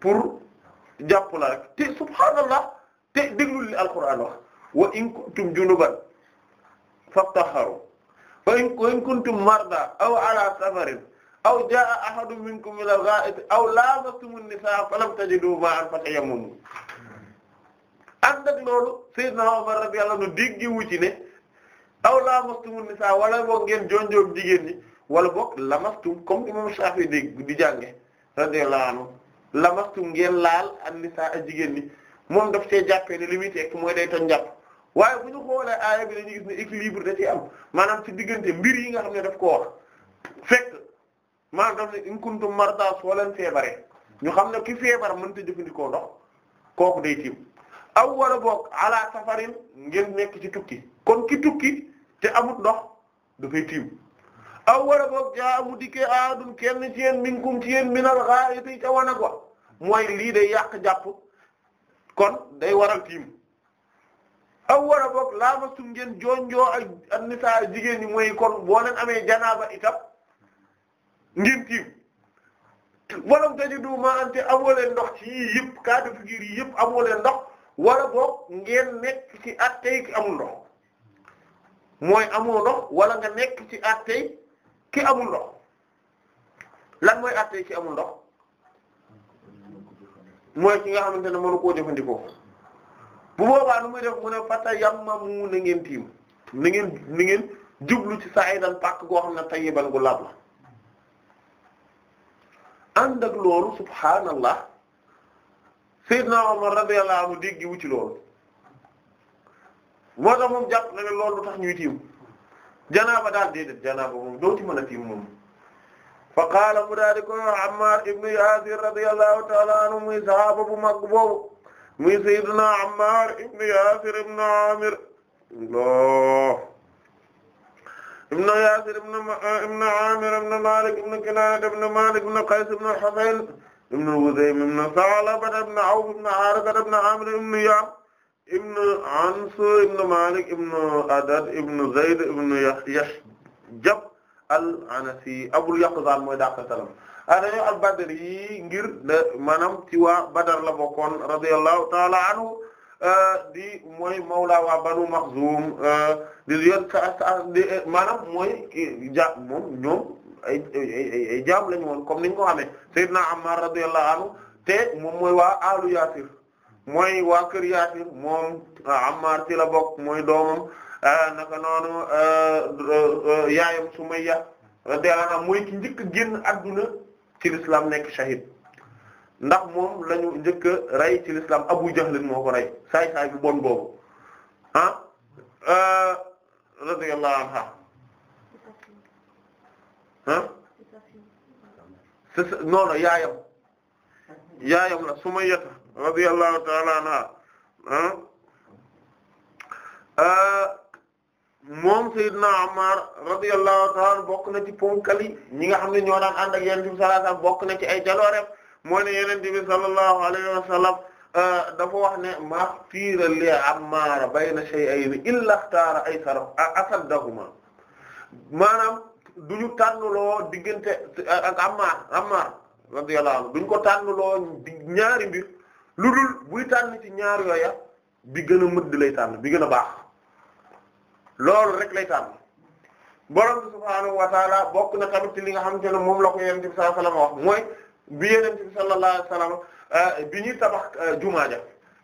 pour jàpp la rek te subhaanallah te déglu li alquran wax wa in kuntum junuban fattaharu fa in kuntum marda aw ala safarin aw jaa ahadun minkum min al-gha'it aw lamastumun nisaa falam tajidu ma'an fatayammamu ànd ak loolu sayyidna Umar radiyallahu anhu dégg wu ci ne aw lamastumun nisaa wala boog ngeen jonjoom jigéen ñi wala boog lamastum comme imam Shafi dégg di jànge radiyallahu anhu lamastum ngeen laal an-nisaa ak jigéen ñi moom daf see jàppee ne li muy tekk mooy day toj njàpp waaye bu ñu xoolee aaya bi dañuy gis ne équilibre da ci am maanaam ci diggante mbir yi nga xam ne daf ko wax fekk maanaam daf ne in kuntum marda soo leen ñu xam ne ki feebar mënta jëfandikoo dox kooku day tiim aw wala boog ala safarin ngeen nekk ci tukki kon ki tukki te amut ndox dafay tiim aw wala boog jaa mu dikkee aadum kenn ci yéen minkum ci yéen minal ghaa'iti ca wanag wa mooy lii de yàq jàpp kon day waral tiim aw wala boog laamasum ngeen jonjoo ak ak nisaa jigéen ñi mooy kon boo leen amee janaaba itam ngeen tiim walam tajidu ma'an te amoo leen ndox ci yii yëpp cas de figure yi yëpp leen ndox wala boog ngeen nekk ci at tey amul ndox mooy amoo ndox wala nga nekk ci at ki amul ndox lan mooy àttee ki amul ndox mooy ki nga xamante ne mënu koo jëfandikoo bu boobaa nu muy def mu ne fata yammamu na ngeen tiim na ngeen na ngeen jublu ci sa'idan pàkk goo xam ne tayyiban gu laab la ànd ak loolu subhaanallah sayyidna Umar radiyallahu anhu dégg wu ci loolu moo tax moom jàpp na ne loolu tax ñuy tiim janaaba daal déedéet janaaba moom doo ci mën a tiim moom fa qaala mu daal di ko Ammaar ibnu Yaasir radiyallahu ta'ala anhu muy sahaaba bu mag boobu muy sayyiduna Ammaar ibnu Yaasir ibnu Aamir Allah ibnu Yaasir ibnu ibnu Aamir ibnu Maalik ibnu Kinaana ibnu Maalik ibnu Qays ibnu Husayn ibnu Wuzaym ibnu Sa'laba ibnu Awf ibnu Haarisa ibnu Aamir ibnu Yaam ibn Ans ibn Malik ibn Adad ibn Zayd ibn Yahjab al-Anasi Abul Yaqzan mooy dàq salam ah, al-Badri yi ngir maanaam ci waa Badar la bokkoon radiyallahu ta'ala anhu ah, di mooy mawla waa Banu Makhzum ah, di yor sa sa maanaam mooy ja jaam lañu woon comme niñ ko xamee Seydina Ammar radiyallahu te mooy waa Alu Yasir mooy waa kër Yaasir moom ah, Ammaar ci bokk mooy doomam ah, naka noonu ah, yaayam Sumayya radiyallahu anha mooy ki njëkk génn adduna ci l'islam nekk shahid ndax moom la ñu njëkk a rey ci l'islam Abu Jahl moo ko rey saay saay bu bon boobu ah radiyallahu anha ah non non yaayam yaayam la Sumayya radiyallahu ta'ala anha ah. Ah, moom Seydina Ammar radiyallahu ta'ala bokk na ci ponkali ñi nga xam ne ñoo daan ànd ak Yonent bi bokk na ci ay jaloorem moo ne Yonent bi sallallahu alayhi wasallam ah, dafa wax ne maxfira li Ammar bayna shay'ayni illa ikhtara aysara asaddahuma maanaam duñu tànnloo diggante ak Ammar Ammar radiyallahu anhu duñ ko tànnloo ñaari mbir lu dul buy tànn ci ñaar yooya bi gën a mëdd lay tànn bi gën a baax loolu rek lay tànn borom bi subhaanahu wa bokk na tamit ci li nga xamante ne moom la ko yonent bi sallallahu alayhi wasallam wax mooy bi yonent bi sallallahu alayhi euh, bi ñuy tabax euh, jumaa ja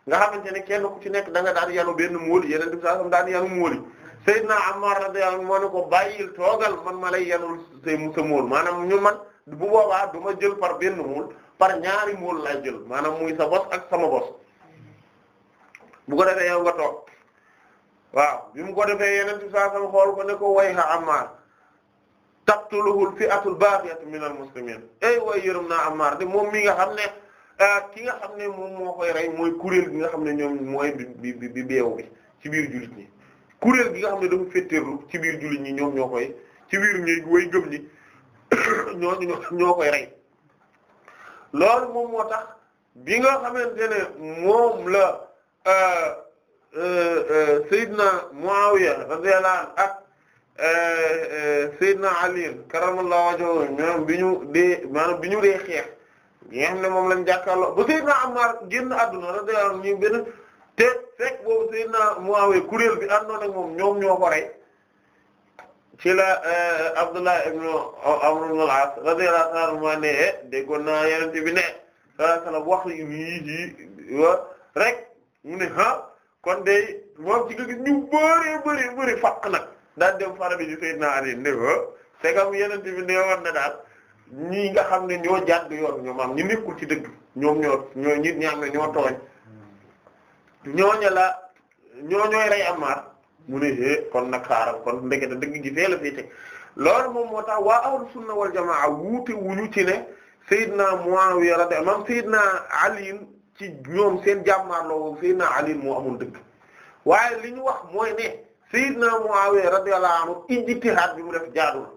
nga xamante ne kenn ku ci nekk da nga daan yanu benn móoli yonent bi sallallahu alayhi wasallam daan yanu móoli Sayyidina Ammar radiyallahu anhu moo ne ko bàyyil toogal man ma lay yanul say mu sa móol maanaam ñu man bu boobaa du ma jël par benn móol par ñaari mool lay jël maanaam muy sa bos ak sama bos bu ko defee yow nga toog waaw bi mu ko defee yeneen ci saa sama xool ko ne ko wayha Ammar taqtuluhu fi'atul baghiyatu minal muslimin ay way yërëm naa Ammar de moom mi nga xam ne ah, ki nga xam ne moom moo koy rey mooy kuréel gi nga xam ne ñoom mooy bi bi bi beew bi ci biir jullit ñi kuréel gi nga xam ne dafa féttéerlu ci biir jullit ñi ñoom ñoo koy ci biir ñi way gëm ñi ñoo ñoo koy rey loolu moom moo tax bi nga xamante ne moom la euh, euh, euh, Seydina Muawiya radiyallahu anhu ak Seydina Ali karamallahu la maanaam bi ñu dee maanaam bi ñu dee xeex bi nga xam ne moom lañ jàkkaarloo ba Seydina Ammar génn àdduna radiyallahu anhu ñu benn te fekk boobu Seydina Muawiya kuréel bi àndoon ak moom ñoom ñoo ko ci la eh, Abdullah ibn Amr ibn al-As radiyallahu anhu ne déggoon naa Yonent bi ne sallallahu alayhi wa sallam wax yi rek mu ha kon de moom ci nga gis ñu bëree bëri bëri faq nag daal dem fara bi ci Sayyidina Ali ne ha c'est comme Yonent bi ne woon na daal ñii nga xam ne ñoo jàdd yoon ñoom am ñu nekkul ci dëgg ñoom ñoo ñoo ñi ñaam ne ñoo tooñ ñooñu la ñoo ñooy rey Ammaar mu ne hé kon nag xaaral kon ndekete dëgg gi ji la fii teg loolu moom moo tax waa ahlu sunna wal jamaa wuute wuñu ci ne Seydina Muawiya radiyallahu anhu maanaam Seydina Ali ci ñoom seen jàmmaarloo Seydina Ali moo amul dëgg waaye li ñu wax mooy ne Seydina Muawiya radiyallahu anhu ijtihaad bi mu def jaadul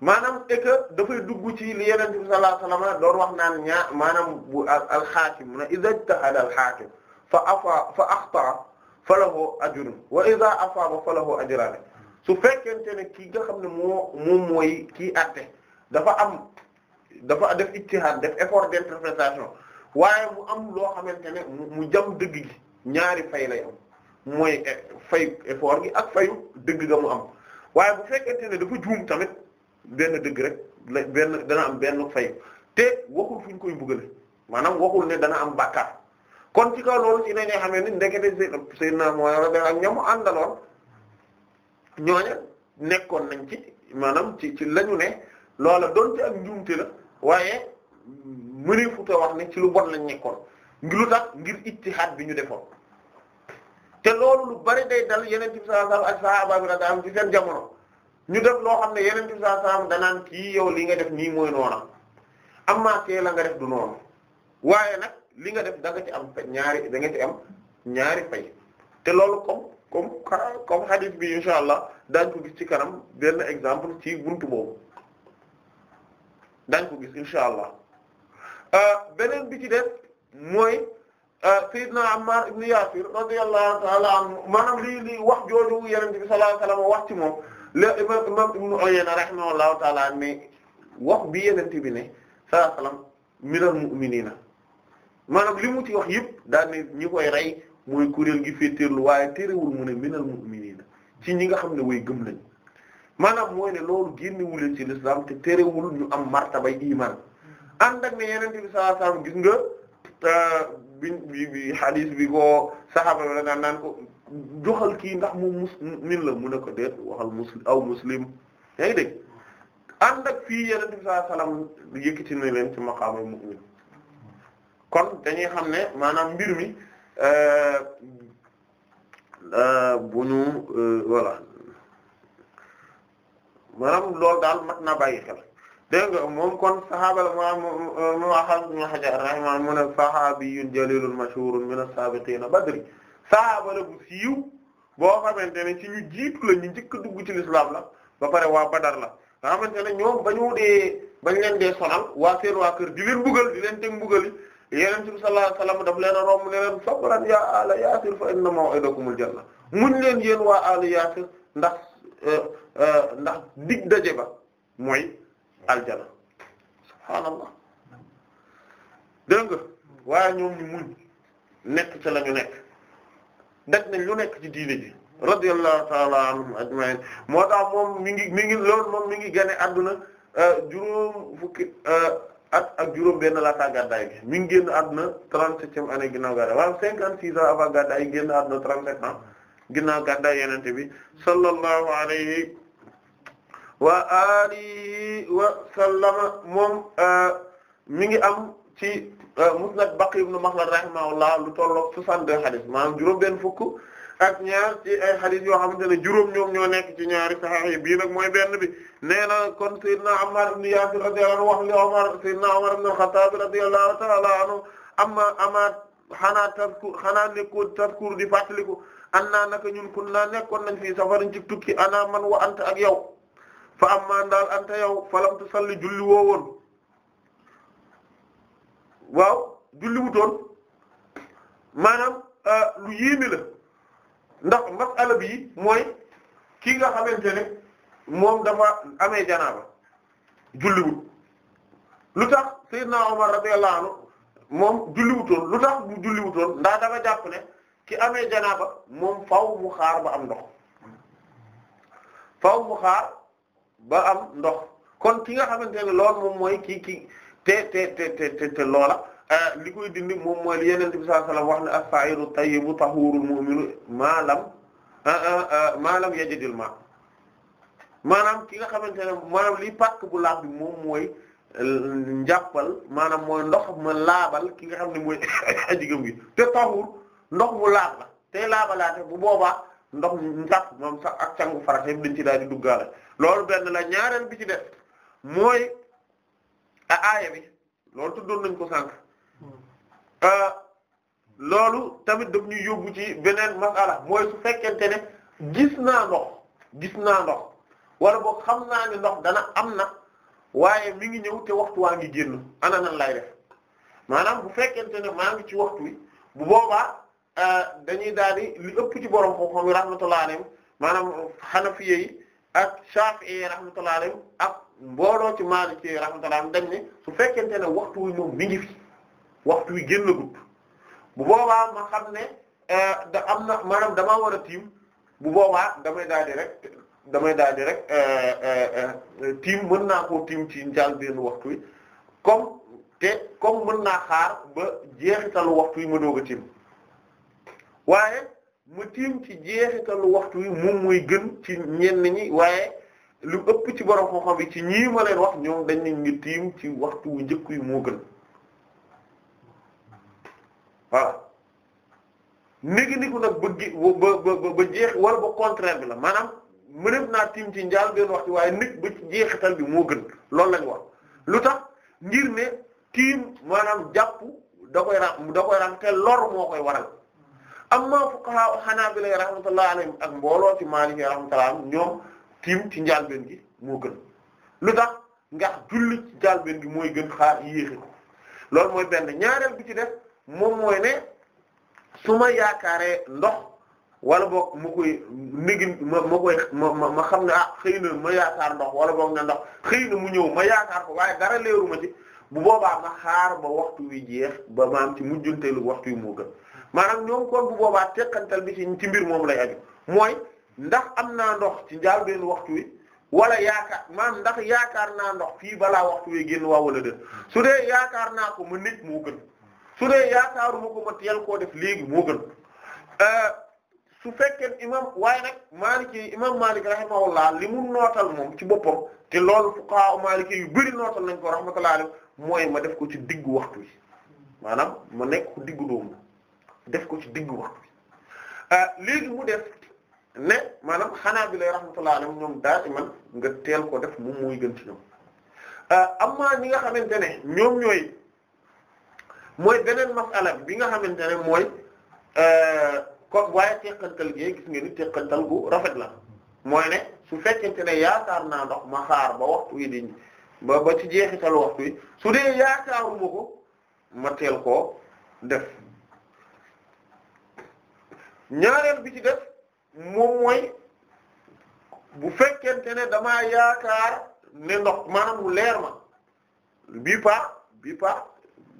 maanaam et que dafay dugg ci li Yonent bi sallallahu alayhi wasallam doon wax naan ñaa maanaam bu al al mu na iza ijtahada al xaakim fa afa fa axtaa falahu ajrun wa idha asaaba falahu ajraan su fekkente ne kii nga xam ne moo moom mooy kii àtte dafa am dafa a def ijtihaad def effort d'interprétation waaye mu am loo xamante ne mu jam dëgg gi ñaari fay lay am mooy eh, fay effort gi ak fayu dëgg ga mu am waaye bu fekkente ne dafa juum tamit benn dëgg rek benn dana am benn fay te waxul fu ñu koy bugale maanaam waxul ne dana am bàkkaar kon ci kaw loolu ci nañu xamee ni ndekete Seydina Muawiya radiyallahu anhu ñamu àndaloon ñooña nekkoon nañ ci maanaam ci ci lañu ne loola doon ci ak njuumte la waaye mënee futa wax ci lu bon lañ nekkoon ngir lu tax ngir bi ñu defoon te loolu lu bari day dal yeneen bi ak sahaaba bi radiyallahu anhum jamono ñu def loo xam ne yeneen bi danaan kii yow li nga def nii mooy noona amma tee la nga def du noonu waaye nag li nga def da ci am ñaari da nga ci ñaari fay te loolu comme comme comme hadith bi insha allah daañ ko gis ci kanam benn exemple ci buntu boobu ko gis insha allah euh, beneen bi ci def mooy euh, Sayyidna na ibn Yasir radiyallahu ta'ala anhu wax jooju la bi sallallahu alayhi wasallam wax wax bi Yonent bi ne sallallahu alayhi wasallam maanaam li mu ci wax yëpp daan ne ñi koy rey mooy kuréel gi féeteerlu waaye terewul mu ne minal mu'minina ci ñi nga xam ne way gëm lañ maanaam mooy ne loolu génnewu leen ci l'islam te terewul ñu am martabay iman ànd ak ne yeneen bi sallallahu alayhi gis nga biñ bi bi hadith bi ko saxaaba la naan naan ko joxal kii ndax mu mus la mu ne ko déet waxal muslim aw muslim yaa ngi dégg ànd ak fii yeneen bi sallallahu alayhi wasallam yëkkati na leen ci maqaamay mu'min kon dañuy xam ne maanaam mbir mi euh, euh, bu ñu euh, voilà maanaam daal mat na bàyyi xel dégg nga moom kon sahaaba la mam moma xaas ibn Hajar rahimahullah mu ne sahaabiyun jalilun mashhurun min as-sabiqina badri sahaaba la bu siiw boo xamee ne ci ñu jiitu la ñu njëkk dugg ci l'islam la ba pare waa Badar la nga xamante ne ñoom ba ñu dee bañ leen dee sonal waa seen waa kër di leen mbugal di leen teg mbugal yi yonent bi sallallahu alayhi wasallam daf leen a romb ne leen sabran ya ala yaasir fa inna maw'idakumul janna muñ leen yéen waa ala yaasir ndax euh, euh, ndax dig daje ba mooy aljana subhaanallah dégg nga waaye ñoom ñu muñ nekk ci lañu ñu nekk def nañ lu nekk ci diine ji radiyallahu ta'ala moo tax moom mi ngi mi ngi loolu moom mi gane adduna euh, juróom fukki at ak juróom benn laata gàddaay gi mi ngi génn àdduna trente-septième année ginnaaw gàddaay waaw cinquante-six ans avant gàddaay a génn àdduna trente-sept ans ginnaaw gàddaay yenente bi sallallahu alayhi wa alihi wa sallama moom euh, mi ngi am ci euh, musnad Baqi ibn Makhlad rahimahullah lu tolloog soixante-deux hadith maanaam juróom benn fukk ak ñaar ci ay hadith yoo xamante ne juróom ñoom ñoo nekk ci ñaari sahih bii nag mooy benn bi nee na kon Seydina Ammar ibn Yaasir radiyallahu anhu wax li Umar Seydina Umar ibn al-Khattab radiyallahu ta'ala anhu amma amaat xanaa taskur xanaa nekkoon taskur di fàttaliku annaa naka ñun kunnaa nekkoon nañ fii man wa ak yow yow falam tusalli julli woo euh, lu yéeme ndax mas'ala bi mooy kii nga xamante ne. moom dafa amee janaaba julliwut lu tax Seydina Omar radiyallahu anhu moom julliwutoon lu tax mu julliwutoon ndax dafa jàpp ne ki amee janaaba moom faaw mu xaar ba am ndox faaw mu xaar ba am ndox kon ki nga xamante ne loolu moom mooy kii ki te te te te loola eh, li koy dindi moom mooy li Yonent bi wax ne as-sa'iru tayyibu tahurul mu'minu ma lam eh, eh, ma lam yajidil ma maanaam ki nga xamante ne maanaam li pàcc bu laab bi moom mooy euh, njàppal maanaam mooy ndox ma laabal ki nga xam ne mooy ajigam gi te taxul ndox mu laab la te laabalaate bu boobaa ndox njàpp moom sax ak sangu farata yëpp dañ ci daal di duggaale loolu benn la ñaareel bi ci def mooy a aaya bi loolu tuddoon nañ ko sànq hmm. euh, loolu tamit daf ñuy yóbbu ci beneen masala mooy su fekkente ne gis naa ndox gis naa ndox wala boog xam naa ne ndox dana am na waaye mi ngi ñëw te waxtu waa ngi génn ana nan lay def maanaam bu fekkente ne maa ngi ci waxtu wi bu boobaa euh, dañuy daal di li ëpp ci borom xam maanaam xanafiye ak shafi'i yi rahmatullah alayhim ak mbooloo ci maliki yi dañ ne su fekkente ne waxtu wi moom mi waxtu wi génn bu boobaa euh, na maanaam damaa war a tiim bu boobaa damay daal rek damay daal di rek euh, euh, euh, tiim mën naa koo tiim ci njaal benn waxtu wi comme te comme mën naa xaar ba jeexitalu waxtu yi ma doog a tiim waaye ma tiim ci jeexitalu waxtu wi moom muy gën ci ñenn ñi waaye lu ëpp ci borom xam-xam yi ci ñii ma leen wax ñoom dañ ne ngi tiim ci waxtu wu njëkk yi moo gën voilà néegi niku nag ba ba ba ba jeex wala ba contraire bi la maanaam mëneb naa tiim ci njaal benn waxtu waaye nit ba jeexital bi moo gën loolu lañ wax lu tax ngir ne tiim maanaam jàpp da koy ram da koy ram te lor moo koy waral amma fuqaha hanabila rahmatullah alayhim ak mbooloo ci maliki rahmatullah ñoom tiim ci njaal gi moo gën lu tax ndax julli ci gi mooy gën xaar yéexi ko mooy benn ñaareel bi ci def moom mooy ne su ma yaakaaree ndox wala boog ma koy négin ma ma koy ma xam ne ah xëy na ma yaakaar ndox wala boog ne ndox xëy na mu ñëw ma yaakaar ko waaye dara leeruma ci bu boobaa ma xaar ba waxtu wi jeex ba ma am ci mujjanteelu waxtu wi moo gën maanaam ñoom kon bu boobaa tekkantal bi ci ci mbir moom lay aju mooy ndax am naa ndox ci njaal benn waxtu wi wala yaakaar maanaam ndax yaakaar naa ndox fii balaa waxtu wi génn waa wala déet su dee yaakaar naa ko ma nit moo gën su dee yaakaaruma ko ma teel koo def léegi moo gën. Euh, su fekkee imam waaye nag Maliki imam Malik laa li mu nootal moom ci boppam te loolu fuqaha Maliki yu bëri nootal nañ ko rahmatullahi alayhi mooy ma def ko ci diggu waxtu wi maanaam mu nekk ku diggu doomu def ko ci diggu waxtu wi euh, léegi mu def ne maanaam xanaa bi lay rahmatullahi alayhi ñoom daati man nga teel ko def moom mooy gën ci ñoom euh, amma ñi nga xamante ne ñoom ñooy mooy beneen masala bi nga xamante ne mooy euh, kon waaye teqantal gee gis nga ni teqantal gu rafet na mooy ne su fekkente ne yaakaar naa ndox ma xaar ba waxtu wi di ba ba ci jeexital waxtu wi su dee yaakaaruma ko ma teel koo def ñaareel bi ci def moom mooy bu fekkente ne dama yaakaar ne ndox maanaam mu leer ma bii paax bii paax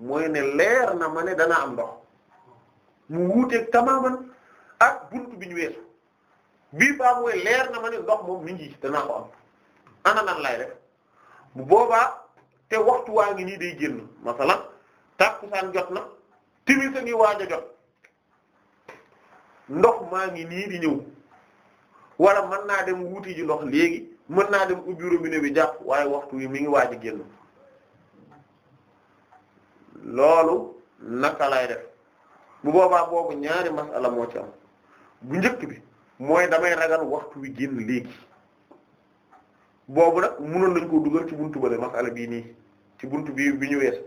mooy ne leer na ma ne dana am ndox mu wuuteeg tamaman ak buntu bi ñu weesu bii baa mooy leer na ma ne ndox moom mi ngi danaa ko am ana nan laay def bu boobaa te waxtu waa ngi nii day génn masalan tàkkusaan jot na timis a ngi waaj jot ndox maa ngi nii di ñëw wala mën naa dem wuuti ji ndox léegi mën naa dem ubbi robinet bi jàpp waaye waxtu wi mi ngi waaj a génn loolu naka lay def bu boobaa boobu ñaari masala moo ci am bu njëkk bi mooy damay ragal waxtu wi génn léegi boobu nag mënoon nañ koo dugal ci buntu bale masala bii nii ci bunt bii bi ñu wees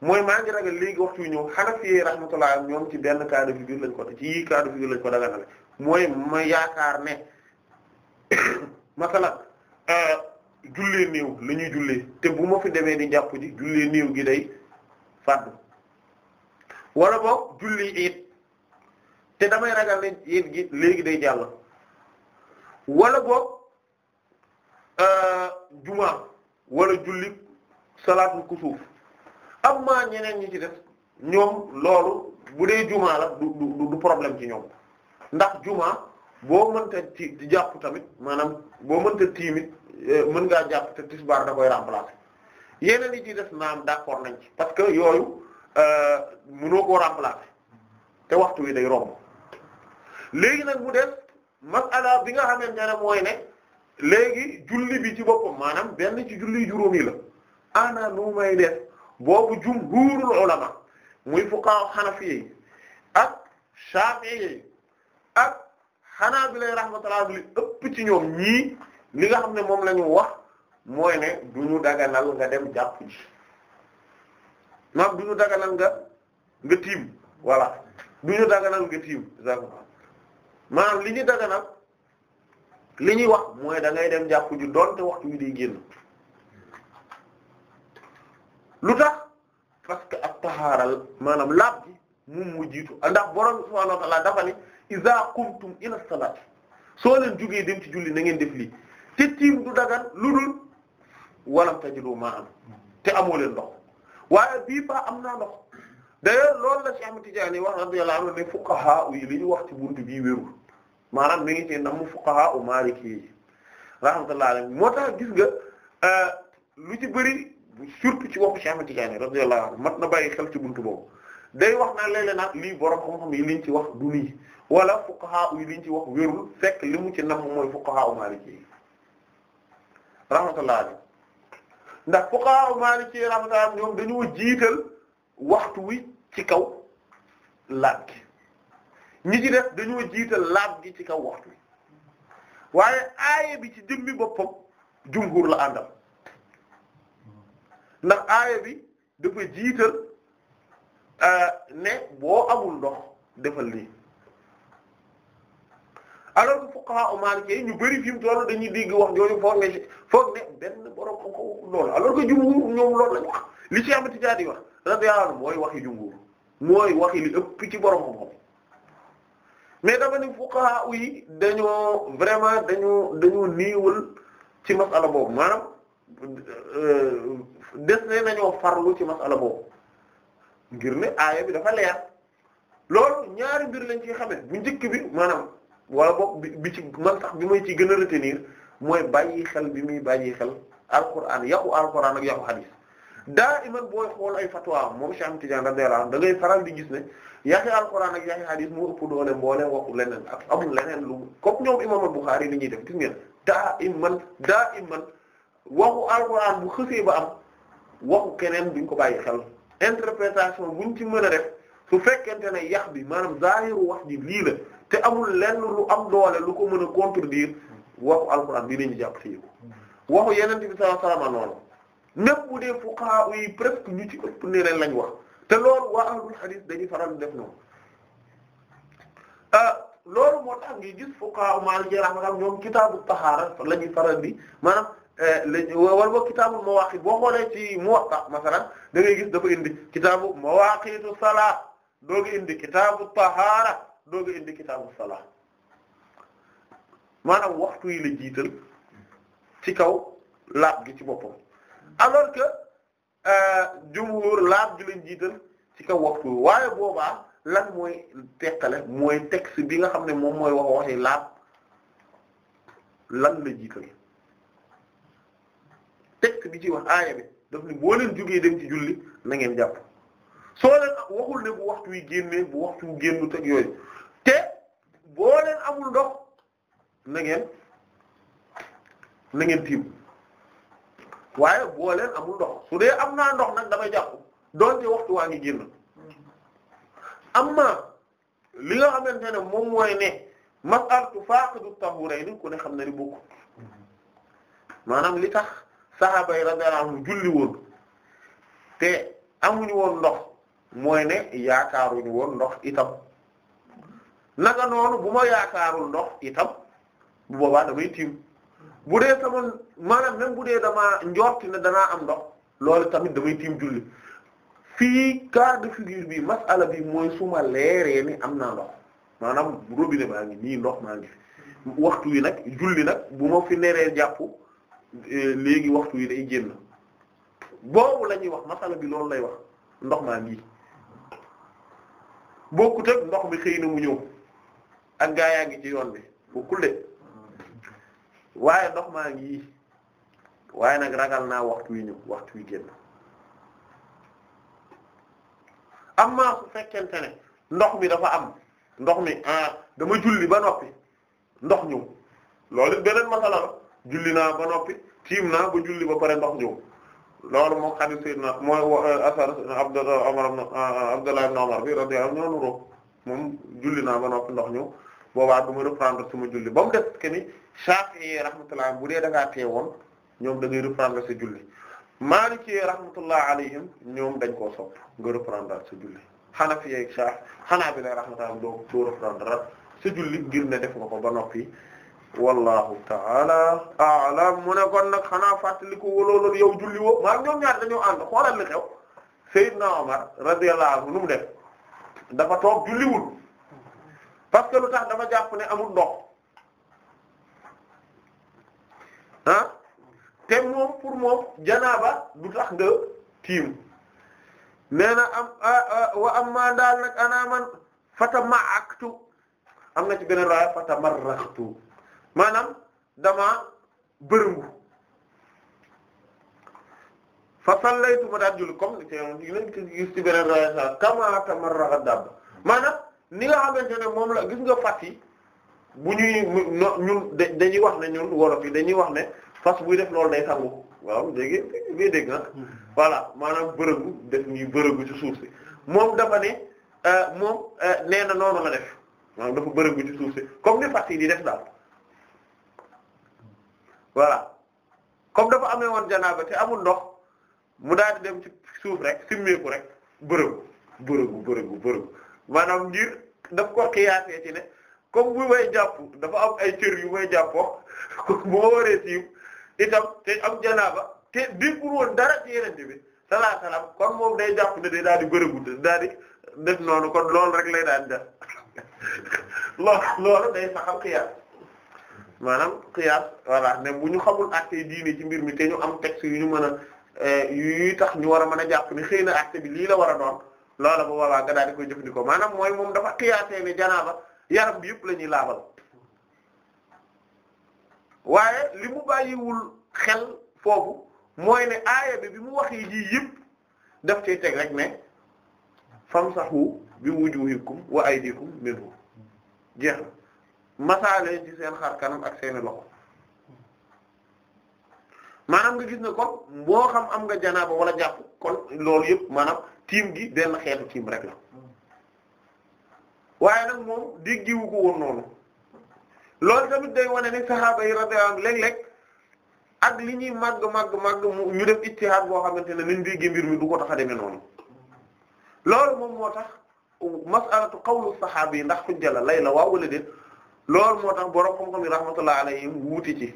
mooy maa ngi ragal léegi waxtu wi ñëw Hanafi rahmatullah ñoom ci benn cas de figure lañ ko ci yii cas lañ ko daganale mooy ma yaakaar ne masala euh, jullee néew la ñuy jullee te bu ma fi demee di jàpp ji jullee néew gi day fàddu wala boog julli it te damay ragal ne yéen gi léegi day jàll wala boog euh, juma wala julli salaatul kusuuf am ma ñeneen ñi ci def ñoom loolu bu dee juma la du du problème ci ñoom ndax juma boo mënta ci jàpp tamit maanaam boo mënta euh, mën ngaa jàpp te tisbaar da koy remplacer yeneen yi ci def naam d'accord nañ ci parce que yooyu euh, mënoo koo remplacer te waxtu wi day romb. léegi nag mu def masala bi nga xamante ne mooy ne léegi julli bi ci boppam maanaam benn ji julli juróom yi la ana nu may def boobu jumhuurul ulama muy fuqaha hanafiyyi ak shafi'iyyi ak hanabila rahmatullah li ëpp ci ñoom ñii li nga xam ne moom la ñu wax mooy ne du ñu daganal nga dem jàpp ji maam du ñu daganal nga nga tiim voilà du ñu daganal nga tiim exactement maanaam li ñu daganal li ñuy wax mooy da ngay dem jàpp ju doonte waxtu wi day génn lu tax parce que ak taxaaral maanaam laab gi moom mu jiitu ndax borom subhaanahu wa ta'aala dafa ne iza qumtum ila salaat soo leen jógee dem ci julli na ngeen def lii te tiim du dagan lu dul walam tajidu ma'an te amoo leen ndox waaye bii ba am naa ndox d'ailleurs loolu la Cheikh Ahmed Tidiane wax radiyallahu anhu ne fuqaha yi li ñu wax ci buntu bii wérul maanaam mi ngi ci namu fuqaha u maliki yi rahmatullahi moo tax gis nga euh, lu ci bëri surtout ci waxu Cheikh Ahmed Tidiane radiyallahu mat na bàyyi xel ci buntu boobu day wax naa léeg-léeg lii borom xam-xam yi liñ ci wax du lii wala fuqaha yi liñ ci wax wérul fekk li mu ci nam mooy fuqaha u maliki yi rahmatullahi alayhi ndax fuqaha u maliki yi rahmatullahi ñoom dañoo jiital waxtu wi ci kaw laaj ñi ci def dañoo jiital laab gi ci kaw waxtu waaye aaye bi ci jëmmi boppam jumhur la àndal ndax aaye bi dafa jiital euh, ne boo amul ndox defal lii alors que fuqaha maliki ñu bari fi mu toll dañuy dégg wax jooju foog ne ne benn borom ko ko loolu alors que jumhur ñoom loolu lañ wax li ci amati yi wax radiyallahu mooy waxi jumhur mooy waxi li ëpp ci borom xam-xam mais dama ni fuqaha yi dañoo vraiment dañoo dañoo niiwal ci masala boobu maanaam euh, des ne nañoo farlu ci masala boobu ngir ne aaya bi dafa leer loolu ñaari mbir lañ ci xamee bu njëkk bi maanaam wala boog bi ci man sax bi may ci gën a retenir mooy bàyyi xel bi muy bàyyi xel alquran yàqu alquran ak yàqu hadis daa iman booy xool ay fatwa moom Cheikh Tidiane radiyallahu anhu da ngay faral di gis ne yaxi alquran ak yaxi hadith moo ëpp doole mbooleem waxu leneen ak amul leneen lu comme ñoom imam al-Bukhari li ñuy def gis ngeen daa iman daa iman waxu alquran bu xësee ba am waxu keneen duñ ko bàyyi xel interprétation buñ ci mën a def su fekkente ne yax bi maanaam zahiru wax ji lii la te amul lenn lu am doole lu ko mën a contredire waxu alquran bi lañu jàpp ci waxu yeneen bi sallallahu alayhi noonu même bu dee fuqaha yi presque ñu ci ëpp ne leen lañ wax te loolu waa ahlul hadith dañuy faral di def noonu euh, loolu moo tax ngi gis fuqaha Maalik rahmatullah ñoom kitaabu tahaara la ñuy faral di maanaam euh, lañ wala boog kitaabu mawaaqiit boo xoolee ci Muwatta masalan da ngay gis dafa indi kitaabu mawaaqiitu salaat doo nga indi kitaabu tahaara doo nga indi kitaabu salaat maanaam waxtu yi la jiital ci kaw laab gi ci boppam alors que. Euh, jumhur laab ju lañ jiital ci kaw waxtu waaye boobaa lan mooy teqale mooy texte bi nga xam ne moom mooy wax waxi laab lan la jiital texte bi ci wax aaya bi daf ni boo leen jógee dem ci julli na ngeen jàpp soo leen waxul ne bu waxtu wi génnee bu waxtu wu teg yooyu te boo leen amul ndox nangeen ngeen na ngeen tiim waaye boo leen amul ndox su dee am naa ndox nag damay jàpp doonte waxtu waa ngi génn amma li nga xamante ne moom mooy ne mas'alatu faqidu tahurayni ku ne xam na ni bokkut maanaam li tax sahaaba yi radiyallahu anhum julli woon te amuñu woon ndox mooy ne yaakaaruñu woon ndox itam naga noonu bu ma yaakaarul ndox itam bu boobaa damay tiim bu dee sama maanaam même bu dee damaa njorti ne danaa am ndox loolu tamit damay tiim julli fii cas de figure bi masala bi mooy su ma leeree ni am naa ndox maanaam robinet baa ngi nii ndox maa ngi fi waxtu yi nag julli nag bu ma fi neree jàpp eh, léegi waxtu yi day génn boobu lañuy wax masala bi loolu lay wax ndox maa ngi bokkut ak ndox mi xëy na mu ñëw ak gaa yaa ngi ci yoon bi bokkul de waaye dox maa ngi waaye nag ragal naa waxtu wi ñu waxtu wi génn am maa su fekkente ne ndox mi dafa am ndox mi ah, dama julli ba noppi ndox ñëw loolu it beneen masala julli naa ba noppi tiim naa ba julli ba pare ndox ñëw loolu moom hadith sayyidina mooy eh, asar Abdullah Umar eh, Abdullah ibn Umar bi radiyallahu anhu noonu moom julli naa ba noppi ndox ñëw boobaa dama reprendre suma julli ba mu des que ni Shafi'i rahmatullah bu dee da ngaa teewoon ñoom da ngay reprendre sa julli Maliki rahmatullah alayhim ñoom dañ koo sopp nga reprendre sa julli Hanafi ak Shafi'i Hanabila rahmatullah doo doo reprendre sa julli ngir ne def nga ko ba noppi wallahu taala a'lam mu ne xanaa fàttaliku walooloon yow julli woo maa ñoom ñaar dañoo ànd xoolal li xew Seydina Omar radiyallahu anhu nu def dafa toog julliwul parce que lu tax dafa jàpp ne amul ndox ah te moom pour moom janaaba du tax nga tiim nee na am wa amma daal nag ana man fatama'aktu am na ci beneen raaya fatamarraxtu maanaam dama bërëngu fa sallaytu ma daal julli comme ci nañ gis ci beneen raaya sa kama tamarraxa dabb maanaam ni nga xamante ne moom la gis nga fat bu ñuy ñun dañuy wax ne ñun wolof yi dañuy wax ne fas buy def loolu day sangu waaw dégg nga dégg nga voilà maanaam bërëgu def ñuy bërëgu ci suuf si moom dafa ne euh, moom euh, nee na noonu la def maanaam dafa bërëgu ci suuf si comme ni fas yi di def daal voilà comme dafa amee woon janaaba te amul ndox mu daal di dem ci suuf rek simmeeku rek bërëgu bërëgu bërëgu bërëgu maanaam ngir daf ko xiyaasee ci ne. comme bu may jàpp dafa am ay cër yu may jàppoo comme bu ma waree siiw itam te am janaaba te déggul woon dara ci yenente bi salaa salaam kon moom day jàpp ne day daal di bërëbut daal di def noonu kon loolu rek lay daal di def loolu loolu day saxal xiyaas maanaam xiyaas voilà ne bu ñu xamul acte diine ci mbir mi te ñu am texte yu ñu mën a eh, yuy tax ñu war a man a jàpp ne xëy na acte bi lii la war a doon loola ba boobaa nga daal di koy jëfandikoo maanaam mooy moom dafa xiyaasee ne yaram bi yëpp lañuy ñuy laabal waaye li mu bàyyiwul xel foofu mooy ne aaya bi bi mu wax yi jii yëpp def cay teg rek ne famsahu bi wujuhikum wa aydikum minhu jeex na masaaleen ci seen xar kanam ak seeni loxo maanaam nga gis ne kon boo xam am nga janaaba wala jàpp kon loolu yëpp maanaam tiim gi benn xeetu tiim rek la waaye nag moom déggiwu ko woon noonu loolu tamit day wane ne sahaaba yi radiyallahu anhum léeg-léeg ak li ñuy màgg màgg màgg ñu def ijtihaad boo xamante ne liñ déggee mbir mi du ko tax a demee noonu loolu moom moo tax mas'alatu qawlu sahaaba yi ndax xujja la lay la waaw wala déet loolu moo tax borom xam-xam yi rahmatullahi alayhim wuute ci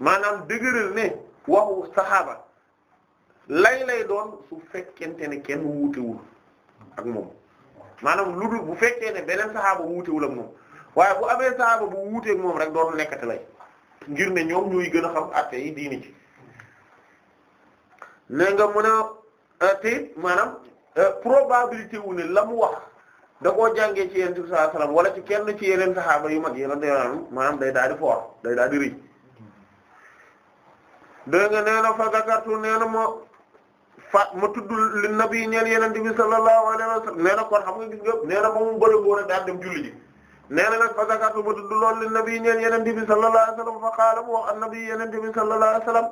maanaam dëgëral ne waxu sahaaba lay lay doon su fekkente ne kenn wuutiwul ak moom maanaam lu dul bu fekkee ne beneen saxaaba bu wuutewul ak moom waaye bu amee saxaaba bu wuuteeg moom rek doon nekkati lay ngir ne ñoom ñooy gën a xam atte yi diini ci ne nga mën a euh, maanaam euh, probabilité wu ne la mu wax da koo jàngee ci yeneen sallallahu alayhi wala ci kenn ci yeneen saxaaba yu mag yi la day maanaam day daal di foor day daal di rëy dégg fa gakartu nee moo fa ma tudd li nabi ñeel yenente bi sallallahu alayhi wa sallam nee na kon xam nga gis nga nee na ba mu bërëngoo rek daal dem julli ji nee na nag ma tudd lool li nabi ñeel yenente bi sallallahu alayhi bi sallallahu alayhi wa sallam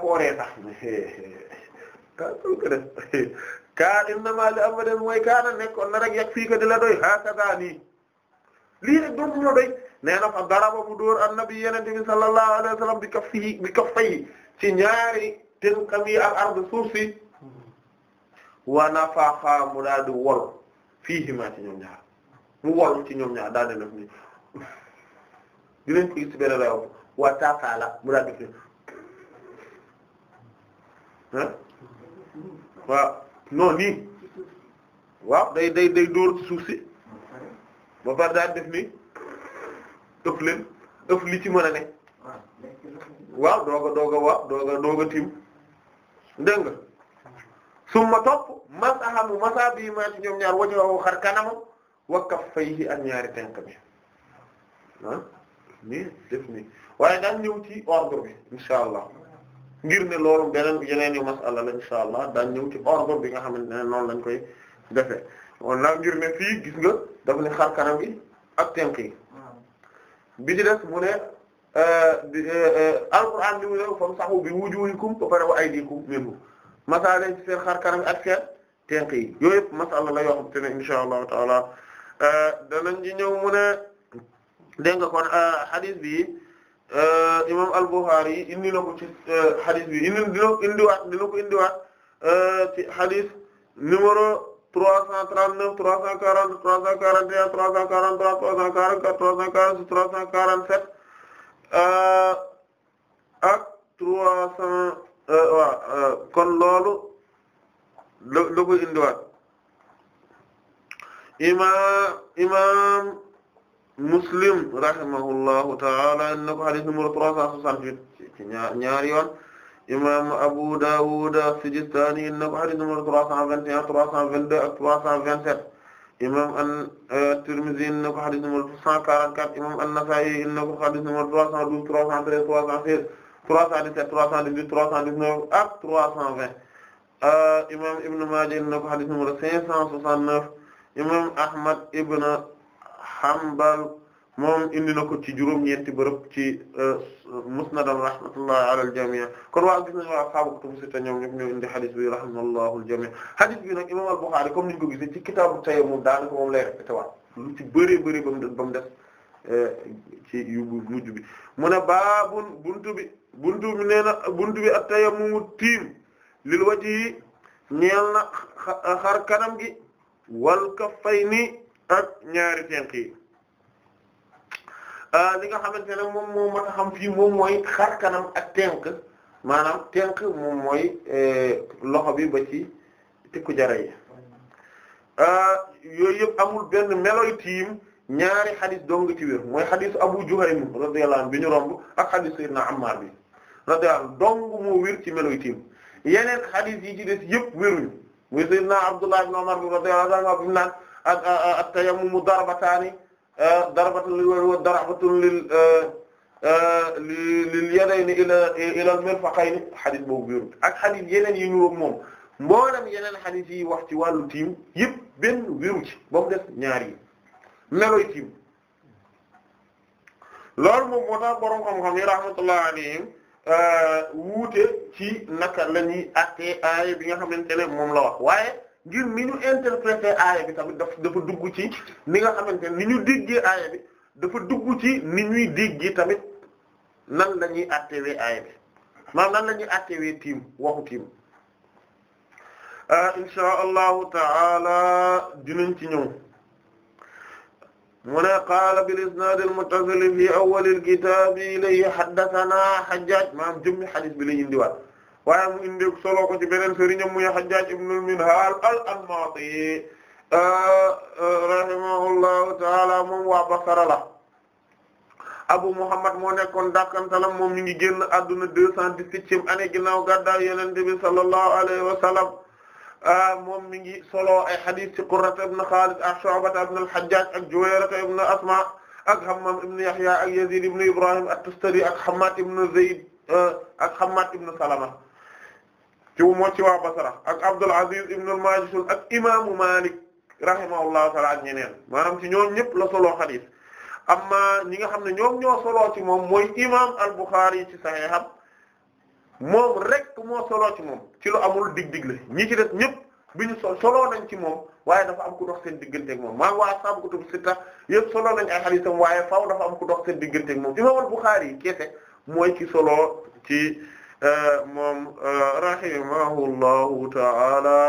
ko ree sax ka sulka def ka innama na rek yag la doy hakaza nii lii rek doon bi sallallahu alayhi wa bi kaf ci ñaari tilka bi ak ardu suuf si wa nafaxa mu daal di wol fiihimaa ci ñoom ñaar mu wol ci ñoom ñaar daal di def ni dinañ ko gis ci benn réew wa tafaala mu daal di def ni ah waaw non nii waaw day day day dóor suuf si ba pare daal def ni ëf leen li ci mën a ne ah, waaw dooga dooga waaw dooga dooga tim dégg nga summa topp masaha mu masa bii maa ci ñoom ñaar wajhahu xar kanamam wa kaffayhi ak ñaari tànk bi ah, waaye daan ñëw ci ordre bi insha allah ngir ne loolu beneen yeneen yu masala la insha daan ñëw ci ordre bi nga xamante ne noonu lañ koy defee won la ngir ne fii gis nga daf ne xar kanam gi ak tànk yi hmm. mu ne Euh, euh, euh, alquran li mu ne fam saxu bi wujuhikum ba pare wa aydikum minhu masala ci de xar kanam ak seen tenk yi yooyu yëpp masala la yoo xam te ne insha allahu taala danañ ci ñëw mu ne dégg nga kon hadith bi imam al-Bukhari indi na ko ci hadith bi indi dina ko indiwaat dina ko indiwaat ci hadith numéro 339 340 341 343 344 347 Euh, ak trois cent euh, euh, kon loolu la la koy indiwaat imaam imaam Muslim rahimahullahu ta'ala inna ko hadith numéro trois cent soixante-huit ci ñaari yoon imam Abu Dawud as-Sijistani inna ko hadith numéro trois cent vingt et un trois cent vingt-deux ak trois cent vingt-sept imam at-Tirmidhi indi na ko xadis numéro 144 imam an-Nasa'i indi na ko xadis numéro 312 313 316 317 318 319 ak 320 euh, imam Ibn Maaja indi na ko xadis numéro 569 imam Ahmad ibn Hanbal moom indi na ko ci juróom-ñeenti bërëb ci euh, euh, musnadam rahmatullahi ala al-jami' kon waa gis nañu waa ashaabu kutubu sitta ñoom ñëpp ñoo indi hadith bi rahimahullahu al-jami' hadith bi nag imam al-Bukhari comme niñ ko gisee ci kitaabu tayammum daanaka moom lay répété waat lu ci bëree bëri ba mu def ba mu def euh, ci yu mujj bi mu ne baabun buntu bi buntu bi nee na buntu bi at-tayammum tiim lil wajhi ñeel na xar kanam gi wal kaffayni ak ñaari tenq yi Euh, li nga xamante ne moom moo mat a xam fii moom mooy xar kanam ak tenk maanaam tenk moom mooy euh, loxo bi ba ci tikku jara yi euh, yooyu yëpp amul benn meloy tiim ñaari xadis dong ci wér mooy xadisu Abu Juhaym radiyallahu anhu bi ñu romb ak xadis Sayyidina Ammar bi radiyallahu dong moo wér ci meloy tiim yeneen xadis yi ci des yëpp wéruñu muy Sayyidina Abdullah ibn Umar bi radiyallahu anhu naan ak at-tayammumu darbataani darabatun lil wajhi eh, wa darabatun eh, lil lil yadayni ila ila al mirfaqayni xadis boobu wérut ak xadis yeneen yi ñu moom mboolem yeneen xadis yi wax ci wàllu tiim yëpp benn wéru ci ba mu def ñaar yi meloy tiim loolu moom moo tax boroom xam-xam yi rahmatullah alayhim eh, wuute ci naka la ñuy bi nga xamante ne moom la waaye ngir ni ñu interpréter aaya bi tamit daf dafa dugg ci ni nga xamante ni ñu déggee aaya bi dafa dugg ci ni ñuy déggee tamit nan la ñuy attewee aaya bi maanaam nan la ñuy attewee tiim waxu tiim ah, insha allahu taala dinañ ci ñëw mu ne qaala bil-isnaad al-muttasil fi awwal al-kitaab ilayhi haddathanaa Hajjaaj jëmmi hadiis bi la indiwaat waaye mu indi solo ko ci beneen sëriñam muy Hajjaj ibn al-Minhal al-Anmati rahimahullahu taala moom waa Basra la Abu Muhammad moo nekkoon dakkantalam moom mi ngi génn adduna deux cent dix-septième année ginnaaw gàddaay Yonent bi sallallahu ah, moom mi ngi solo ay hadith ci Qurrata ibn Khalid ak Shu'bata al-Hajjaj ak Juwayrata ibn Asma ak Hammam ibn Yahya ak Yazid ibn Ibrahim at-Tustari ak Hammad ibn Zayd ah, ak Hammad ibn Salama ci moo ci waa Basra ak Abdul Aziz ibn al-Majishun ak imaamu Malik rahimahullahu ta'ala ak ñeneen maanaam ci ñoom ñëpp la solo xadiis amma ñi nga xam ne ñoom ñoo solo ci moom mooy imaam al-Bukhari ci Sahiham moom rek moo solo ci moom ci loo amul dig-dig la ñi ci def ñëpp bi ñu so solo nañ ci moom waaye dafa am ku dox seen diggante ak moom maa waa saabu kutub sitta yëpp solo nañ ay xadiisam waaye faaw dafa am ku dox seen diggante ak moom imaam al-Bukhari yi keese mooy ci solo ci. moom euh, rahimahullahu ta'ala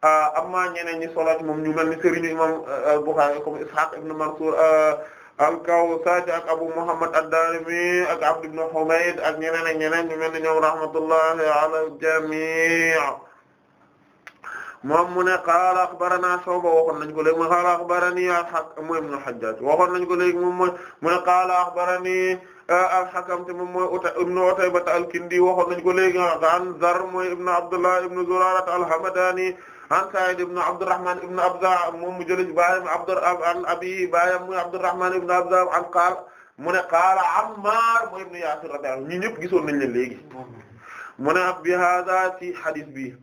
euh, amma ñeneen ñi solo ci moom ñu mel ni sëriñu imam euh, Bukhari comme Ishaq ibn Mansur al-Kawsaj ak Abu Muhammad ad-Darimi ak Abd ibn Humayd ak ñeneen ak ñeneen ñu mel ni ñoom rahmatullahi ala al-jami' moom mu ne qaala axbarana Shu'ba waxoon nañ ko léegi mu ne qaala axbarani Ishaq mooy ibn Hajjaj waxoon nañ ko léegi moom mooy mu ne qaala axbarani Ah, al-Hakam te moom mooy Uta ibnu Utayba al-Kindi waxoon nañ ko léegi ah, an Zarr mooy ibnu Abdullah ibnu Zurara al-Hamadani an Sa'id ibnu Abdurrahman ibnu Abza moom mu jëlee baayam Abdu an abi baayam muy Abdurrahman ibnu Abza an qaala mu ne qaala Ammar mooy ibnu Yasir radiyallahu ñi ñëpp gisoon nañ leen léegi mu ne ab bi hada ci hadis bi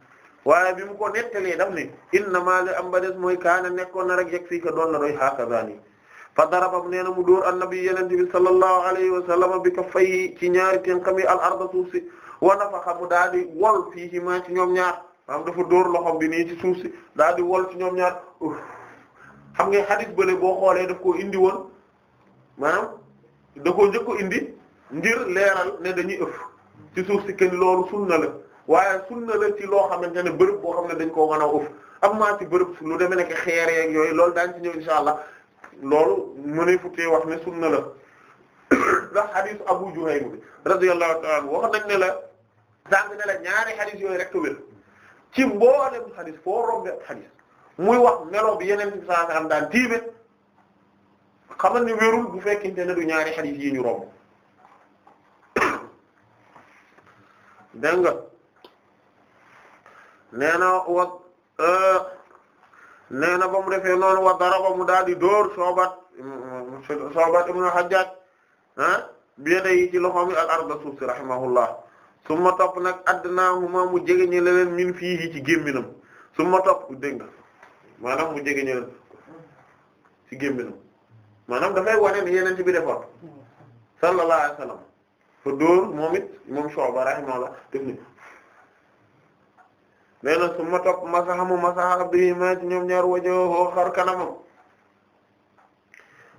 waaye bi mu ko nettalee daf ne inna ma li am ba des mooy kaana nekkoon na rek yegg fii ka doon na doy hakazaani fa daraba nee na mu dóor annabi yeneen bi sallallahu alayhi wa sallam bi kaffayhi ci ñaari tànkam yi al arda suuf si wa nafaxa mu daal di wol fiihimaa ci ñoom ñaar dafa dóor loxom bi nii ci si daal wol ci ñoom ñaar xam nga xadis bële boo xoolee daf koo indi woon maanaam da koo njëkk indi ngir leeral ne dañuy ëf ci suuf si kenn loolu sunna la waaye sunna la ci loo xamante ne bërëb boo xam ne dañ koo mën a ëf am maa ci bërëb lu demee ne xeer yeeg yooyu loolu daañu ci ñëw insha allah loolu mëneefutee wax ne sunna la ndax xadiis Abu Juhaym bi radiyallahu ta'ala anhu nañ ne la sànq ne la ñaari xadiis yooyu rek wér ci mboolem xadiis foo rombe xadiis muy wax melo bi yeneen bi saa am daan tiibe xamal ne wérul bu fekkente ne du ñaari xadiis yi ñu romb dégg nga nee nee na ba mu defee noonu wa daraba mu daal di dóor Shu'ba Shu'ba ibn al-Hajjaj ah bieda yi ci loxoom yi al arda suuf si rahimahullah summa topp nag adnaahuma mu jege ñi leen min fii ci gémminam summa topp dégg nga maanaam mu jege ñi leen ci gémminam maanaam dafay wane ni yeneen ci bi defoon sallallahu alayhi wa sallam fa dóor moom it moom Shu'ba nee na su ma topp masahamu masaha bi ma ci ñoom ñaar wajoo xar kanamam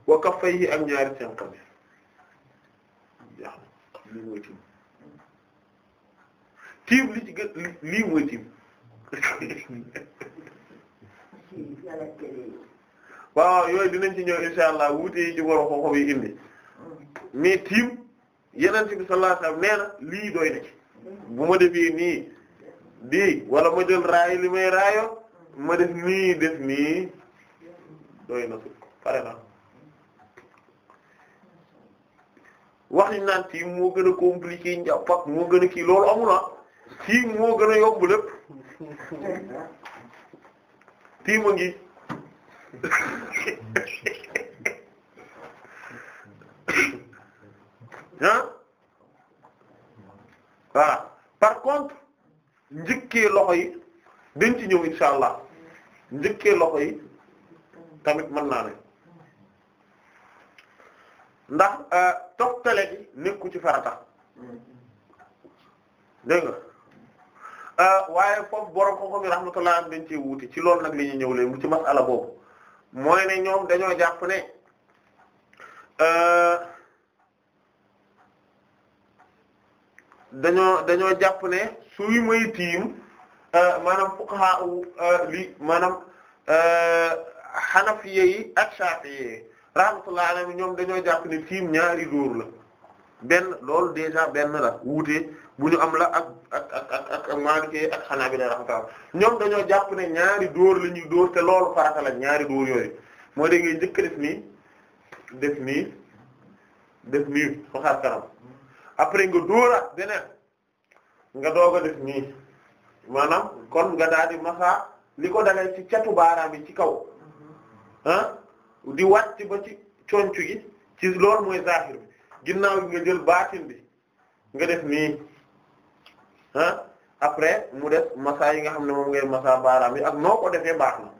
wa kaffayhi ak ñaari sànqam lii mooy tiim tiim lii mooy tiim waaw yooyu dinañ ci ñëw insha allah wuute yi ci waro xoxo yi indi mais tiim yeneen ci bi sallallahu alayhi lii doy na bu ma defee nii di wala ma jël raay li may raayo ma def nii def nii doy na sukk pare na wax yi naan tii moo gën a compliqué njàpp ak moo gën a kii loolu amu na ah. gën a yomb lépp tii ma ngi ah par contre njëkkee loxo yi dañ ci ñëw insha allah njëkkee loxo yi tamit mën naa ne ndax euh, toftale gi nekku ci farata dégg nga euh, waaye foofu borom ko ko mi rahmatullah am dañ cee wuute ci loolu nag li ñëw leen mu ci masala boobu mooy ne ñoom dañoo jàpp ne euh, dañoo dañoo jàpp ne suy may tiim euh, maanaam fuqaha euh, li maanaam xanafiye euh, yi ak shafiye yi rahmatullah alayhim ñoom dañoo jàpp ne tiim ñaari dóor la benn lool déjà benn la wuute bu ñu am la ak ak ak ak ak Maliki ak Hanabila rahmatullah ñoom dañoo jàpp ne ñaari door la ñuy dóor te lool farata ñaari door yooyu moo dégg ngay njëkk def nii def nii def nii après nga dóoraat beneen nga doog a def nii maanaam kon nga daal di masa li ko dalay ci catu baaraam yi ci kaw ah di wàcc ba ci concu yi ci loolu mooy zahir bi ginnaaw yi nga jël baatin bi nga def nii ah après mu def masa yi nga xam ne moom ngay masaa baaraam yi ak noo ko defee baax na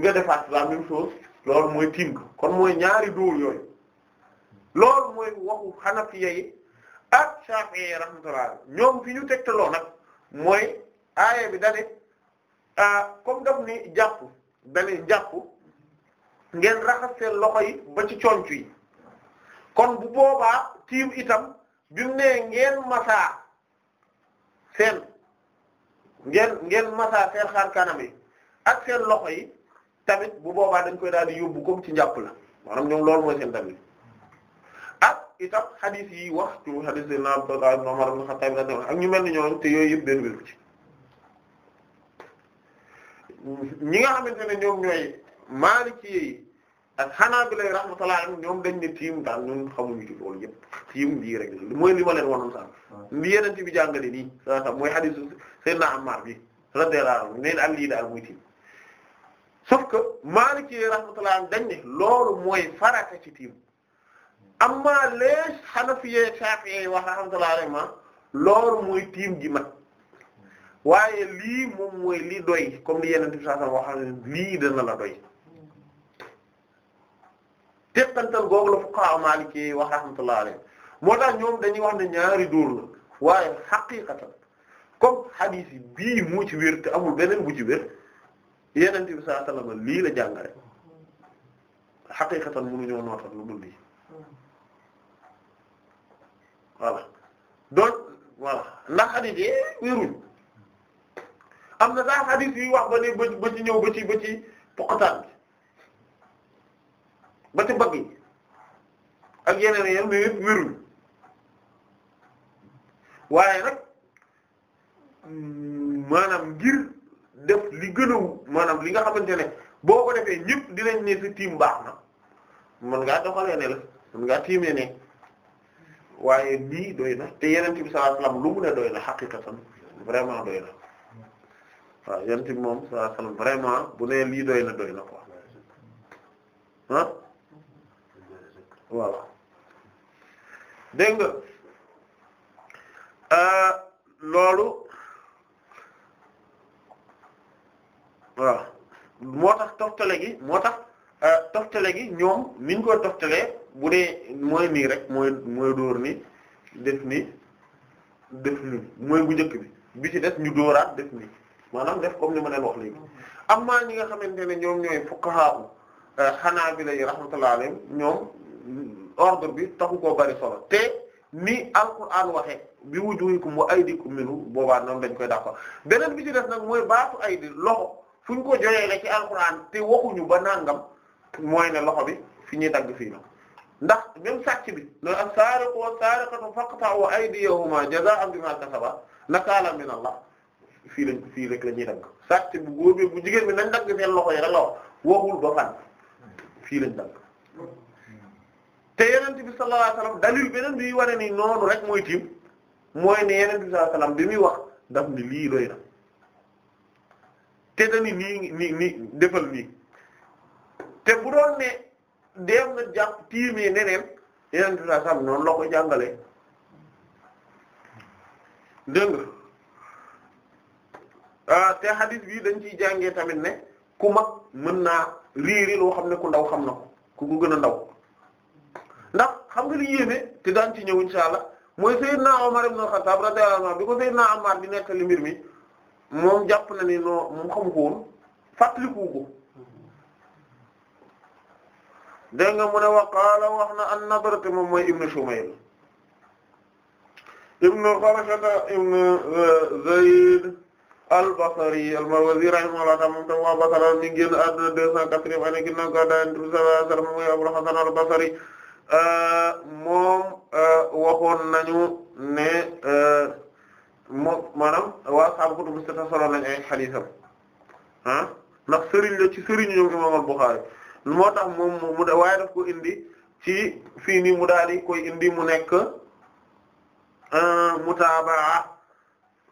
nga defaat la même chose loolu mooy timb kon mooy ñaari dóor yooyu loolu mooy waxu Hanafiya yi ak Shafi'i rahmatullah ñoom fi ñu tegtaloo nag mooy aaya bi dane comme daf ni jàpp dane jàpp ngeen raxas seen loxo yi ba ci conc yi kon bu boobaa tiim itam bi mu nee ngeen masaa seen ngeen ngeen masaa seen xaar kanam yi ak seen loxo yi tamit bu boobaa dañ koy daal di yóbbu comme ci njàpp la maanaam ñoom loolu mooy seen tamit itam hadith yi wax ci hadith Seydina Abdullah ibn Umar ibn Khattab ak ñu mel ni ñoom te yooyu yëpp benn wéru ci ñi nga xamante ne ñoom ñooy Maliki yi ak Hanabila rahmatullah ñoom dañ ne tiim daal ñun xamuñu ci loolu yëpp tiim lii rek mooy li ma leen wanoon sax hmm. li yeneen ci bi jàngale nii sax sax mooy hadith Seydina Ammar bi radiyallahu anhu neen ak lii daal muy tiim sauf que Maliki yi rahmatullah dañ ne loolu mooy farata ci tiim. amma les Hanafiyye Shafi'i wax rahmatullahi alayhim loolu mooy tiim ji mat waaye lii moom mooy li doy comme li yeneen lii la doy teqantal googu la fuqaha Maliki ñaari dóor la waaye comme hadith yi ci wér amul beneen bu ci wér yeneen bi sallallahu alayhi wasallam lii la jàngale xaqiqatan mënuñoo nootal lu dul lii voilà don voilà ndax xadis yi wéruñ am na sax xadis yuy wax ba ne ba ci ñëw ba ci ba ci poqataan bi ba ci mbagg yi ak yeneen yeneen mais yëpp waaye nag mm, maanaam ngir def li gën a maanaam li nga xamante ne boo ko defee ñëpp dinañ ne sa tiim baax na mën ngaa doxalee ne la mën ngaa tiimee ne. waaye lii doy na te yenent bi sallallahu alayhi wasallam lu mu ne doy na xaqiqatan vraiment doy na waaw bi moom sallallahu alayhi vraiment bu ne lii doy na doy na quoi ah voilà dégg euh, loolu waaw moo tax toftale gi moo tax euh, toftale gi ñoom niñ koy toftalee bu dee mooy nii rek mooy mooy dóor ni def ni def ni mooy bu njëkk bi bi ci def ñu dóoraat def ni maanaam def comme ni ma leen wax léegi amma ñi nga xamante ne ñoom ñooy fuqaha euh, Hanabila yi rahmatullah alayhim ñoom ordre bi taxu koo bari solo te ni alquran waxe bi mu wujuhikum wa aydikum minhu boobaa noonu dañ koy d'accord beneen bi ci def nag mooy baatu aydi loxo fu ñu ko joyee la ci alquran te waxuñu ba nangam mooy ne loxo bi fi ñuy dagg fii la ndax même sàcc bi loolu ak saariqu wa saariqatu faqta'u aydiyahuma jazaa'an bimaa kasaba nakaalan min Allah fii lañ fii rek la ñuy dagg sàcc bu góor bi bu jigéen bi nañ dagg seen loxo yi rek la wax waxul ba fan fii lañ dagg te yenent bi sallallahu alayhi wasallam dalil beneen bi wane ni noonu rek mooy tiim mooy ne yenent bi sallallahu alayhi wasallam bi muy wax daf ni lii doy na te dani nii ni ni defal nii te bu doon ne def na jàpp tiimee neneen yeneen tu saa sam noonu la ko jàngalee dégg ah, te hadith bi dañ ciy jàngee tamit ne ku mag mën na riiri loo xam ne ku ndaw xam na ko ku gën a ndaw ndax xam nga li yéeme te daan ci ñëw insha allah mooy Seydina Omar ibn Khattab radiyallahu anhu bi ko Seydina Ammar di nettali mbir mi moom jàpp na ni non moom xamu ko woon fàttaliku dégg nga mu wa qaala wax na an-Nadr moom mooy ibnu Shumayl ibnu Kharashata ibnu euh, Zayd al-Basri al-Marwazi rahimahullah taala moom tam waa Basra mi ngi génn àdduna deux cent quatrième année ginnaaw gàddaay Yonent bi sallallahu alayhi wa sallam Abul Hasan al-Basri euh, moom euh, waxoon nañu ne moom maanaam waa sahaabu kutubu sitta solo nañu ay hadiisam ah ndax sëriñ la ci sëriñ ñoom Imaam al-Bukhari moo tax moom mu da waaye daf ko indi ci fii nii mu daal di koy indi mu nekk euh, mutaabaa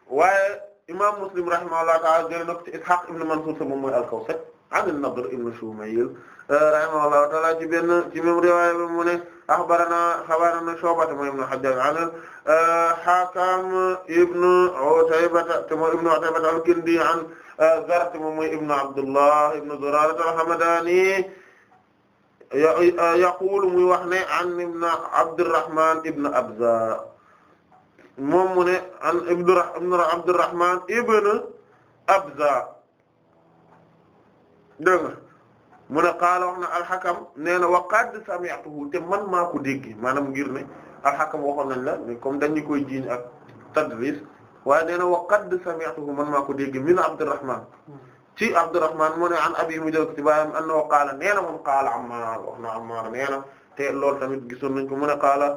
waaye imam Muslim rahimahullahu ta'ala jëlee na ko ci Ishaq ibn Mansur sa moom mooy al-Kawsaj an an-Nadr ibn Shumayl euh, rahimahullahu ta'ala ci benn ci même riwaaya bi mu ne akhbarana khabarana Shu'ba mooy ibn Hajjaj an Hakam ibn Utaybah te mooy ibn euh, Utaybah al-Kindi an Zart moom mooy ibnu Abdullah ibnu Zurara al-Hamdani yaqulu muy wax ne an ibn Abdurrahman ibn Abza moom mu ne an ibn Abdurrahman ibn Abza dégg mu ne qaala wax na al-Hakam nee na wa qad te man maa ko dégg maanaam ngir ne al-Hakam waxoon nañ la mais comme dañu koy ak tadlis waaye nee na wa qad sami'tuhu man maa ko dégg min Abdurrahman ci Abdurrahman mu ne an abi mu jël ko ci baayam annahu qaala nee na moom qaala Ammaar wax na Ammaar nee na te loolu tamit gisoon nañ ko mu ne qaala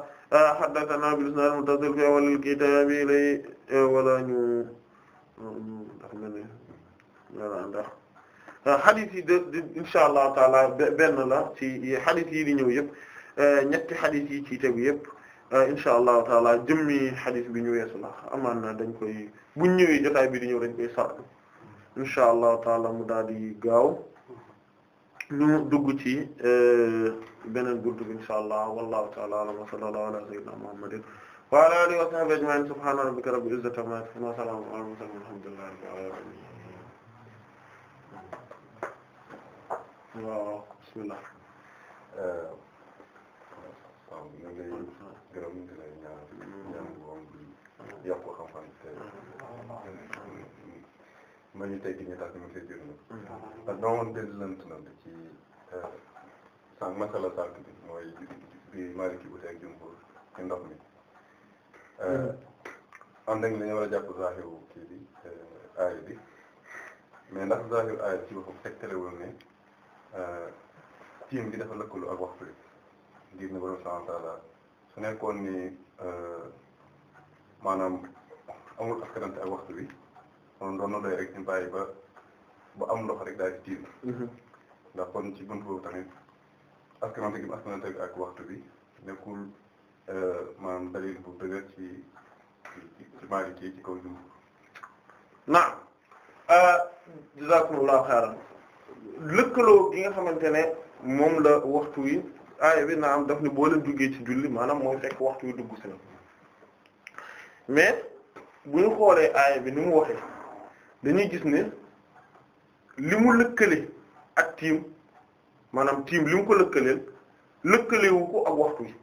haddathanaa bil-isnaad al-muttasil fii awwalil kitaab lay wala ñu ndax mel ne voilà ndax hadith yi de insha Allah taala benn la ci hadith yi di ñëw yëpp ñetti hadith yi ci tegu yëpp. Euh, insha allahu taala jëmmi xadis bi ñu weesu la amaan na dañ koy buñ ñëwee jotaay bi di dañ koy sart insha allahu taala mu gaaw ñu dugg ci euh, beneen buntu bi insha allah wallahu taala muhammadin wa ala alihi wa sahbihi ajma'in subhana rabbika rabbil izzati amma yasifun wa waaw ñu ngi lay gërëm di lay ñaan ñaan boom bi yokk xam-xam te ma ñu tey di ñu tax ñu ngi see jëriñ parce que dama woon benn lënt lënt ci euh, sànq masala sànq bi mooy bi Maliki wute ak jumhur ci ndox mi hmm. euh, am nañ dañu war a jàpp zahiru kii bi euh, aay bi mais ndax zahiru aay bi ci waxu tegtale woon ne tiim bi dafa lëkkaloo ak waxtu bi ngir ne borom subhaanahu wa taala su nekkoon ni euh, maanaam amul askanante ak waxtu bi doon na doy rek ñu bàyyi ba ba am ndox rek daal di mm-hmm. ndax kon ci buntu boobu tamit askanante gi askanante ak waxtu bi nekkul euh, maanaam dalil bu dëgër ci ci Maaliki ci kaw jumhur. naam euh, jazakumullahu xayran lëkkaloo gi nga xamante ne moom la waxtu wi. aaya bi na am daf ne boo leen duggee ci julli maanaam mooy fekk waxtu wi dugg si mais bu ñu xoolee aaya bi ni mu waxee dañuy gis ne li mu lëkkale ak tiim maanaam tiim li mu ko lëkkaleel lëkkalewu ko ak waxtu wi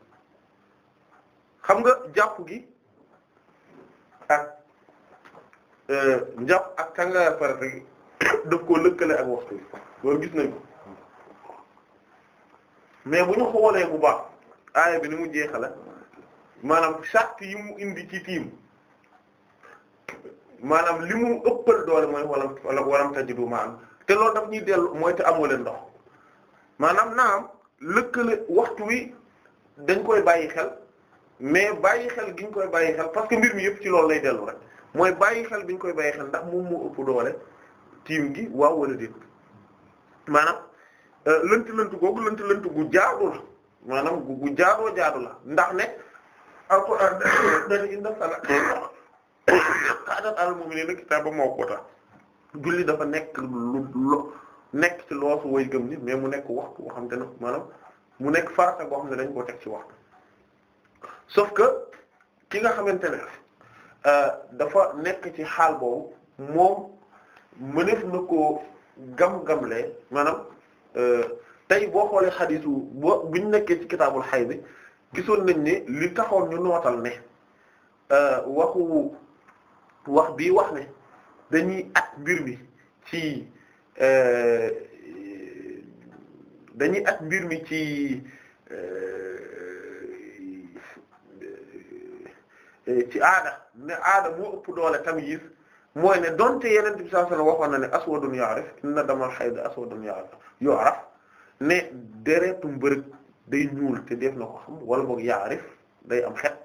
xam nga jàpp gi ak euh, njàpp ak tàngaay farata gi koo lëkkale ak waxtu wi loolu gis nañ mais bu ñu xoolee bu baax aaya bi ni mu jeexale maanaam sart yi mu indi ci tiim maanaam li mu ëppal doole mooy walla wala walam tajidu maanaam te loolu dafa ñuy dellu mooy te amoo leen ndox maanaam am lëkkale waxtu wi dañ koy bàyyi xel mais bàyyi xel gi ñu koy bàyyi xel parce que mbir mi yëpp ci loolu lay dellu rek mooy bàyyi xel bi ñu koy bàyyi xel ndax moom mu ëpp doole tiim gi waaw wala maanaam Euh, lënt lënt googu lënt lënt gu jaadu la maanaam gu gu jaadoo jaadu la ndax ne alquran dañu inna salaata kanat alal mu'minina kitaaban mawquta dafa nekk lu lo nekk ci loosu woy gëm ni mais mu nekk waxtu boo xam te ne maanaam mu nekk farata boo xam ne dañ koo teg ci waxtu sauf que ki nga xamante ne euh, dafa nekk ci xaal boobu moom mëneef na koo gam-gamlee maanaam tey boo xoolee xadiisu boo bu ñu nekkee ci kitaabul xay bi gisoon nañ ne li taxoon ñu nootal ne euh, waxu wax bii wax ne dañuy at mbir mi ci euh, dañuy at mbir mi ci euh, ci aada ne aada moo ëpp doole tamyiz mooy ne donte yeneen bi sallallahu alayhi waxoon na ne aswadun ya'rif inna damal hayd aswadun ya'rif yooraf ne deretu mbërëg day ñuul te def na ko xam wala boog yaarif day am xet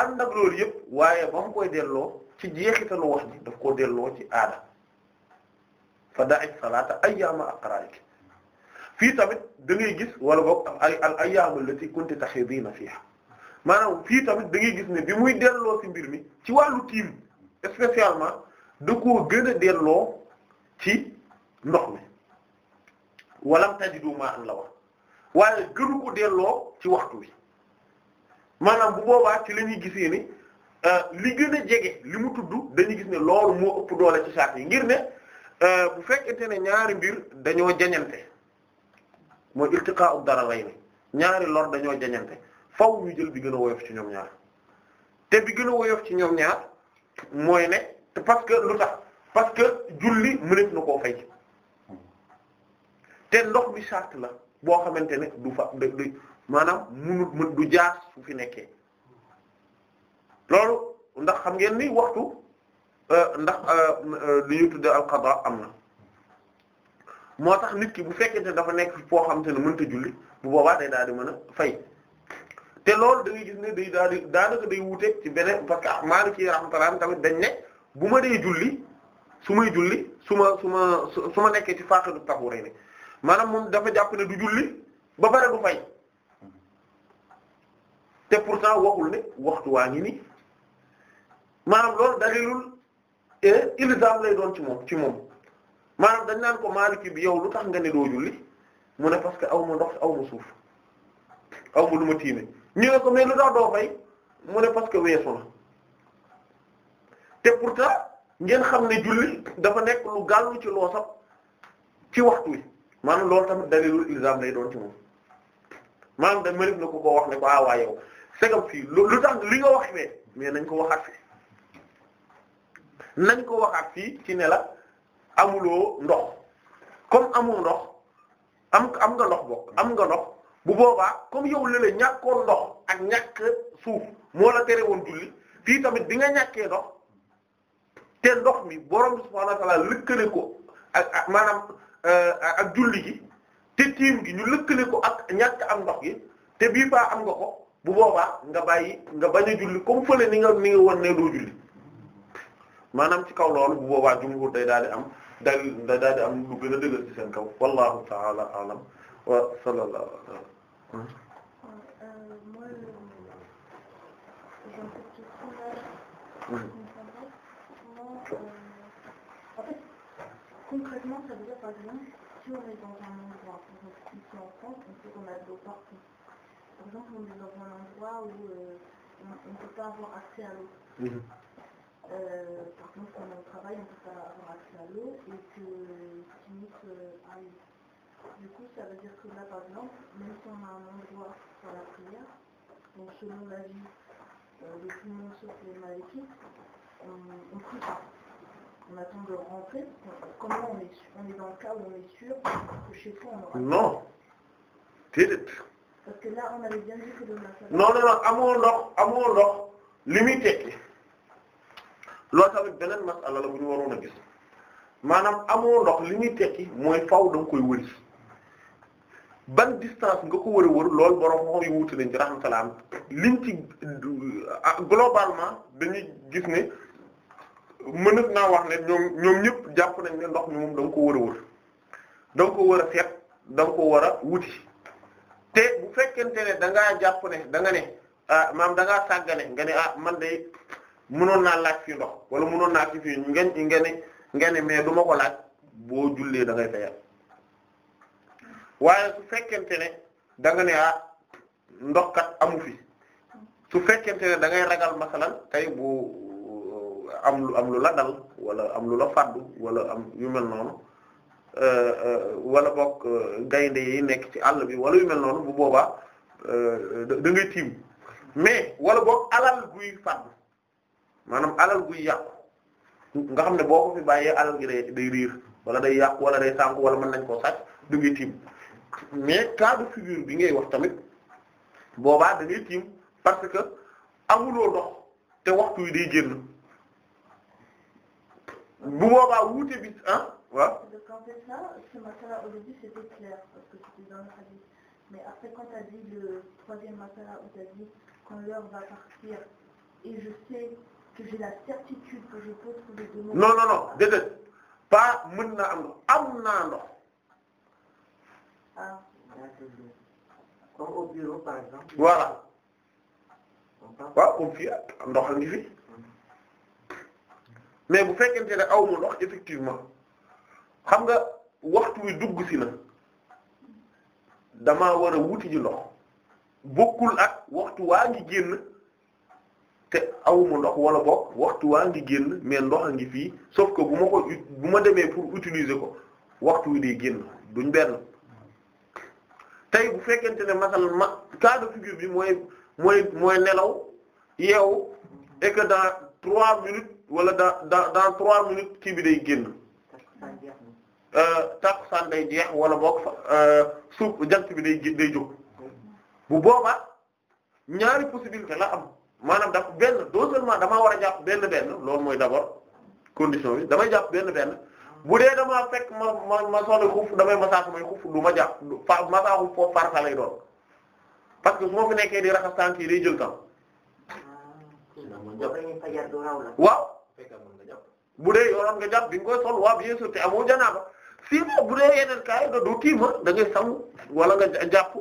ànd ak loolu yépp waaye ba mu koy delloo ci jeexitalu wax ji daf koo delloo ci aada fa da'i salaata ayyaama aqrarik fii tamit da ngay gis wala boog al ayyaam allati kunti tahidiina fiha maanaam fii tamit da gis ne bi muy delloo ci mbir mi ci wàllu tiim spécialement da koo gën a delloo ci ndox mi walam tajidu ma an la wax waaye gënu ko delloo ci waxtu wi maanaam bu boobaa ci la ñuy gisee ni euh, li gën a jege li mu tudd dañuy gis ne loolu moo ëpp doole ci saat yi ngir ne euh, bu fekkente ne ñaari mbir dañoo jañante mooy iltiqa'u dararayni ñaari lor dañoo jañante faw ñu jël bi gën a woyof ci ñoom ñaar te bi gën a woyof ci ñoom ñaar mooy ne parce que lu tax parce que julli mënees na koo fay te ndox mi charte la boo xamante ne du fa du maanaam munut mën du jaas su fi nekkee loolu ndax xam ngeen ni waxtu euh, ndax euh, euh, li ñu tudde am na moo tax nit ki bu fekkee fekkente dafa nekk foo xamante ne mënta julli bu boobaa day daal di mën a fay te loolu da ngay gis ne day daal di daanaka day wuute ci beneen parce que Maliki rahmatullah tamit dañ ne bu ma dee julli su may julli su ma su ma su ma nekkee ci faqadu taxawuree ne maanaam moom dafa jàpp ne du julli ba pare du fay te pourtant waxul ne waxtu waa ngi nii maanaam loolu dalilul eh, ilzam lay doon ci moom ci moom maanaam dañ naan ko Maliki bi yow lu tax nga ne doo julli mu ne parce que aw ma ndox aw ma suuf aw ma lu ma tiime ñu ne ko mais lu tax doo fay mu ne parce que weesu na te pourtant ngeen xam ne julli dafa nekk lu gàllu ci loo sab ci waxtu wi maanaam loolu tamit dalilul ilzam lay doon ci moom maanaam da mënef na ko ko wax ne ko ah waa yow fii lu tax li nga wax fee mais nañ ko waxaat fii nañ ko waxaat fii ci ne la amuloo ndox comme amul ndox am am nga ndox bokk am nga ndox bu boobaa comme yow la ñàkkoon ndox ak ñàkk suuf moo la tere woon julli fii tamit bi nga ñàkkee ndox te ndox mi borom bi subhaanahu wa ko ak maanaam Euh, ak julli gi te tiim gi ñu lëkkale ko ak ñàkk am ndox gi te bii baa am nga ko bu boobaa nga bàyyi nga bañ a julli comme fële ni nga ni nga wan ne doo julli maanaam ci kaw loolu bu boobaa jumhur day daal di am day daal di am lu gën a dëgër ci seen kaw wallahu ta'ala a'lam wa sallallahu alayhi Concrètement, ça veut dire par exemple, si on est dans un endroit, par ici en France, de l'eau Par exemple, on est dans un endroit où euh, on peut pas avoir accès à l'eau. Mhm. Euh, par contre, on peut pas avoir accès à l'eau et que clinique euh, arrive. Du coup, ça veut dire que là, par exemple, même si on a un endroit pour la prière, donc selon la vie euh, de tout le monde sauf les maléfiques, on ne on attend de rentrer Comment on est, on est dans le non déedéet. non non non amoo ndox amoo ndox li muy tekki loolu tamit beneen masala la bu waroon a gis maanaam amoo ndox li muy tekki mooy faw da koy wëri ban distance nga ko war a wër loolu borom moom yu wuti nañ ci rahmatullah liñ ci ah, globalement dañuy gis ne. mënat naa wax ne ñoom ñoom ñëpp jàpp nañ ne ndox mi moom da ko war a wër da nga ko war a seet da ko war a wuti te bu fekkente ne da ngaa ne da ne ah maam da ngaa nga ne ah man de mënoon naa laaj fii ndox wala mënoon naa ci fii ngeen mais du ko laaj boo jullee da ngay fayal fekkente ne da ne ah ndox kat amu fi su fekkente ne da ragal masalan tey bu. am lu am lu la dal wala am lu la faddu wala am yu mel noonu euh, euh, wala bokk euh, gaynde yi nekk ci àll bi wala yu mel noonu bu boobaa da ngay tiim mais wala bokk alal guy faddu maanaam alal guy yàqu nga xam ne boo ko fi bàyyee alal gi day day riir wala day yàqu wala de sànku wala mën nañ koo sàcc da ngay tiim mais cas de figure bi ngay wax tamit boobaa da ngay tiim parce que amuloo dox te waxtu yi day génn bu boobaa wuute bi ah waaw. quand c'est ça ce masala au début c'était clair parce que c'était dans le hadith mais après quand t'as dit le troisième masala où t'as dit quand l'heure va partir et je sais que j'ai la certitude que je peux trouver de non non non déedéet pas mën naa am ndox am naa ndox. ah. comme au bureau par exemple. voilà. waaw fi. mais bu fekkente ne aw ma ndox effectivement xam nga waxtu wi dugg si na dama war a wuti ji ndox bokkul ak waxtu waa ngi génn te aw ma ndox wala boog waxtu waa ngi génn mais ndox a ngi fii sauf que bu ma ko bu ma demee pour utiliser ko waxtu wi day génn duñ benn tey bu fekkente ne masal ma cas de bi mooy mooy mooy nelaw yeewu et que trois minutes. wala dans dans dans trois minutes kii bi day génn euh, takkusaan day jeex wala boog euh, suuf jant bi day day jóg bu booba ñaari possibilité la am maanaam daf benn non seulement damaa war a benn benn loolu mooy d'abord condition bi damay jàpp benn benn bu dee dama fekk ma ma ma soxla xuf damay masaa samay xuf du ma jàpp fa masaa xuf foofu farata lay doon parce que su ma nekkee di raxas tànk yi day jël temps. Ah, waaw. bu dee yoroon nga jàpp bi nga koy sol waa bien sûr te amoo janaaba sinon bu dee yeneen cas yi da doo tiima da sangu wala nga jàpp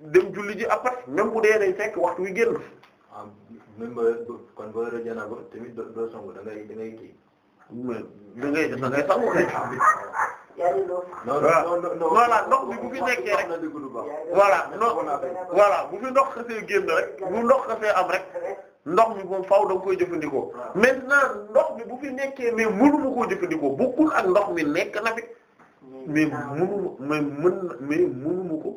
dem julli ji après bu dee day fekk waxtu wi génn. ah même sangu da ngay da ngay kii. da da ngay sangu rek. voilà ndox bi bu fi nekkee rek voilà ndox voilà bu fi ndox xasee génn rek bu ndox xasee am rek. ndox mi moom faaw da koy jëfandikoo maintenant ndox mi bu fi nekkee mais mënuma koo jëfandikoo bokkul ak ndox mi nekk na fi mais mënuma mais mën ko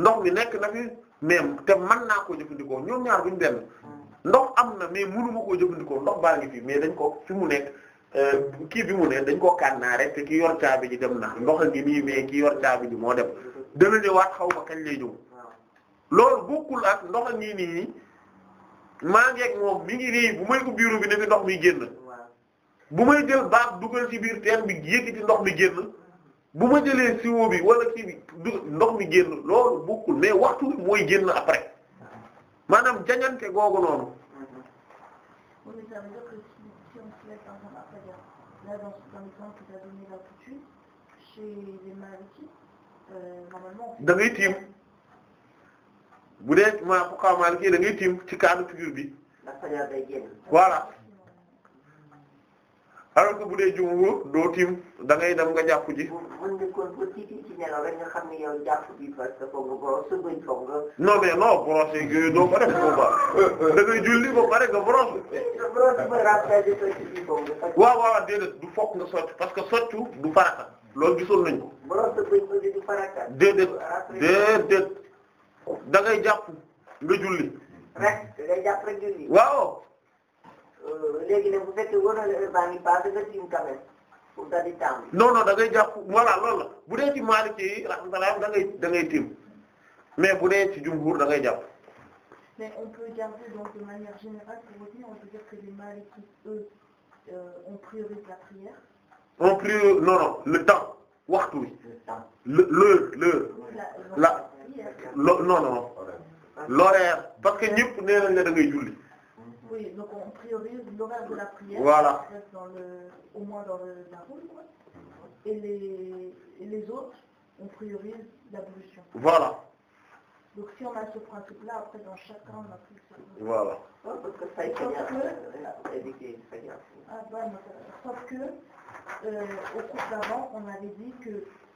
ndox mi nekk na fi mais te man naa koo jëfandikoo ñoom ñaar buñu benn hmm. ndox am na mais mënuma koo jëfandikoo ndox baa ngi fi mais dañ ko fi mu nekk euh, kii bi mu ne dañ koo kànnaare te ki yor caabi ji dem na ndox a ngi nii mais ki yor caabi ji moo dem dana waat xaw ma kañ lay ñëw loolu bokkul ak ndox a ngi nii maa ngeeg moom mi ngi réy bu may ubbi bi ne fi ndox mi génn bu may jël baax dugal ci biir teen bi yëkkati ndox mi génn bu ma jëlee siwo bi wala kii du ndox mi génn loolu bokkul mais waxtu bi mooy génn après maanaam jañante googu noonu. Là, tiim bu dee ma fuqaha maliki da ngay tiim ci cadre figure bi voilà alors bu dee jumhur doo tiim da ngay dem nga jàpp ji. mun nga kon pour ci ci nelaw rek nga parce que foog nga boros su bañ du fokk nga sotti parce que du farata loolu gisoon nañ ko. boros sa bañ da ngay jàpp nga julli. rek da ngay jàpp rek julli. waaw. Euh, léegi nag bu fekkee wóor na heure baa ngi passé nga non non da jàpp voilà loolu la bu ci Maliki yi rahmatullah da ngay da mais bu dee ci jumhur da ngay jàpp. mais on peut garder donc de on peut dire que les Malikis eux euh, on priorise la prière. on priorise non la. lo non non l'horaire parce que ñëpp nee nañ ne da ngay julli. de la prière. voilà dans le dans le route et les autres on priorise l'ablution. voilà. donc si on a ce principe-là après dans chacun a pris ce principe. voilà. Ah, sauf que euh, au cours d'avant on avait dit que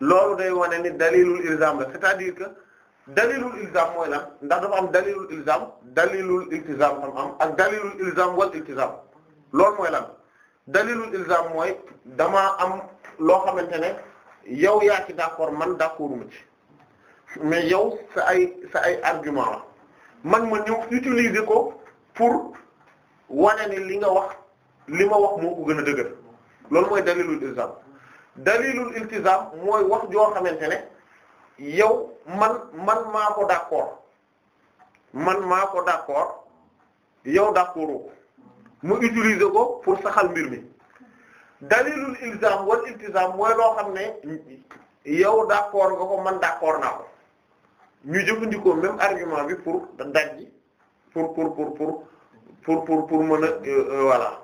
loolu day wane ni dalilul ilzam la c'est-à-dire que dalilul ilzam mooy lan ndax dafa am dalilul ilzam dalilul iltizam tam am ak dalilul ilzam wal iltizam loolu mooy la dalilul ilzam mooy dama am loo xamante ne yow yaa ci d'accord man d'accord mu ci mais yow sa ay sa ay argument la man ma ñëw utiliser ko pour wane ni li nga wax li ma wax moo ko gën a dëgër loolu mooy dalilul ilzam dalilul iltizam mooy wax joo xamante ne yow man man maa ko d'accord man maa ko d'accord yow d'accord mu utiliser ko pour saxal mbir mi dalilul ilzam wal iltizam mooy loo xam ne yow d'accord nga ko man d'accord naa ko ñu jëfandikoo même argument bi pour dajji pour pour pour pour pour pour pour mën a euh, euh, voilà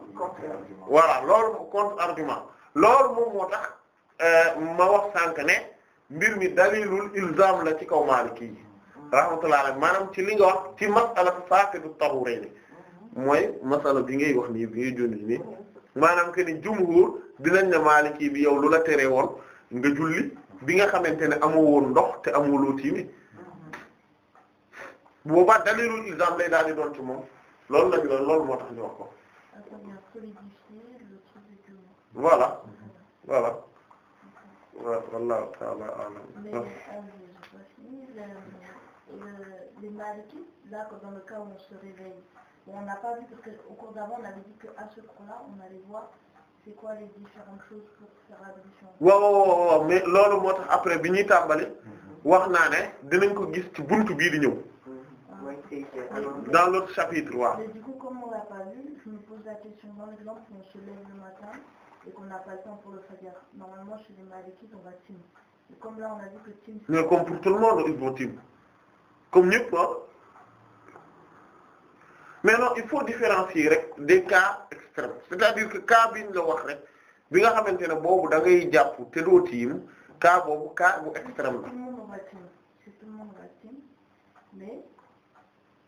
voilà loolu contre argument loolu moom moo tax Euh, ma wax sànq ne mbir mi dalilul ilzam la ci kaw Maliki yi rahmatullahi alayhi maanaam ci li nga wax ci masala faaqidu tarurayni mooy masala bi ngay wax nii bi ngay jund nii maanaam que ni jumhur dinañ ne Maliki bi yow lu la teree woon nga julli bi nga xamante ne amoo woon ndox te amoo loo tiimee boobaa dalilul ilzam lay daal di doon ci moom loolu lañ loolu loolu moo tax ñu wax ko voilà voilà wallahu ta'ala a'lam les Malikites, là, dans le cas où on se réveille, on n'a pas vu, parce qu'au cours d'avant, on avait dit qu'à ce cours-là, on allait voir c'est quoi les différentes choses pour faire ablution. waaw waaw waaw mais loolu moo tax après bi ñuy tàmbali. Mhm. wax naa ne dinañ ko gis ci buntu bii di ñëw. Mhm. dans l'autre chapitre waaw. mais du coup comme on l'a pas vu, je me pose la question, par exemple, on se lève le matin. et qu'on n'a pas temps pour le faire normalement chez les malikites on va tim et comme là on a dit que tim mais comme pour tout le monde ils tim comme ñëpp ah mais non il faut différencier rek des cas extrêmes c'est-à-dire que cas bi ñu wax rek bi nga xamante ne boobu dagay ngay jàpp te cas boobu cas bu extrême la. mais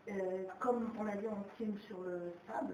euh, comme on a dit on tiim sur le sable.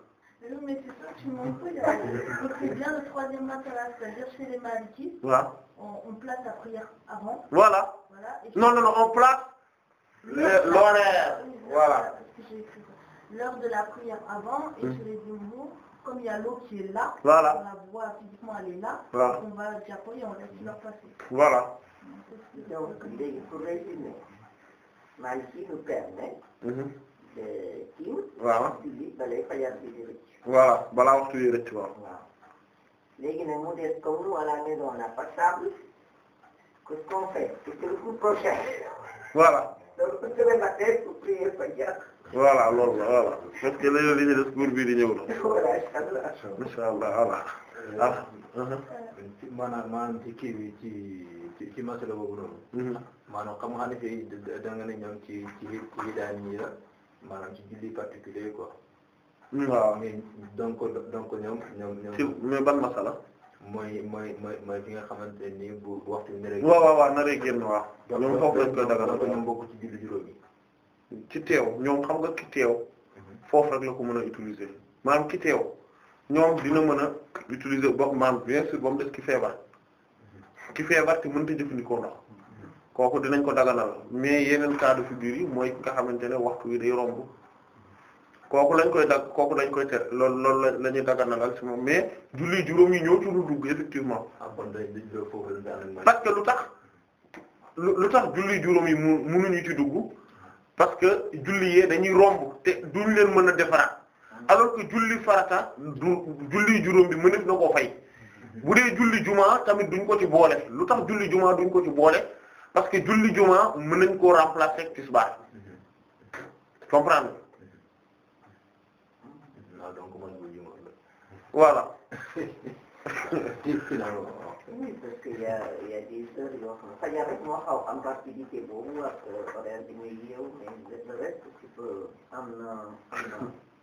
jour mais c'est sûr tu m'en fous c'est bien le troisième matelas c'est-à-dire chez les malikites. waaw on, la prière avant. voilà. voilà et non non non on place. l'horaire voilà. l'heure de la prière avant et mmh. chez les Jumhur comme il y a l'eau qui est là. voilà on la voit physiquement elle est là. la diapoyer on laisse l'heure passer. voilà. Maliki nous permet. de kii. bi voilà balaa waxtu yi rëcc waaw. léegi nag mu des comme voilà nous on n'a pas de sable qu'est-ce qu'on fait c'est le coup prochain. voilà. donc bu soobee matin pour prier fajar. voilà loolu la voilà parce que léeg-léeg li ñu des cours bii di ñëw la. voilà incha allah allah allah. Euh, euh, euh. maanaam maanaam ci kii bi ci ci masala boobu noonu. Mhm. maanaam xam nga xam ne fii da nga ne ñoom ci ci ci daan ñi la maanaam ci julli particulier quoi. Mm. waaw donc donc ñoom ñoom ñoom. mais ban masala. mooy mooy mooy mooy bi nga xamante ni bu waxtu bi. naree waaw waaw waaw naree génn waaw. ñoom foofu lañ koy dagal ñoom bokk ci julli ci teew ñoom xam nga ki teew. Mm-hmm. foofu rek la ko mën a utiliser maanaam ki teew ñoom dina mën a utiliser bokk maanaam bien sûr ba des ki feebar. Mm-hmm. ki feebar te mënta jëfandikoo ndox. Mm-hmm. kooku dinañ ko daganal mais yeneen cas de figure yi mooy nga xamante ne waxtu wi day romb. kooku lañ koy dagg kooku lañ koy ter loolu loolu la ñuy dagganalal ci moom mais julli juróom yi ñëw ci lu dugg effectivement. Ah, parce que lu tax lu tax julli juróom yi mu munuñu ci dugg parce que julli yee dañuy romb te leen mën a defaraat alors que julli farata du julli juróom bi mëneef na koo fay bu dee julli juma tamit duñ ko ci boole lu tax julli juma duñ ko ci boole parce que julli juma mën nañ koo remplacer ak tisbaar mhm. comprendre voilà. oui parce que y' a y' a des heures yoo xam ne fajar rek moo xaw am particularité boobu ak horaire bi muy yeewu mais le reste tu peux am na.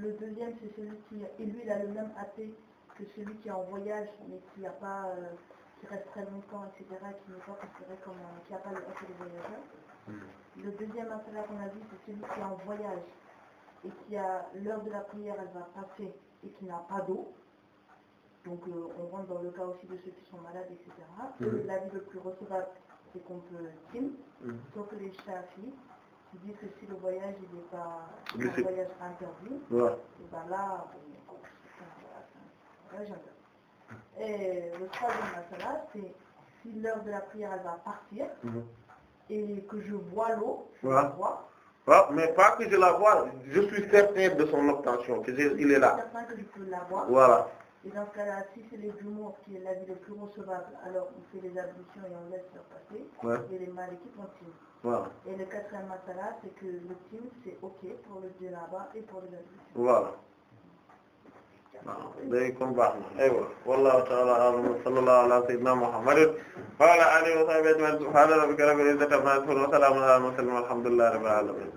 le deuxième c'est celui qui et lui il a le même AP que celui qui est en voyage mais qui euh, reste très longtemps etc qui n'est pas considéré comme euh, qui n'a pas le AP des voyageurs. Mm. Le deuxième AP là qu'on a vu c'est celui qui est en voyage et qui a l'heure de la prière elle va passer et qui n'a pas d'eau. Donc euh, on rentre dans le cas aussi de ceux qui sont malades etc. Mm. Et hmm. l'avis le plus recevable c'est qu'on peut tim, mm. sauf les chafis tu dis que si le voyage il est pas un voyage interdit. waaw bah là. Et le troisième masala, c'est si l'heure de la prière elle va partir. Mm-hmm. et que je bois l'eau. je la bois. waaw mais pas que je la bois je suis certain de son obtention que je, il est la boire. voilà. Et dans ce cas-là, si c'est les jumeaux qui est l'avis le plus recevable, alors on fait les ablutions et on laisse surpasser. Ouais. Et les malékites on signe. Voilà. Et le quatrième masala, c'est que le team, c'est OK pour le djellaba et pour les ablutions. Voilà. waaw day kon baax na aywa wallahu ta'ala a'lam wa sallallahu ala sayyidina Muhammadin wa ala alihi wa sahbihi ajma'in subhana rabbika rabbil izzati amma yasifun wa salamun ala al mursalin walhamdulillahi rabbil alamin